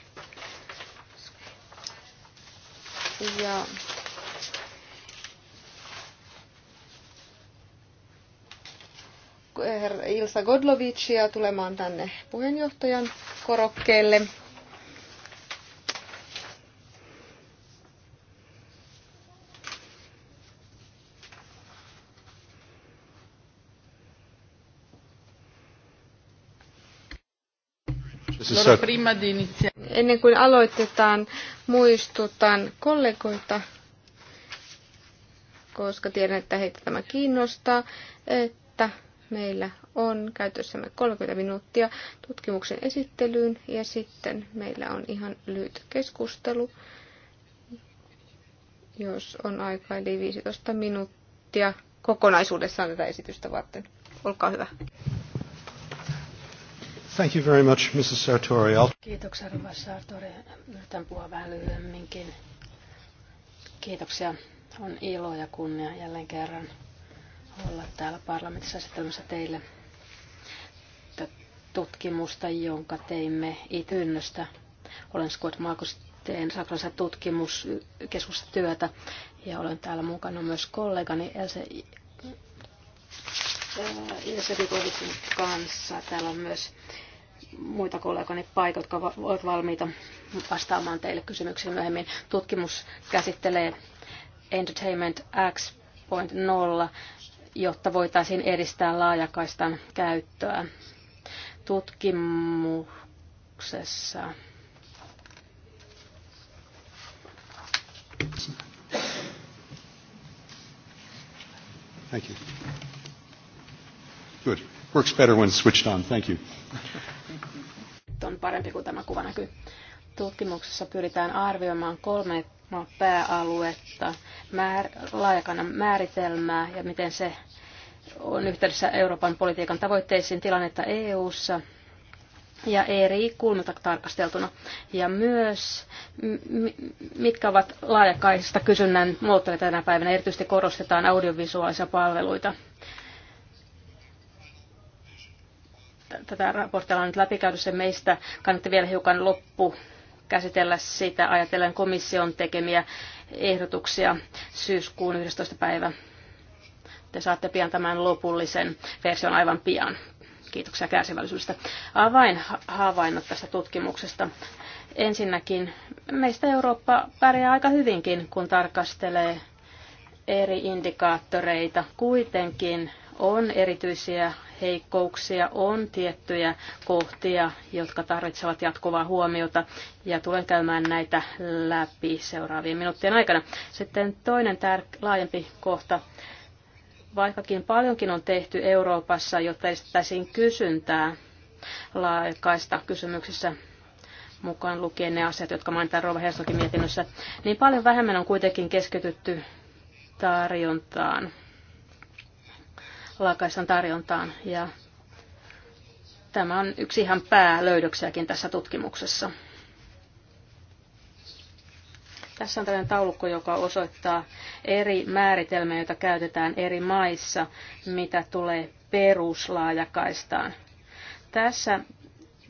ja herra Ilsa Godlovicia tulemaan tänne puheenjohtajan korokkeelle. Ennen kuin aloitetaan, muistutan kollegoita, koska tiedän, että heitä tämä kiinnostaa, että meillä on käytössämme 30 minuuttia tutkimuksen esittelyyn ja sitten meillä on ihan lyhyt keskustelu, jos on aika, eli 15 minuuttia kokonaisuudessaan tätä esitystä varten. Olkaa hyvä. Thank you very much, Mrs. Sartori. Kiitoksia, Rova Sartori. Yritän puhua vähän lyhyemminkin. Kiitoksia. On ilo ja kunnia jälleen kerran olla täällä parlamentissa esittelemässä teille tutkimusta, jonka teimme itynnöstä. Olen Scott Markus, teen Saksassa tutkimuskeskusta työtä ja olen täällä mukana myös kollegani Else Jesevikovicin kanssa. Täällä on myös muita kollegani paikka, jotka ovat valmiita vastaamaan teille kysymyksiin myöhemmin. Tutkimus käsittelee Entertainment X jotta voitaisiin edistää laajakaistan käyttöä. Tutkimuksessa Thank you. Good. Works better when switched on. Thank you. On parempi, kuin tämä kuva näkyy. Tutkimuksessa pyritään arvioimaan kolme pääaluetta, määr, laajakannan määritelmää ja miten se on yhteydessä Euroopan politiikan tavoitteisiin tilannetta EU:ssa ja eri kulmilta tarkasteltuna. Ja myös, mitkä ovat laajakaista kysynnän moottoreita tänä päivänä, erityisesti korostetaan audiovisuaalisia palveluita. Tätä raporttia on nyt läpikäydyssä meistä. Kannatti vielä hiukan loppu käsitellä sitä ajatellen komission tekemiä ehdotuksia syyskuun 11. päivä te saatte pian tämän lopullisen version aivan pian. Kiitoksia kärsivällisyydestä. Avainhavainnot tästä tutkimuksesta. Ensinnäkin meistä Eurooppa pärjää aika hyvinkin, kun tarkastelee eri indikaattoreita. Kuitenkin on erityisiä heikkouksia, on tiettyjä kohtia, jotka tarvitsevat jatkuvaa huomiota ja tulen käymään näitä läpi seuraavien minuuttien aikana. Sitten toinen tär- laajempi kohta Vaikkakin paljonkin on tehty Euroopassa, jotta estettäisiin kysyntää laajakaista kysymyksissä mukaan lukien ne asiat, jotka mainitaan Rova Helsinki mietinnössä, niin paljon vähemmän on kuitenkin keskitytty tarjontaan, laakaistan tarjontaan. Ja tämä on yksi ihan päälöydöksiäkin tässä tutkimuksessa. Tässä on tällainen taulukko, joka osoittaa eri määritelmiä, joita käytetään eri maissa, mitä tulee peruslaajakaistaan. Tässä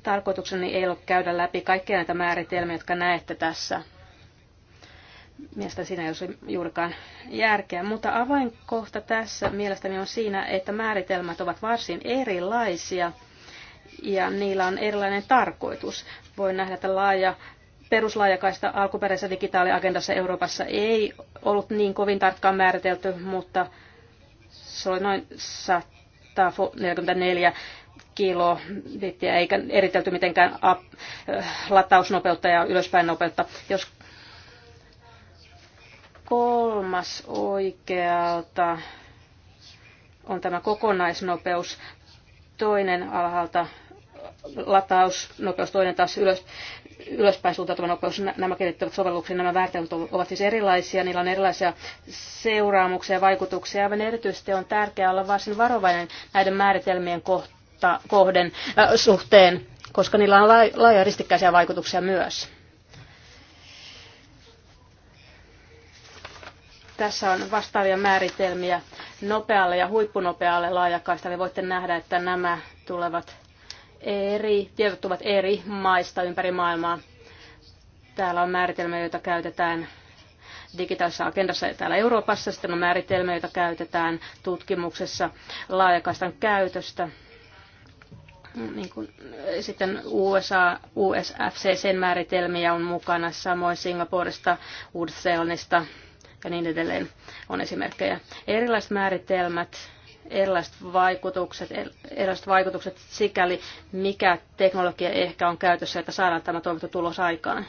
tarkoitukseni ei ole käydä läpi kaikkia näitä määritelmiä, jotka näette tässä. Mielestäni siinä ei olisi juurikaan järkeä, mutta avainkohta tässä mielestäni on siinä, että määritelmät ovat varsin erilaisia ja niillä on erilainen tarkoitus. Voi nähdä, että laaja peruslaajakaista alkuperäisessä digitaaliagendassa Euroopassa ei ollut niin kovin tarkkaan määritelty, mutta se oli noin 144 kilobittiä, eikä eritelty mitenkään äh, latausnopeutta ja ylöspäin nopeutta. Jos kolmas oikealta on tämä kokonaisnopeus, toinen alhaalta latausnopeus, toinen taas ylös ylöspäin suuntautuva nopeus, nämä kehittyvät sovellukset, nämä väärtelyt ovat siis erilaisia, niillä on erilaisia seuraamuksia ja vaikutuksia. Aivan erityisesti on tärkeää olla varsin varovainen näiden määritelmien kohta, kohden, äh, suhteen, koska niillä on laaja ristikkäisiä vaikutuksia myös. Tässä on vastaavia määritelmiä nopealle ja huippunopealle laajakaistalle. Voitte nähdä, että nämä tulevat eri, tiedot ovat eri maista ympäri maailmaa. Täällä on määritelmä, joita käytetään digitaalisessa agendassa ja täällä Euroopassa. Sitten on määritelmä, joita käytetään tutkimuksessa laajakaistan käytöstä. Niin kuin, sitten USA, sen määritelmiä on mukana, samoin Singaporesta, Uudesta-Seelannista ja niin edelleen on esimerkkejä. Erilaiset määritelmät erilaiset vaikutukset, erilaiset vaikutukset sikäli, mikä teknologia ehkä on käytössä, että saadaan tämä toivottu tulos aikaan.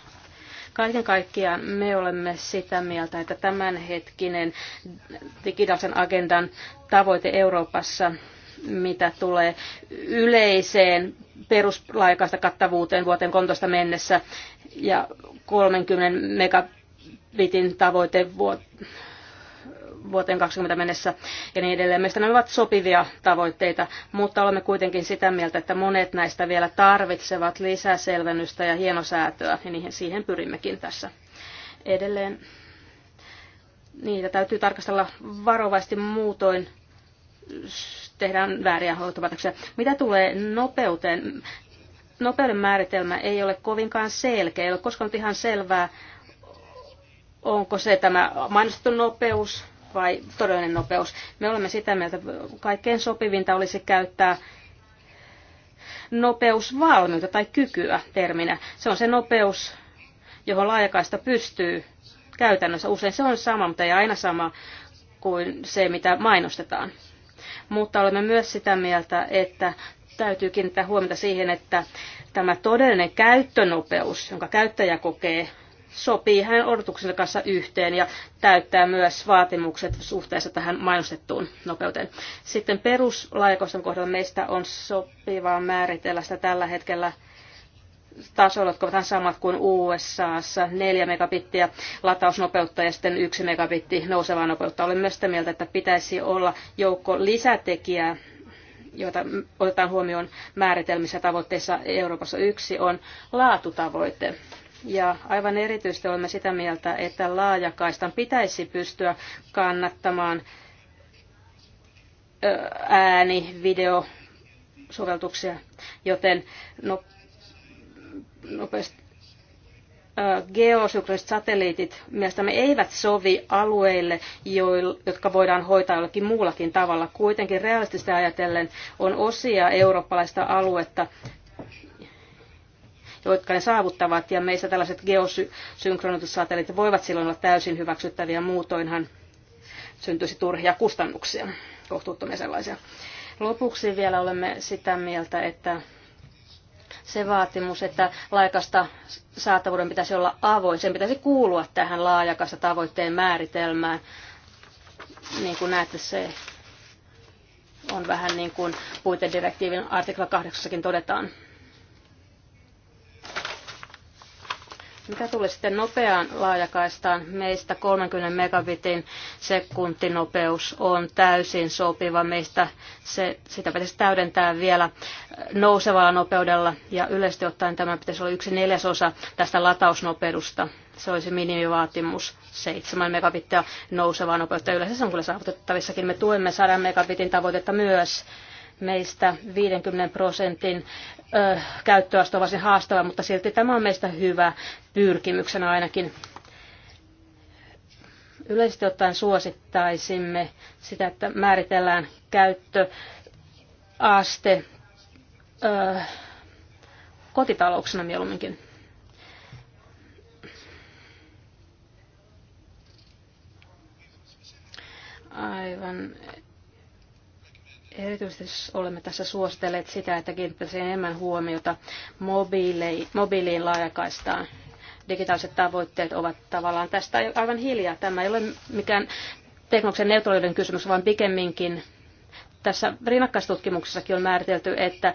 Kaiken kaikkiaan me olemme sitä mieltä, että tämänhetkinen digitaalisen agendan tavoite Euroopassa mitä tulee yleiseen peruslaikaista kattavuuteen vuoteen 13 mennessä ja 30 megabitin tavoite vuoteen 20 mennessä ja niin edelleen. Mielestäni nämä ovat sopivia tavoitteita, mutta olemme kuitenkin sitä mieltä, että monet näistä vielä tarvitsevat lisää selvennystä ja hienosäätöä, ja niihin, siihen pyrimmekin tässä edelleen. Niitä täytyy tarkastella varovasti muutoin tehdään vääriä hoitopäätöksiä. Mitä tulee nopeuteen, nopeuden määritelmä ei ole kovinkaan selkeä, ei ole koskaan ihan selvää, onko se tämä mainostettu nopeus vai todellinen nopeus. Me olemme sitä mieltä, että kaikkein sopivinta olisi käyttää nopeusvalmiutta tai kykyä terminä. Se on se nopeus, johon laajakaista pystyy käytännössä. Usein se on sama, mutta ei aina sama kuin se, mitä mainostetaan. Mutta olemme myös sitä mieltä, että täytyy kiinnittää huomiota siihen, että tämä todellinen käyttönopeus, jonka käyttäjä kokee, sopii hänen odotuksensa kanssa yhteen ja täyttää myös vaatimukset suhteessa tähän mainostettuun nopeuteen. Sitten peruslaajakoston kohdalla meistä on sopivaa määritellä sitä tällä hetkellä tasolla, jotka ovat ihan samat kuin USAssa, 4 megabittiä latausnopeutta ja sitten 1 megabitti nousevaa nopeutta. Olen myös sitä mieltä, että pitäisi olla joukko lisätekijää, joita otetaan huomioon määritelmissä tavoitteissa Euroopassa. Yksi on laatutavoite. Ja aivan erityisesti olemme sitä mieltä, että laajakaistan pitäisi pystyä kannattamaan ääni, video, soveltuksia, joten no, nopeasti geosynkriset satelliitit mielestämme eivät sovi alueille, jotka voidaan hoitaa jollakin muullakin tavalla. Kuitenkin realistisesti ajatellen on osia eurooppalaista aluetta, jotka ne saavuttavat, ja meissä tällaiset geosynkronoitussatelliitit voivat silloin olla täysin hyväksyttäviä, muutoinhan syntyisi turhia kustannuksia, kohtuuttomia sellaisia. Lopuksi vielä olemme sitä mieltä, että se vaatimus, että laikasta saatavuuden pitäisi olla avoin, sen pitäisi kuulua tähän laajakasta tavoitteen määritelmään. Niin kuin näette, se on vähän niin kuin puitedirektiivin artikla 8 todetaan. Mitä tulee sitten nopeaan laajakaistaan, meistä 30 megabitin sekuntinopeus on täysin sopiva. Meistä se, sitä pitäisi täydentää vielä nousevalla nopeudella ja yleisesti ottaen tämä pitäisi olla yksi neljäsosa tästä latausnopeudesta. Se olisi minimivaatimus 7 megabittia nousevaa nopeutta. Yleensä se on kyllä saavutettavissakin. Me tuemme 100 megabitin tavoitetta myös meistä 50 prosentin käyttöaste on varsin haastava, mutta silti tämä on meistä hyvä pyrkimyksenä ainakin. Yleisesti ottaen suosittaisimme sitä, että määritellään käyttöaste ö, kotitalouksena mieluumminkin. Aivan Erityisesti olemme tässä suositelleet sitä, että kiinnittäisiin enemmän huomiota mobiiliin, mobiiliin laajakaistaan. Digitaaliset tavoitteet ovat tavallaan tästä aivan hiljaa. Tämä ei ole mikään teknologisen neutraaliuden kysymys, vaan pikemminkin tässä rinnakkaistutkimuksessakin on määritelty, että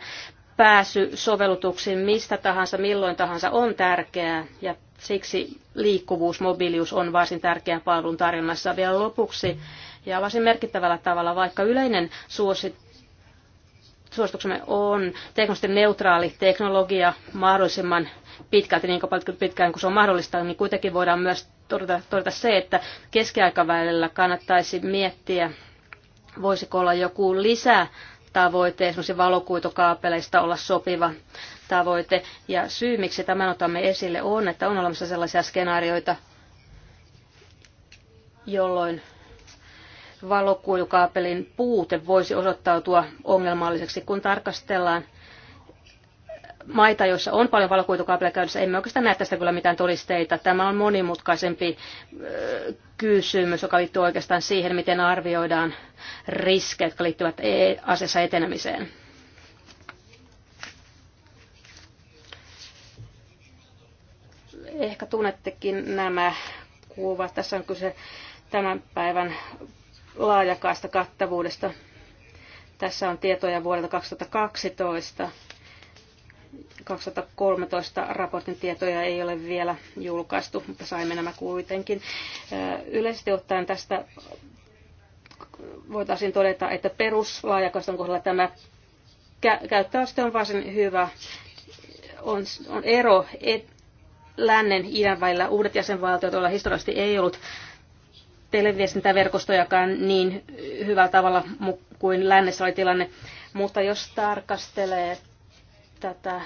pääsy sovellutuksiin mistä tahansa, milloin tahansa on tärkeää ja siksi liikkuvuus, mobiilius on varsin tärkeä palvelun tarjonnassa. Vielä lopuksi ja varsin merkittävällä tavalla, vaikka yleinen suosit, suosituksemme on teknologisesti neutraali teknologia mahdollisimman pitkälti niin pitkään kuin se on mahdollista, niin kuitenkin voidaan myös todeta, todeta se, että keskiaikavälillä kannattaisi miettiä, voisiko olla joku lisätavoite, esimerkiksi valokuitokaapeleista olla sopiva tavoite. Ja syy, miksi tämän otamme esille, on, että on olemassa sellaisia skenaarioita, jolloin valokuilukaapelin puute voisi osoittautua ongelmalliseksi, kun tarkastellaan maita, joissa on paljon valokuitukaapeleja käytössä, emme oikeastaan näe tästä kyllä mitään todisteita. Tämä on monimutkaisempi kysymys, joka liittyy oikeastaan siihen, miten arvioidaan riskejä, jotka liittyvät e- asiassa etenemiseen. Ehkä tunnettekin nämä kuvat. Tässä on kyse tämän päivän laajakaista kattavuudesta. Tässä on tietoja vuodelta 2012. 2013 raportin tietoja ei ole vielä julkaistu, mutta saimme nämä kuitenkin. Yleisesti ottaen tästä voitaisiin todeta, että peruslaajakaiston kohdalla tämä käyttöaste on varsin hyvä. On, on ero et, lännen idän välillä. Uudet jäsenvaltiot, joilla historiallisesti ei ollut televiestintäverkostojakaan niin hyvällä tavalla kuin lännessä oli tilanne. Mutta jos tarkastelee tätä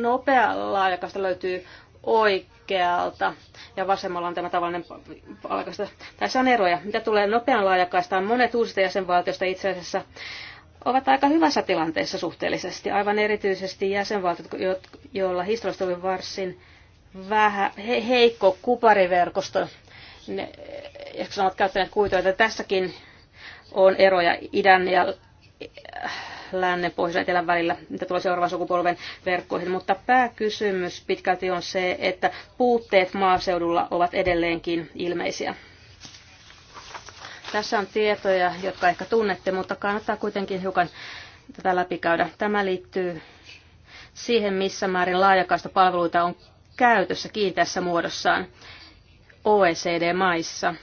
nopea laajakasta löytyy oikealta ja vasemmalla on tämä tavallinen laajakaista. Tässä on eroja. Mitä tulee nopean laajakaistaan, monet uusista jäsenvaltioista itse asiassa ovat aika hyvässä tilanteessa suhteellisesti, aivan erityisesti jäsenvaltiot, joilla historiallisesti oli varsin vähä, he, heikko kupariverkosto. Ne, ehkä ovat käyttäneet että tässäkin on eroja idän ja äh, lännen, pohjois- ja etelän välillä, mitä tulee seuraavan sukupolven verkkoihin. Mutta pääkysymys pitkälti on se, että puutteet maaseudulla ovat edelleenkin ilmeisiä. Tässä on tietoja, jotka ehkä tunnette, mutta kannattaa kuitenkin hiukan tätä läpikäydä. Tämä liittyy siihen, missä määrin laajakaista palveluita on käytössä kiinteässä muodossaan OECD-maissa.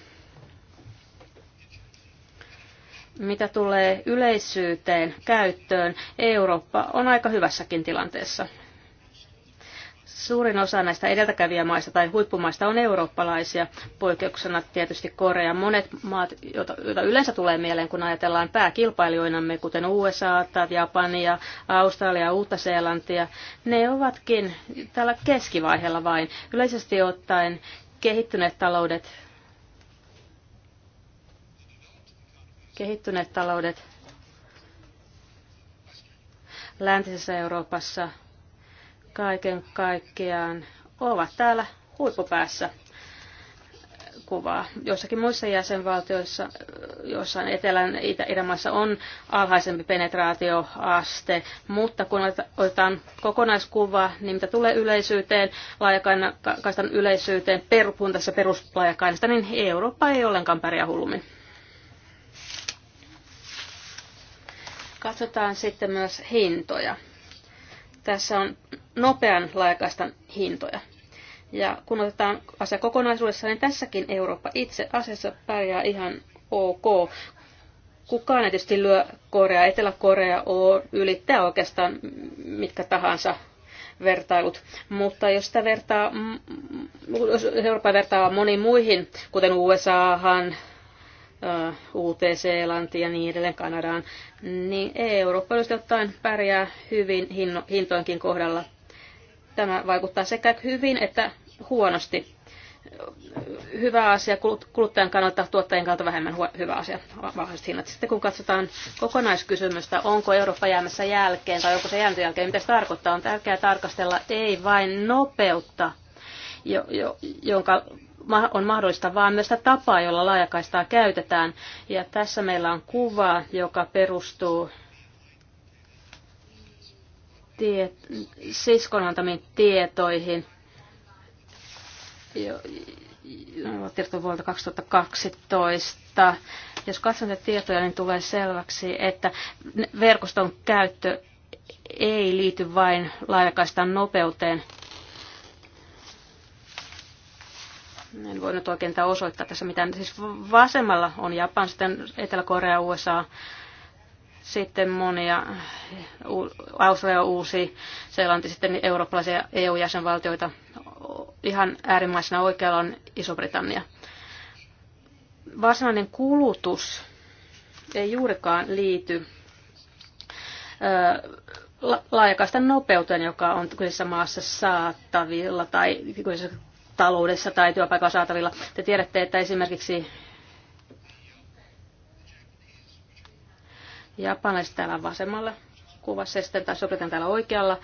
Mitä tulee yleisyyteen, käyttöön, Eurooppa on aika hyvässäkin tilanteessa. Suurin osa näistä edeltäkävijämaista tai huippumaista on eurooppalaisia, poikkeuksena tietysti Korea. Monet maat, joita yleensä tulee mieleen, kun ajatellaan pääkilpailijoinamme, kuten USA, Japania, Australia, Uutta-Seelantia, ne ovatkin tällä keskivaiheella vain. Yleisesti ottaen kehittyneet taloudet kehittyneet taloudet läntisessä Euroopassa – kaiken kaikkiaan ovat täällä huippupäässä kuvaa. Jossakin muissa jäsenvaltioissa, joissain etelän itä, idämaissa on alhaisempi penetraatioaste, mutta kun otetaan kokonaiskuva, niin mitä tulee yleisyyteen, laajakaistan yleisyyteen, perpuun tässä peruslaajakaista, niin Eurooppa ei ollenkaan pärjää hullummin. Katsotaan sitten myös hintoja. Tässä on nopean laajakaistan hintoja. Ja kun otetaan asia kokonaisuudessa, niin tässäkin Eurooppa itse asiassa pärjää ihan ok. Kukaan ei tietysti lyö Korea, Etelä-Korea ylittää oikeastaan mitkä tahansa vertailut. Mutta jos sitä vertaa, jos Eurooppa vertaa moniin muihin, kuten USAhan, UT-Seelantiin ja niin edelleen Kanadaan, niin eurooppalaisesti ottaen pärjää hyvin hintoinkin kohdalla. Tämä vaikuttaa sekä hyvin että huonosti. Hyvä asia kuluttajan kannalta, tuottajien kannalta vähemmän hyvä asia, vahvasti hinnat. Sitten kun katsotaan kokonaiskysymystä, onko Eurooppa jäämässä jälkeen tai onko se jäänyt jälkeen, mitä se tarkoittaa, on tärkeää tarkastella ei vain nopeutta, jo, jo, jonka on mahdollista, vaan myös sitä tapaa, jolla laajakaistaa käytetään. Ja tässä meillä on kuva, joka perustuu tiet, siskon antamiin tietoihin. Jo, tieto vuodelta 2012. Jos katson näitä tietoja, niin tulee selväksi, että verkoston käyttö ei liity vain laajakaistan nopeuteen, En voi nyt oikein osoittaa tässä mitään. Siis vasemmalla on Japan, sitten Etelä-Korea, USA, sitten monia, Australia uusi, Seelanti, sitten eurooppalaisia EU-jäsenvaltioita. Ihan äärimmäisenä oikealla on Iso-Britannia. Varsinainen kulutus ei juurikaan liity laajakaistan nopeuteen, joka on kyseisessä maassa saatavilla tai taloudessa tai työpaikan saatavilla. Te tiedätte, että esimerkiksi japanilaiset täällä vasemmalla kuvassa ja sitten taas täällä oikealla.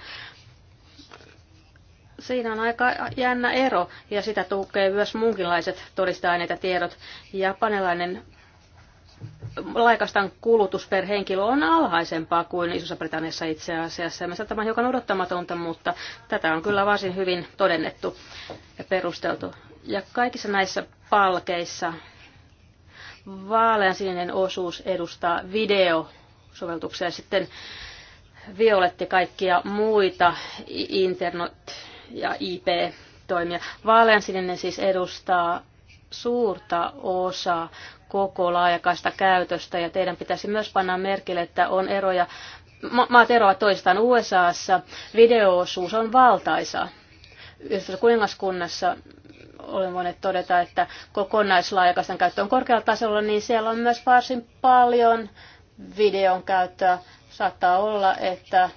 Siinä on aika jännä ero ja sitä tukee myös munkinlaiset todistaineet ja tiedot. Japanilainen laikastan kulutus per henkilö on alhaisempaa kuin Isossa Britanniassa itse asiassa. Ja tämä on hiukan odottamatonta, mutta tätä on kyllä varsin hyvin todennettu ja perusteltu. Ja kaikissa näissä palkeissa vaaleansininen osuus edustaa videosoveltuksia ja sitten violetti kaikkia muita internet- ja IP-toimia. Vaaleansininen siis edustaa suurta osaa koko laajakaista käytöstä ja teidän pitäisi myös panna merkille, että on eroja, ma- maat eroavat toistaan USAssa, videoosuus on valtaisa. Yhdessä kuningaskunnassa olen voinut todeta, että kokonaislaajakaistan käyttö on korkealla tasolla, niin siellä on myös varsin paljon videon käyttöä. Saattaa olla, että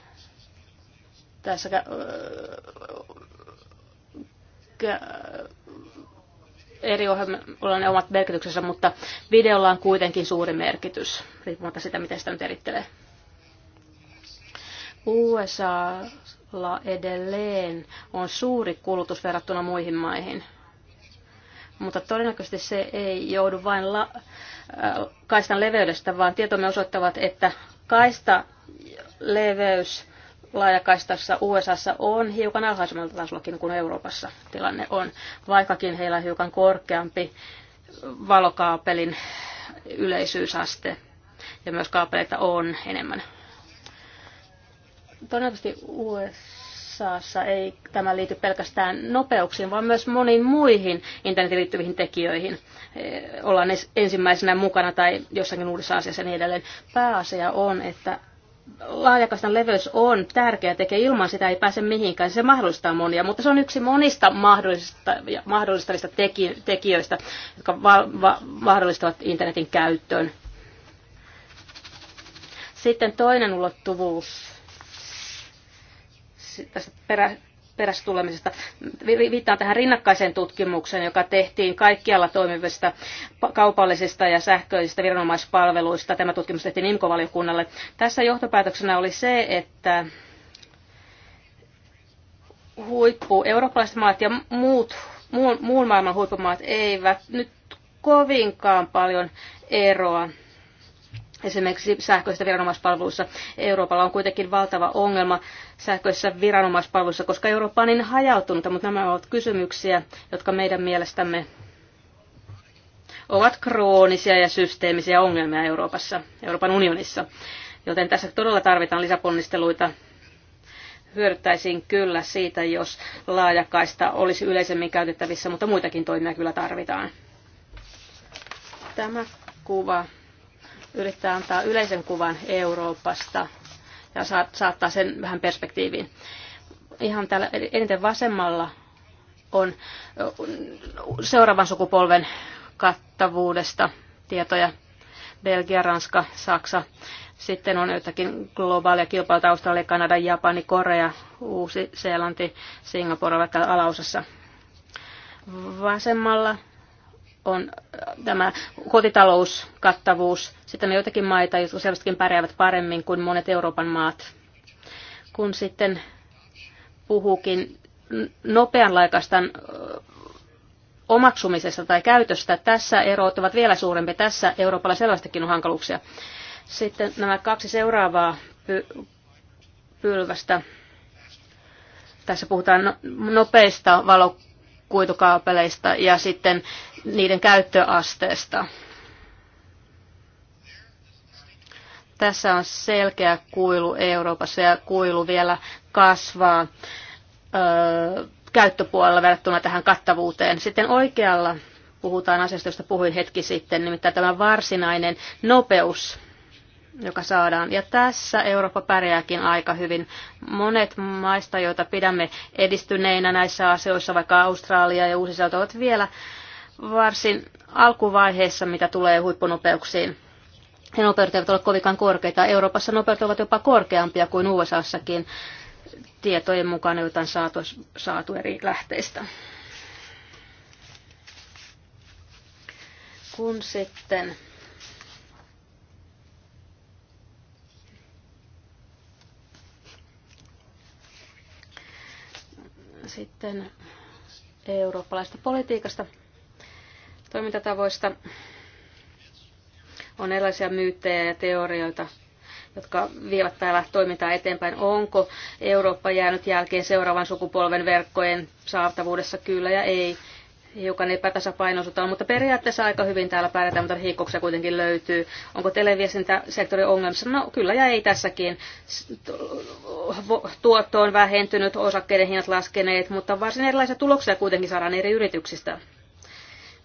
tässä eri ohjelmilla ne omat merkityksensä, mutta videolla on kuitenkin suuri merkitys, riippumatta sitä, miten sitä nyt erittelee. USAlla edelleen on suuri kulutus verrattuna muihin maihin, mutta todennäköisesti se ei joudu vain la- äh, kaistan leveydestä, vaan tietomme osoittavat, että kaista leveys laajakaistassa USAssa on hiukan alhaisemmalla tasollakin kuin Euroopassa tilanne on, vaikkakin heillä on hiukan korkeampi valokaapelin yleisyysaste ja myös kaapeleita on enemmän. Todennäköisesti USAssa ei tämä liity pelkästään nopeuksiin, vaan myös moniin muihin internetin liittyviin tekijöihin. Ollaan ensimmäisenä mukana tai jossakin uudessa asiassa ja niin edelleen. Pääasia on, että laajakaistan leveys on tärkeä tekee, ilman sitä ei pääse mihinkään. Se mahdollistaa monia, mutta se on yksi monista mahdollisista, mahdollistavista tekijöistä, jotka va- va- mahdollistavat internetin käyttöön. Sitten toinen ulottuvuus tästä perä, perässä tulemisesta. Viittaan tähän rinnakkaiseen tutkimukseen, joka tehtiin kaikkialla toimivista kaupallisista ja sähköisistä viranomaispalveluista. Tämä tutkimus tehtiin IMKO-valiokunnalle. Tässä johtopäätöksenä oli se, että huippu, eurooppalaiset maat ja muut, muun, muun maailman huippumaat eivät nyt kovinkaan paljon eroa esimerkiksi sähköisissä viranomaispalveluissa. Euroopalla on kuitenkin valtava ongelma sähköisessä viranomaispalveluissa, koska Eurooppa on niin hajautunut, mutta nämä ovat kysymyksiä, jotka meidän mielestämme ovat kroonisia ja systeemisiä ongelmia Euroopassa, Euroopan unionissa. Joten tässä todella tarvitaan lisäponnisteluita. Hyödyttäisiin kyllä siitä, jos laajakaista olisi yleisemmin käytettävissä, mutta muitakin toimia kyllä tarvitaan. Tämä kuva yrittää antaa yleisen kuvan Euroopasta ja saattaa sen vähän perspektiiviin. Ihan täällä eniten vasemmalla on seuraavan sukupolven kattavuudesta tietoja. Belgia, Ranska, Saksa. Sitten on jotakin globaalia kilpailtausta Australia, Kanada, Japani, Korea, Uusi-Seelanti, Singapore ovat täällä alaosassa. Vasemmalla on äh, tämä kotitalouskattavuus. Sitten on joitakin maita, jotka selvästikin pärjäävät paremmin kuin monet Euroopan maat. Kun sitten puhuukin nopean laikastan omaksumisesta tai käytöstä, tässä erot ovat vielä suurempi. Tässä Euroopalla selvästikin on hankaluuksia. Sitten nämä kaksi seuraavaa py- pylvästä. Tässä puhutaan no, nopeista valokuitukaapeleista ja sitten niiden käyttöasteesta. Tässä on selkeä kuilu Euroopassa ja kuilu vielä kasvaa ö, käyttöpuolella verrattuna tähän kattavuuteen. Sitten oikealla puhutaan asiasta, josta puhuin hetki sitten, nimittäin tämä varsinainen nopeus, joka saadaan. Ja tässä Eurooppa pärjääkin aika hyvin. Monet maista, joita pidämme edistyneinä näissä asioissa, vaikka Australia ja uusi ovat vielä varsin alkuvaiheessa, mitä tulee huippunopeuksiin. Ne nopeudet eivät ole kovinkaan korkeita. Euroopassa nopeudet ovat jopa korkeampia kuin USAssakin tietojen mukaan, joita on saatu, saatu eri lähteistä. Kun sitten sitten eurooppalaista politiikasta toimintatavoista. On erilaisia myyttejä ja teorioita, jotka vievät täällä toimintaa eteenpäin. Onko Eurooppa jäänyt jälkeen seuraavan sukupolven verkkojen saatavuudessa? Kyllä ja ei. Hiukan epätasapainoisuutta on, mutta periaatteessa aika hyvin täällä pärjätään, mutta hiikkoksia kuitenkin löytyy. Onko televiesintäsektori ongelmissa? No kyllä ja ei tässäkin. Tuotto on vähentynyt, osakkeiden hinnat laskeneet, mutta varsin erilaisia tuloksia kuitenkin saadaan eri yrityksistä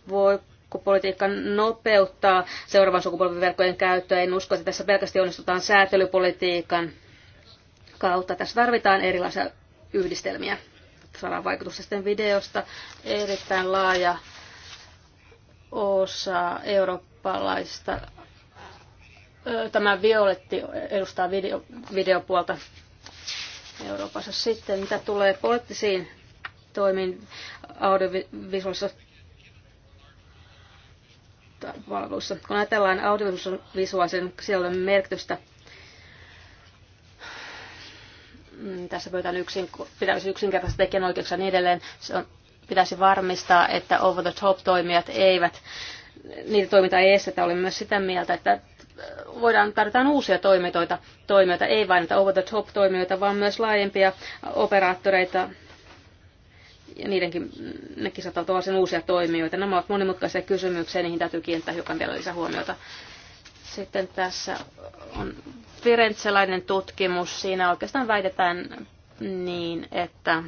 voiko politiikka nopeuttaa seuraavan sukupolven verkkojen käyttöä. En usko, että tässä pelkästään onnistutaan säätelypolitiikan kautta. Tässä tarvitaan erilaisia yhdistelmiä. Saadaan vaikutusta sitten videosta. Erittäin laaja osa eurooppalaista. Tämä violetti edustaa video, videopuolta Euroopassa. Sitten mitä tulee poliittisiin toimiin audiovisuaalisessa valvoissa. Kun ajatellaan audiovisuaalisen sisällön merkitystä, mm, tässä pöytään yksin, pitäisi yksinkertaisesti tekijänoikeuksia ja niin edelleen. Se on, pitäisi varmistaa, että over the top toimijat eivät, niitä toiminta ei estetä. Olen myös sitä mieltä, että voidaan, tarvitaan uusia toimijoita, toimijoita, ei vain että over the top toimijoita, vaan myös laajempia operaattoreita, ja niidenkin nekin saattavat olla sen uusia toimijoita. Nämä ovat monimutkaisia kysymyksiä, niihin täytyy kiinnittää hiukan vielä lisää huomiota. Sitten tässä on Firenzelainen tutkimus. Siinä oikeastaan väitetään niin, että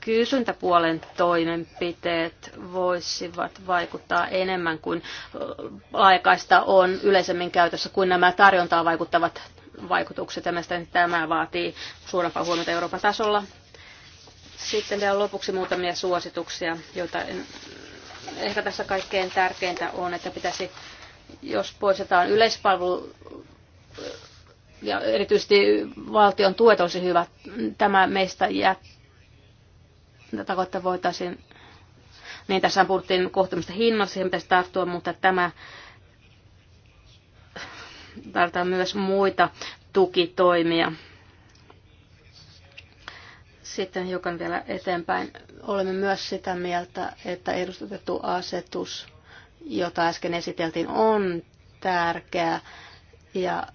kysyntäpuolen toimenpiteet voisivat vaikuttaa enemmän kuin aikaista on yleisemmin käytössä kuin nämä tarjontaa vaikuttavat vaikutukset. Ja tämä vaatii suurempaa huomiota Euroopan tasolla. Sitten vielä lopuksi muutamia suosituksia, joita en, ehkä tässä kaikkein tärkeintä on, että pitäisi, jos poistetaan yleispalvelu ja erityisesti valtion tuet olisi hyvä, tämä meistä jää, tätä kautta voitaisiin, niin tässä puhuttiin kohtamista hinnasta, siihen pitäisi tarttua, mutta tämä tarvitaan myös muita tukitoimia sitten hiukan vielä eteenpäin. Olemme myös sitä mieltä, että edustetettu asetus, jota äsken esiteltiin, on tärkeä. Ja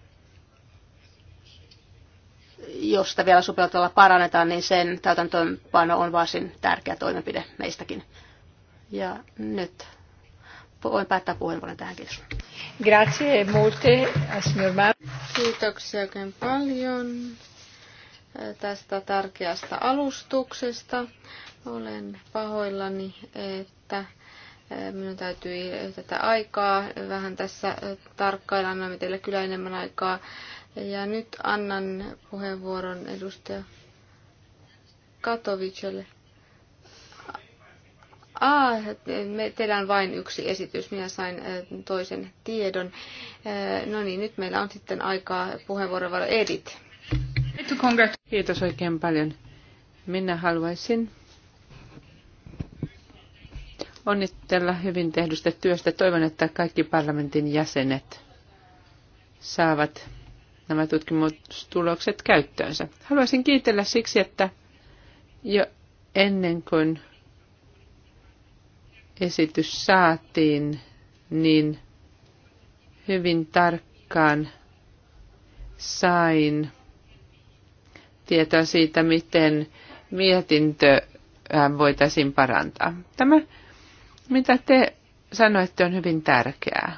jos sitä vielä sopeutella parannetaan, niin sen täytäntöönpano on varsin tärkeä toimenpide meistäkin. Ja nyt voin päättää puheenvuoron tähän. Kiitos. Grazie molte, signor Kiitoksia oikein paljon tästä tärkeästä alustuksesta. Olen pahoillani, että eh, minun täytyy tätä aikaa vähän tässä eh, tarkkailla. Annamme teille kyllä enemmän aikaa. Ja nyt annan puheenvuoron edustaja Katovicelle. Ah, me, teillä on vain yksi esitys. Minä sain eh, toisen tiedon. No niin, nyt meillä on sitten aikaa puheenvuoron Edit. Kiitos oikein paljon. Minä haluaisin onnitella hyvin tehdystä työstä. Toivon, että kaikki parlamentin jäsenet saavat nämä tutkimustulokset käyttöönsä. Haluaisin kiitellä siksi, että jo ennen kuin esitys saatiin, niin hyvin tarkkaan sain tietoa siitä, miten mietintö voitaisiin parantaa. Tämä, mitä te sanoitte, on hyvin tärkeää.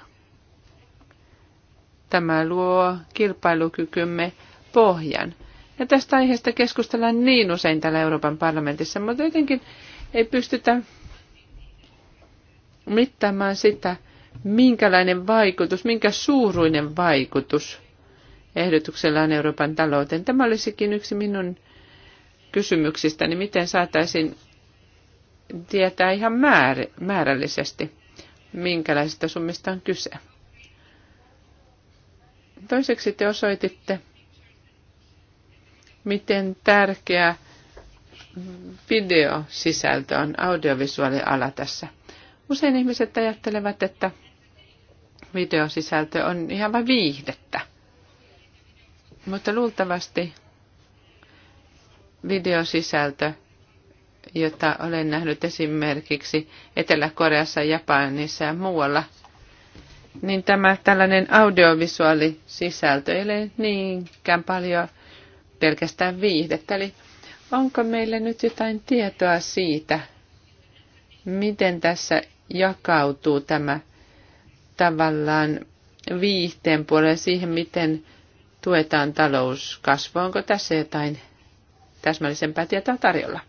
Tämä luo kilpailukykymme pohjan. Ja tästä aiheesta keskustellaan niin usein täällä Euroopan parlamentissa, mutta jotenkin ei pystytä mittaamaan sitä, minkälainen vaikutus, minkä suuruinen vaikutus ehdotuksellaan Euroopan talouteen. Tämä olisikin yksi minun kysymyksistäni, niin miten saataisiin tietää ihan määr, määrällisesti, minkälaisista summista on kyse. Toiseksi te osoititte, miten tärkeä videosisältö on audiovisuaaliala tässä. Usein ihmiset ajattelevat, että videosisältö on ihan vain viihdettä. Mutta luultavasti videosisältö, jota olen nähnyt esimerkiksi Etelä-Koreassa, Japanissa ja muualla, niin tämä tällainen audiovisuaalisisältö ei ole niinkään paljon pelkästään viihdettä. Eli onko meillä nyt jotain tietoa siitä, miten tässä jakautuu tämä tavallaan viihteen puoleen siihen, miten tuetaan talouskasvua. Onko tässä jotain täsmällisempää tietoa tarjolla?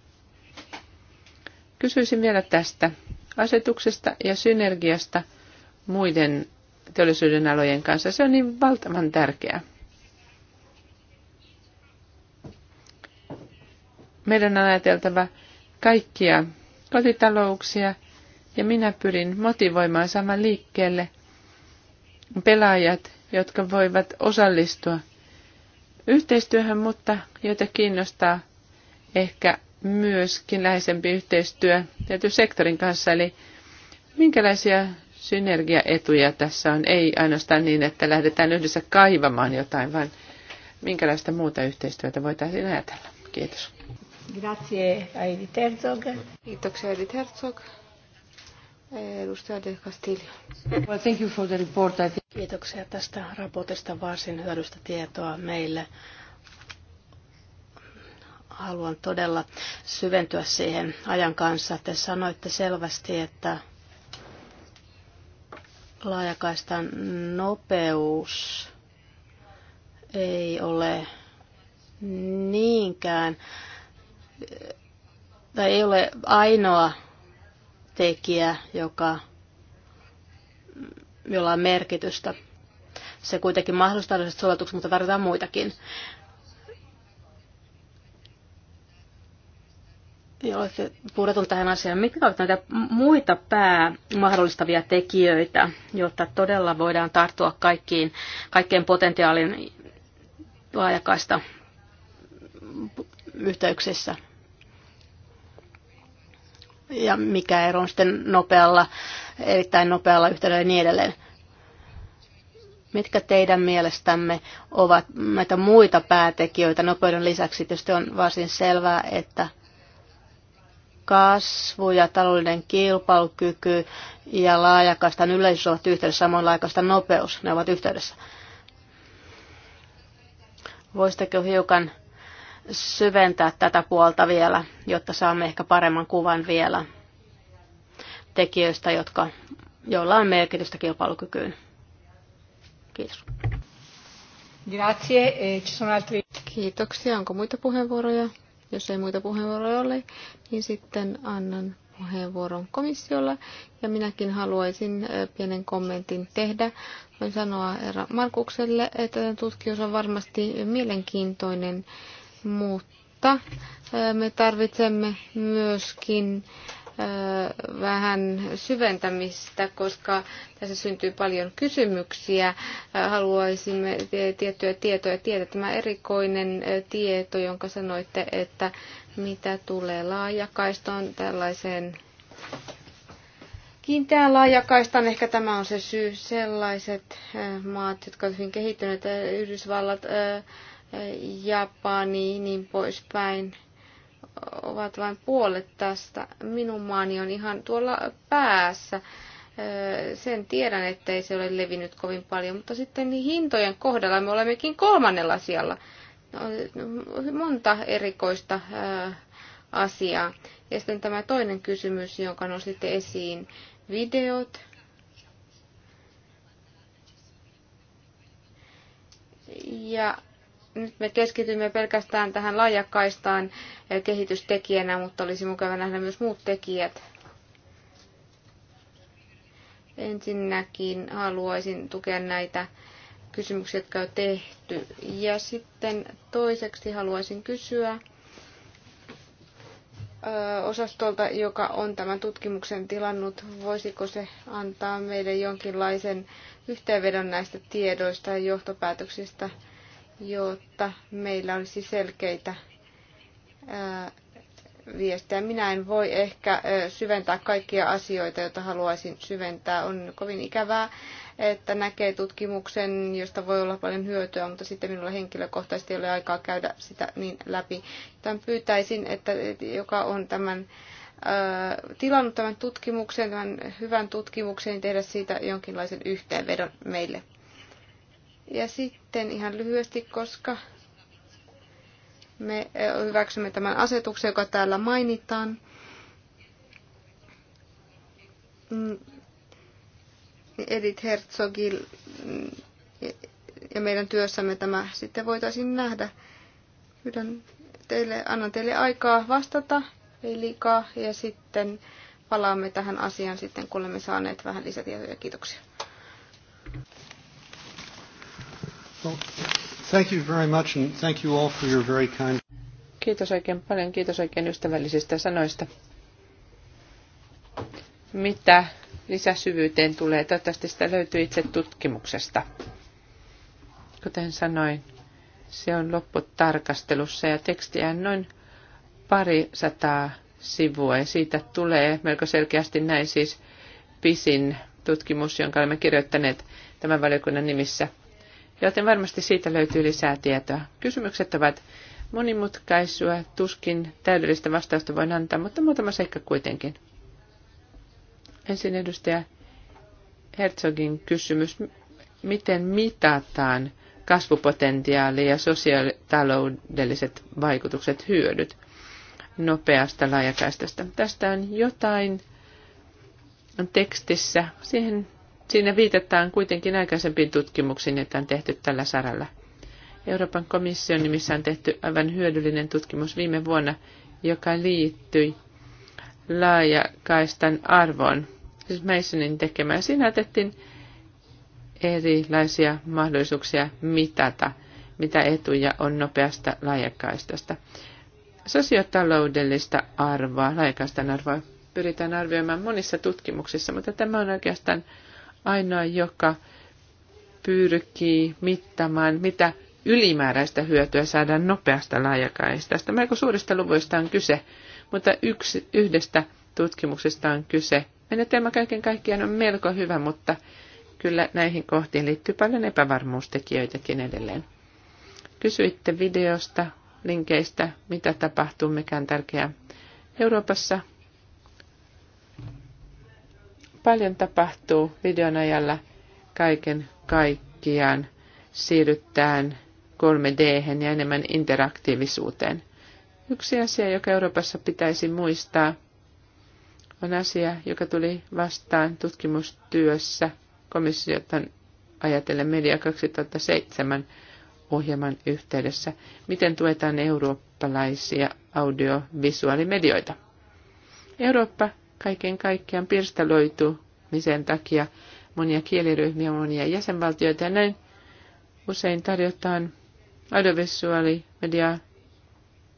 Kysyisin vielä tästä asetuksesta ja synergiasta muiden teollisuuden alojen kanssa. Se on niin valtavan tärkeää. Meidän on ajateltava kaikkia kotitalouksia ja minä pyrin motivoimaan saman liikkeelle pelaajat, jotka voivat osallistua yhteistyöhön, mutta joita kiinnostaa ehkä myöskin läheisempi yhteistyö tietyn sektorin kanssa. Eli minkälaisia synergiaetuja tässä on? Ei ainoastaan niin, että lähdetään yhdessä kaivamaan jotain, vaan minkälaista muuta yhteistyötä voitaisiin ajatella. Kiitos. Grazie, Edith Herzog. Kiitoksia, Edith Herzog. Edustaja De Castillo. Well, thank you for the report. I think... Kiitoksia tästä raportista, varsin hyödystä tietoa meille. Haluan todella syventyä siihen ajan kanssa. Te sanoitte selvästi, että laajakaistan nopeus ei ole niinkään tai ei ole ainoa tekijä, joka, jolla on merkitystä. Se kuitenkin mahdollistaa tällaiset sovellutukset, mutta tarvitaan muitakin. olette puretun tähän asiaan. Mitkä ovat näitä muita päämahdollistavia tekijöitä, jotta todella voidaan tarttua kaikkiin, kaikkeen potentiaalin laajakaista yhteyksissä? ja mikä ero on sitten nopealla, erittäin nopealla yhteydellä ja niin edelleen. Mitkä teidän mielestämme ovat näitä muita päätekijöitä nopeuden lisäksi? Tietysti on varsin selvää, että kasvu ja taloudellinen kilpailukyky ja laajakaistan yleisys ovat yhteydessä, samoin laajakaistan nopeus, ne ovat yhteydessä. Voisitteko hiukan syventää tätä puolta vielä, jotta saamme ehkä paremman kuvan vielä tekijöistä, jotka, joilla on merkitystä kilpailukykyyn. Kiitos. Grazie. E, ci sono altri... Kiitoksia. Onko muita puheenvuoroja? Jos ei muita puheenvuoroja ole, niin sitten annan puheenvuoron komissiolla. Ja minäkin haluaisin e, pienen kommentin tehdä. Voin sanoa herra Markukselle, että tutkimus on varmasti mielenkiintoinen mutta me tarvitsemme myöskin vähän syventämistä, koska tässä syntyy paljon kysymyksiä. Haluaisimme tiettyä tietoja tietää. Tämä erikoinen tieto, jonka sanoitte, että mitä tulee laajakaistoon tällaiseen kiinteään laajakaistaan. Ehkä tämä on se syy. Sellaiset maat, jotka ovat hyvin kehittyneet, Yhdysvallat, Japani niin poispäin ovat vain puolet tästä. Minun maani on ihan tuolla päässä. Sen tiedän, ettei se ole levinnyt kovin paljon, mutta sitten hintojen kohdalla me olemmekin kolmannella sijalla. No, monta erikoista asiaa. Ja sitten tämä toinen kysymys, jonka nostitte esiin, videot. Ja nyt me keskitymme pelkästään tähän laajakaistaan eh, kehitystekijänä, mutta olisi mukava nähdä myös muut tekijät. Ensinnäkin haluaisin tukea näitä kysymyksiä, jotka on tehty. Ja sitten toiseksi haluaisin kysyä eh, osastolta, joka on tämän tutkimuksen tilannut, voisiko se antaa meille jonkinlaisen yhteenvedon näistä tiedoista ja johtopäätöksistä jotta meillä olisi selkeitä viestejä. Minä en voi ehkä syventää kaikkia asioita, joita haluaisin syventää. On kovin ikävää, että näkee tutkimuksen, josta voi olla paljon hyötyä, mutta sitten minulla henkilökohtaisesti ei ole aikaa käydä sitä niin läpi. Tämän pyytäisin, että joka on tämän tilannut tämän tutkimuksen, tämän hyvän tutkimuksen, tehdä siitä jonkinlaisen yhteenvedon meille. Ja sitten ihan lyhyesti, koska me hyväksymme tämän asetuksen, joka täällä mainitaan. Mm, Edith Herzogil mm, ja meidän työssämme tämä sitten voitaisiin nähdä. Pyydän teille, annan teille aikaa vastata, ei liikaa, ja sitten palaamme tähän asiaan sitten, kun olemme saaneet vähän lisätietoja. Kiitoksia. Thank you very much and thank you all for your very kind... Kiitos oikein paljon, kiitos oikein ystävällisistä sanoista. Mitä lisäsyvyyteen tulee, toivottavasti sitä löytyy itse tutkimuksesta. Kuten sanoin, se on lopputarkastelussa ja tekstiä on noin pari sataa sivua ja siitä tulee melko selkeästi näin siis pisin tutkimus, jonka olemme kirjoittaneet tämän valiokunnan nimissä joten varmasti siitä löytyy lisää tietoa. Kysymykset ovat monimutkaisua, tuskin täydellistä vastausta voin antaa, mutta muutama seikka kuitenkin. Ensin edustaja Herzogin kysymys, miten mitataan kasvupotentiaali ja sosiaalitaloudelliset vaikutukset, hyödyt nopeasta laajakaistasta. Tästä on jotain tekstissä, siihen Siinä viitataan kuitenkin aikaisempiin tutkimuksiin, joita on tehty tällä saralla. Euroopan komission nimissä on tehty aivan hyödyllinen tutkimus viime vuonna, joka liittyi laajakaistan arvoon, siis Masonin tekemään. Siinä otettiin erilaisia mahdollisuuksia mitata, mitä etuja on nopeasta laajakaistasta. Sosiotaloudellista arvoa, laajakaistan arvoa, pyritään arvioimaan monissa tutkimuksissa, mutta tämä on oikeastaan ainoa, joka pyrkii mittamaan, mitä ylimääräistä hyötyä saadaan nopeasta laajakaistasta. Melko suurista luvuista on kyse, mutta yksi, yhdestä tutkimuksesta on kyse. Menetelmä kaiken kaikkiaan on melko hyvä, mutta kyllä näihin kohtiin liittyy paljon epävarmuustekijöitäkin edelleen. Kysyitte videosta, linkeistä, mitä tapahtuu, mikä on tärkeää Euroopassa Paljon tapahtuu videon ajalla kaiken kaikkiaan. Siirrytään 3D ja enemmän interaktiivisuuteen. Yksi asia, joka Euroopassa pitäisi muistaa, on asia, joka tuli vastaan tutkimustyössä komissiota ajatellen Media 2007 ohjelman yhteydessä, miten tuetaan eurooppalaisia audiovisuaalimedioita. Eurooppa kaiken kaikkiaan pirstaloitumisen takia monia kieliryhmiä, monia jäsenvaltioita ja näin usein tarjotaan audiovisuaalimediaa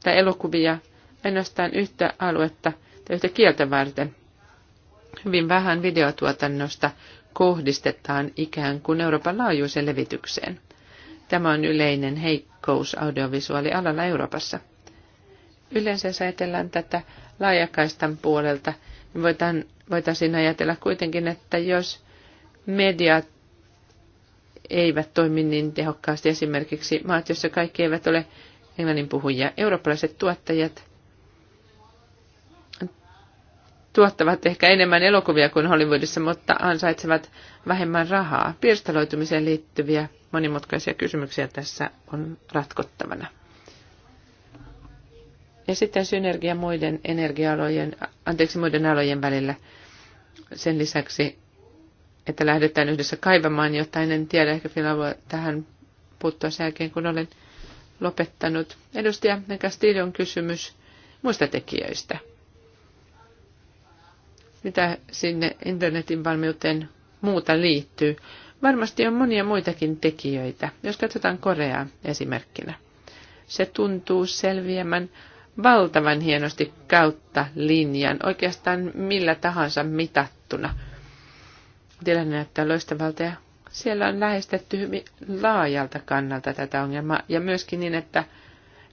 tai elokuvia ainoastaan yhtä aluetta tai yhtä kieltä varten. Hyvin vähän videotuotannosta kohdistetaan ikään kuin Euroopan laajuisen levitykseen. Tämä on yleinen heikkous audiovisuaalialalla Euroopassa. Yleensä ajatellaan tätä laajakaistan puolelta – Voitan, voitaisiin ajatella kuitenkin, että jos mediat eivät toimi niin tehokkaasti, esimerkiksi maat, joissa kaikki eivät ole englannin puhujia, eurooppalaiset tuottajat tuottavat ehkä enemmän elokuvia kuin Hollywoodissa, mutta ansaitsevat vähemmän rahaa. Pirstaloitumiseen liittyviä monimutkaisia kysymyksiä tässä on ratkottavana. Ja sitten synergia muiden energialojen, anteeksi, muiden alojen välillä. Sen lisäksi, että lähdetään yhdessä kaivamaan jotain, en tiedä, ehkä vielä voi tähän puuttua sen jälkeen, kun olen lopettanut. Edustaja Castillon kysymys muista tekijöistä. Mitä sinne internetin valmiuteen muuta liittyy? Varmasti on monia muitakin tekijöitä, jos katsotaan Koreaa esimerkkinä. Se tuntuu selviämään valtavan hienosti kautta linjan, oikeastaan millä tahansa mitattuna. Tilanne näyttää loistavalta ja siellä on lähestetty hyvin laajalta kannalta tätä ongelmaa ja myöskin niin, että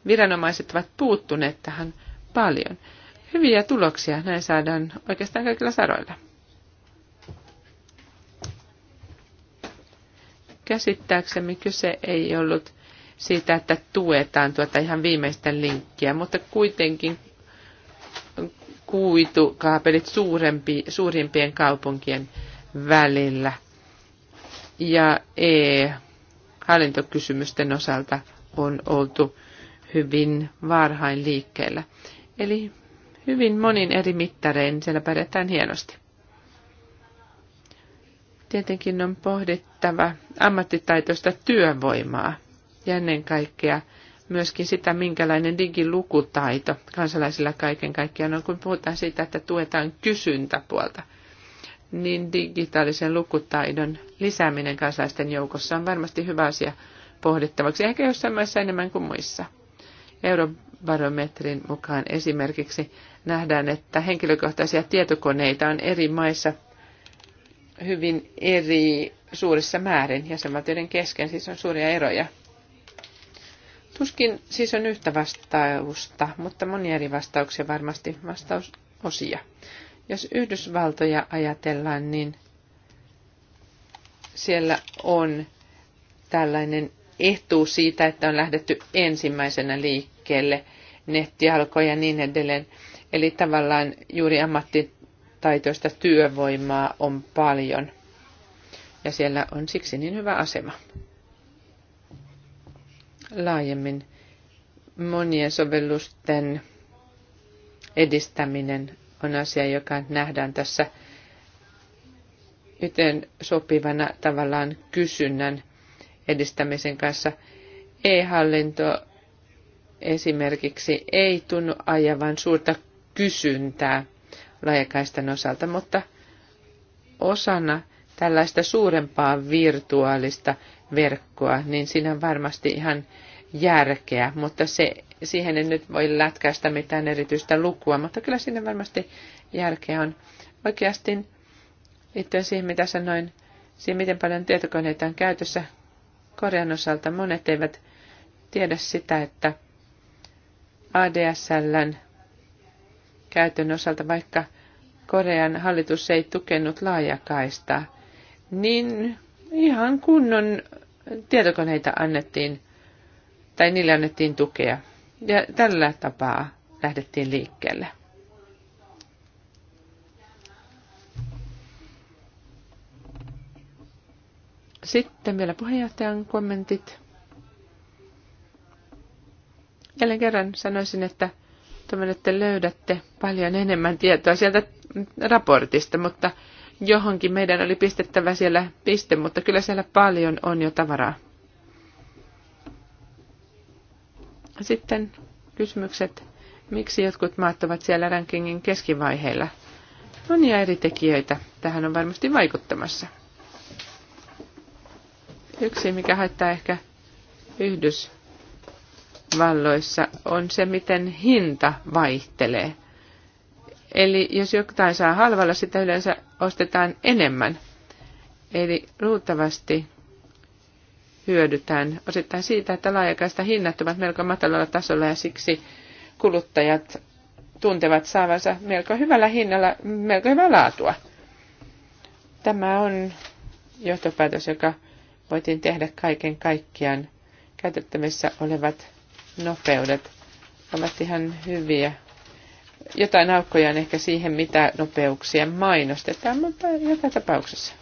viranomaiset ovat puuttuneet tähän paljon. Hyviä tuloksia näin saadaan oikeastaan kaikilla saroilla. Käsittääksemme kyse ei ollut siitä, että tuetaan tuota ihan viimeistä linkkiä, mutta kuitenkin kuitukaapelit suurempi, suurimpien kaupunkien välillä ja e-hallintokysymysten osalta on oltu hyvin varhain liikkeellä. Eli hyvin monin eri mittarein siellä pärjätään hienosti. Tietenkin on pohdittava ammattitaitoista työvoimaa – ja ennen kaikkea myöskin sitä, minkälainen digilukutaito kansalaisilla kaiken kaikkiaan on, kun puhutaan siitä, että tuetaan kysyntäpuolta niin digitaalisen lukutaidon lisääminen kansalaisten joukossa on varmasti hyvä asia pohdittavaksi, ehkä jossain maissa enemmän kuin muissa. Eurobarometrin mukaan esimerkiksi nähdään, että henkilökohtaisia tietokoneita on eri maissa hyvin eri suurissa määrin jäsenvaltioiden kesken, siis on suuria eroja. Tuskin siis on yhtä vastausta, mutta monia eri vastauksia varmasti vastausosia. Jos Yhdysvaltoja ajatellaan, niin siellä on tällainen etu siitä, että on lähdetty ensimmäisenä liikkeelle, netti alkoi ja niin edelleen. Eli tavallaan juuri ammattitaitoista työvoimaa on paljon ja siellä on siksi niin hyvä asema laajemmin monien sovellusten edistäminen on asia, joka nähdään tässä yhteen sopivana tavallaan kysynnän edistämisen kanssa. E-hallinto esimerkiksi ei tunnu ajavan suurta kysyntää laajakaistan osalta, mutta osana tällaista suurempaa virtuaalista verkkoa, niin siinä on varmasti ihan järkeä, mutta se, siihen en nyt voi lätkäistä mitään erityistä lukua, mutta kyllä siinä varmasti järkeä on. Oikeasti liittyen siihen, mitä sanoin, siihen, miten paljon tietokoneita on käytössä Korean osalta, monet eivät tiedä sitä, että ADSLn käytön osalta, vaikka Korean hallitus ei tukenut laajakaistaa, niin ihan kunnon tietokoneita annettiin, tai niille annettiin tukea. Ja tällä tapaa lähdettiin liikkeelle. Sitten vielä puheenjohtajan kommentit. Jälleen kerran sanoisin, että että löydätte paljon enemmän tietoa sieltä raportista, mutta johonkin meidän oli pistettävä siellä piste, mutta kyllä siellä paljon on jo tavaraa. Sitten kysymykset, miksi jotkut maat ovat siellä rankingin keskivaiheilla. Monia eri tekijöitä tähän on varmasti vaikuttamassa. Yksi, mikä haittaa ehkä Yhdysvalloissa, on se, miten hinta vaihtelee. Eli jos jotain saa halvalla, sitä yleensä ostetaan enemmän. Eli luultavasti hyödytään osittain siitä, että laajakaista hinnat ovat melko matalalla tasolla ja siksi kuluttajat tuntevat saavansa melko hyvällä hinnalla melko hyvää laatua. Tämä on johtopäätös, joka voitiin tehdä kaiken kaikkiaan. Käytettävissä olevat nopeudet ovat ihan hyviä jotain aukkoja on ehkä siihen, mitä nopeuksia mainostetaan, mutta joka tapauksessa.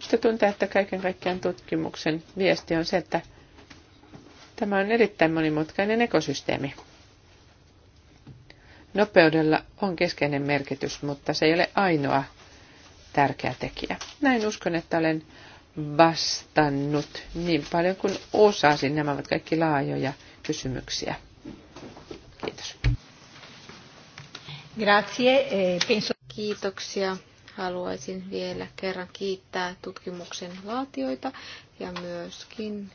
Sitä tuntuu, että kaiken kaikkiaan tutkimuksen viesti on se, että tämä on erittäin monimutkainen ekosysteemi. Nopeudella on keskeinen merkitys, mutta se ei ole ainoa tärkeä tekijä. Näin uskon, että olen vastannut niin paljon kuin osasin. Nämä ovat kaikki laajoja kysymyksiä. Kiitos. Grazie. Eh, penso... Kiitoksia. Haluaisin vielä kerran kiittää tutkimuksen laatioita ja myöskin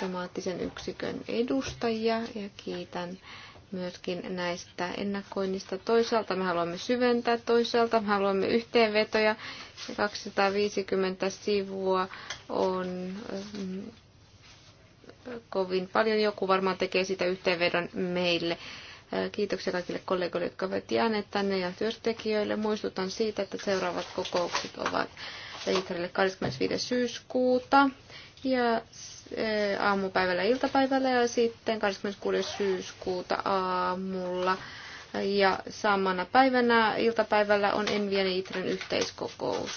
temaattisen yksikön edustajia ja kiitän myöskin näistä ennakoinnista. Toisaalta me haluamme syventää, toisaalta me haluamme yhteenvetoja. 250 sivua on mm, kovin paljon. Joku varmaan tekee sitä yhteenvedon meille. Kiitoksia kaikille kollegoille, jotka ovat jääneet tänne ja työntekijöille. Muistutan siitä, että seuraavat kokoukset ovat Itarille 25. syyskuuta ja aamupäivällä iltapäivällä ja sitten 26. syyskuuta aamulla. Ja samana päivänä iltapäivällä on Envien Itren yhteiskokous.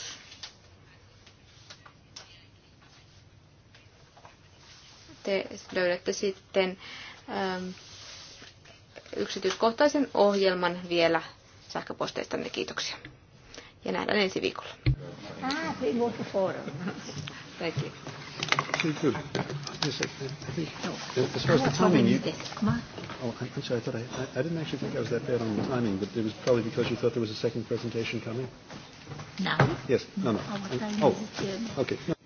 Te löydätte sitten ähm, yksityiskohtaisen ohjelman vielä sähköposteistanne. Kiitoksia. Ja nähdään ensi viikolla. Ah, no. Yes, I didn't actually think I was that bad on timing, but it was probably because you thought there was a second presentation coming. No. Yes, no, no. Oh, okay. Oh,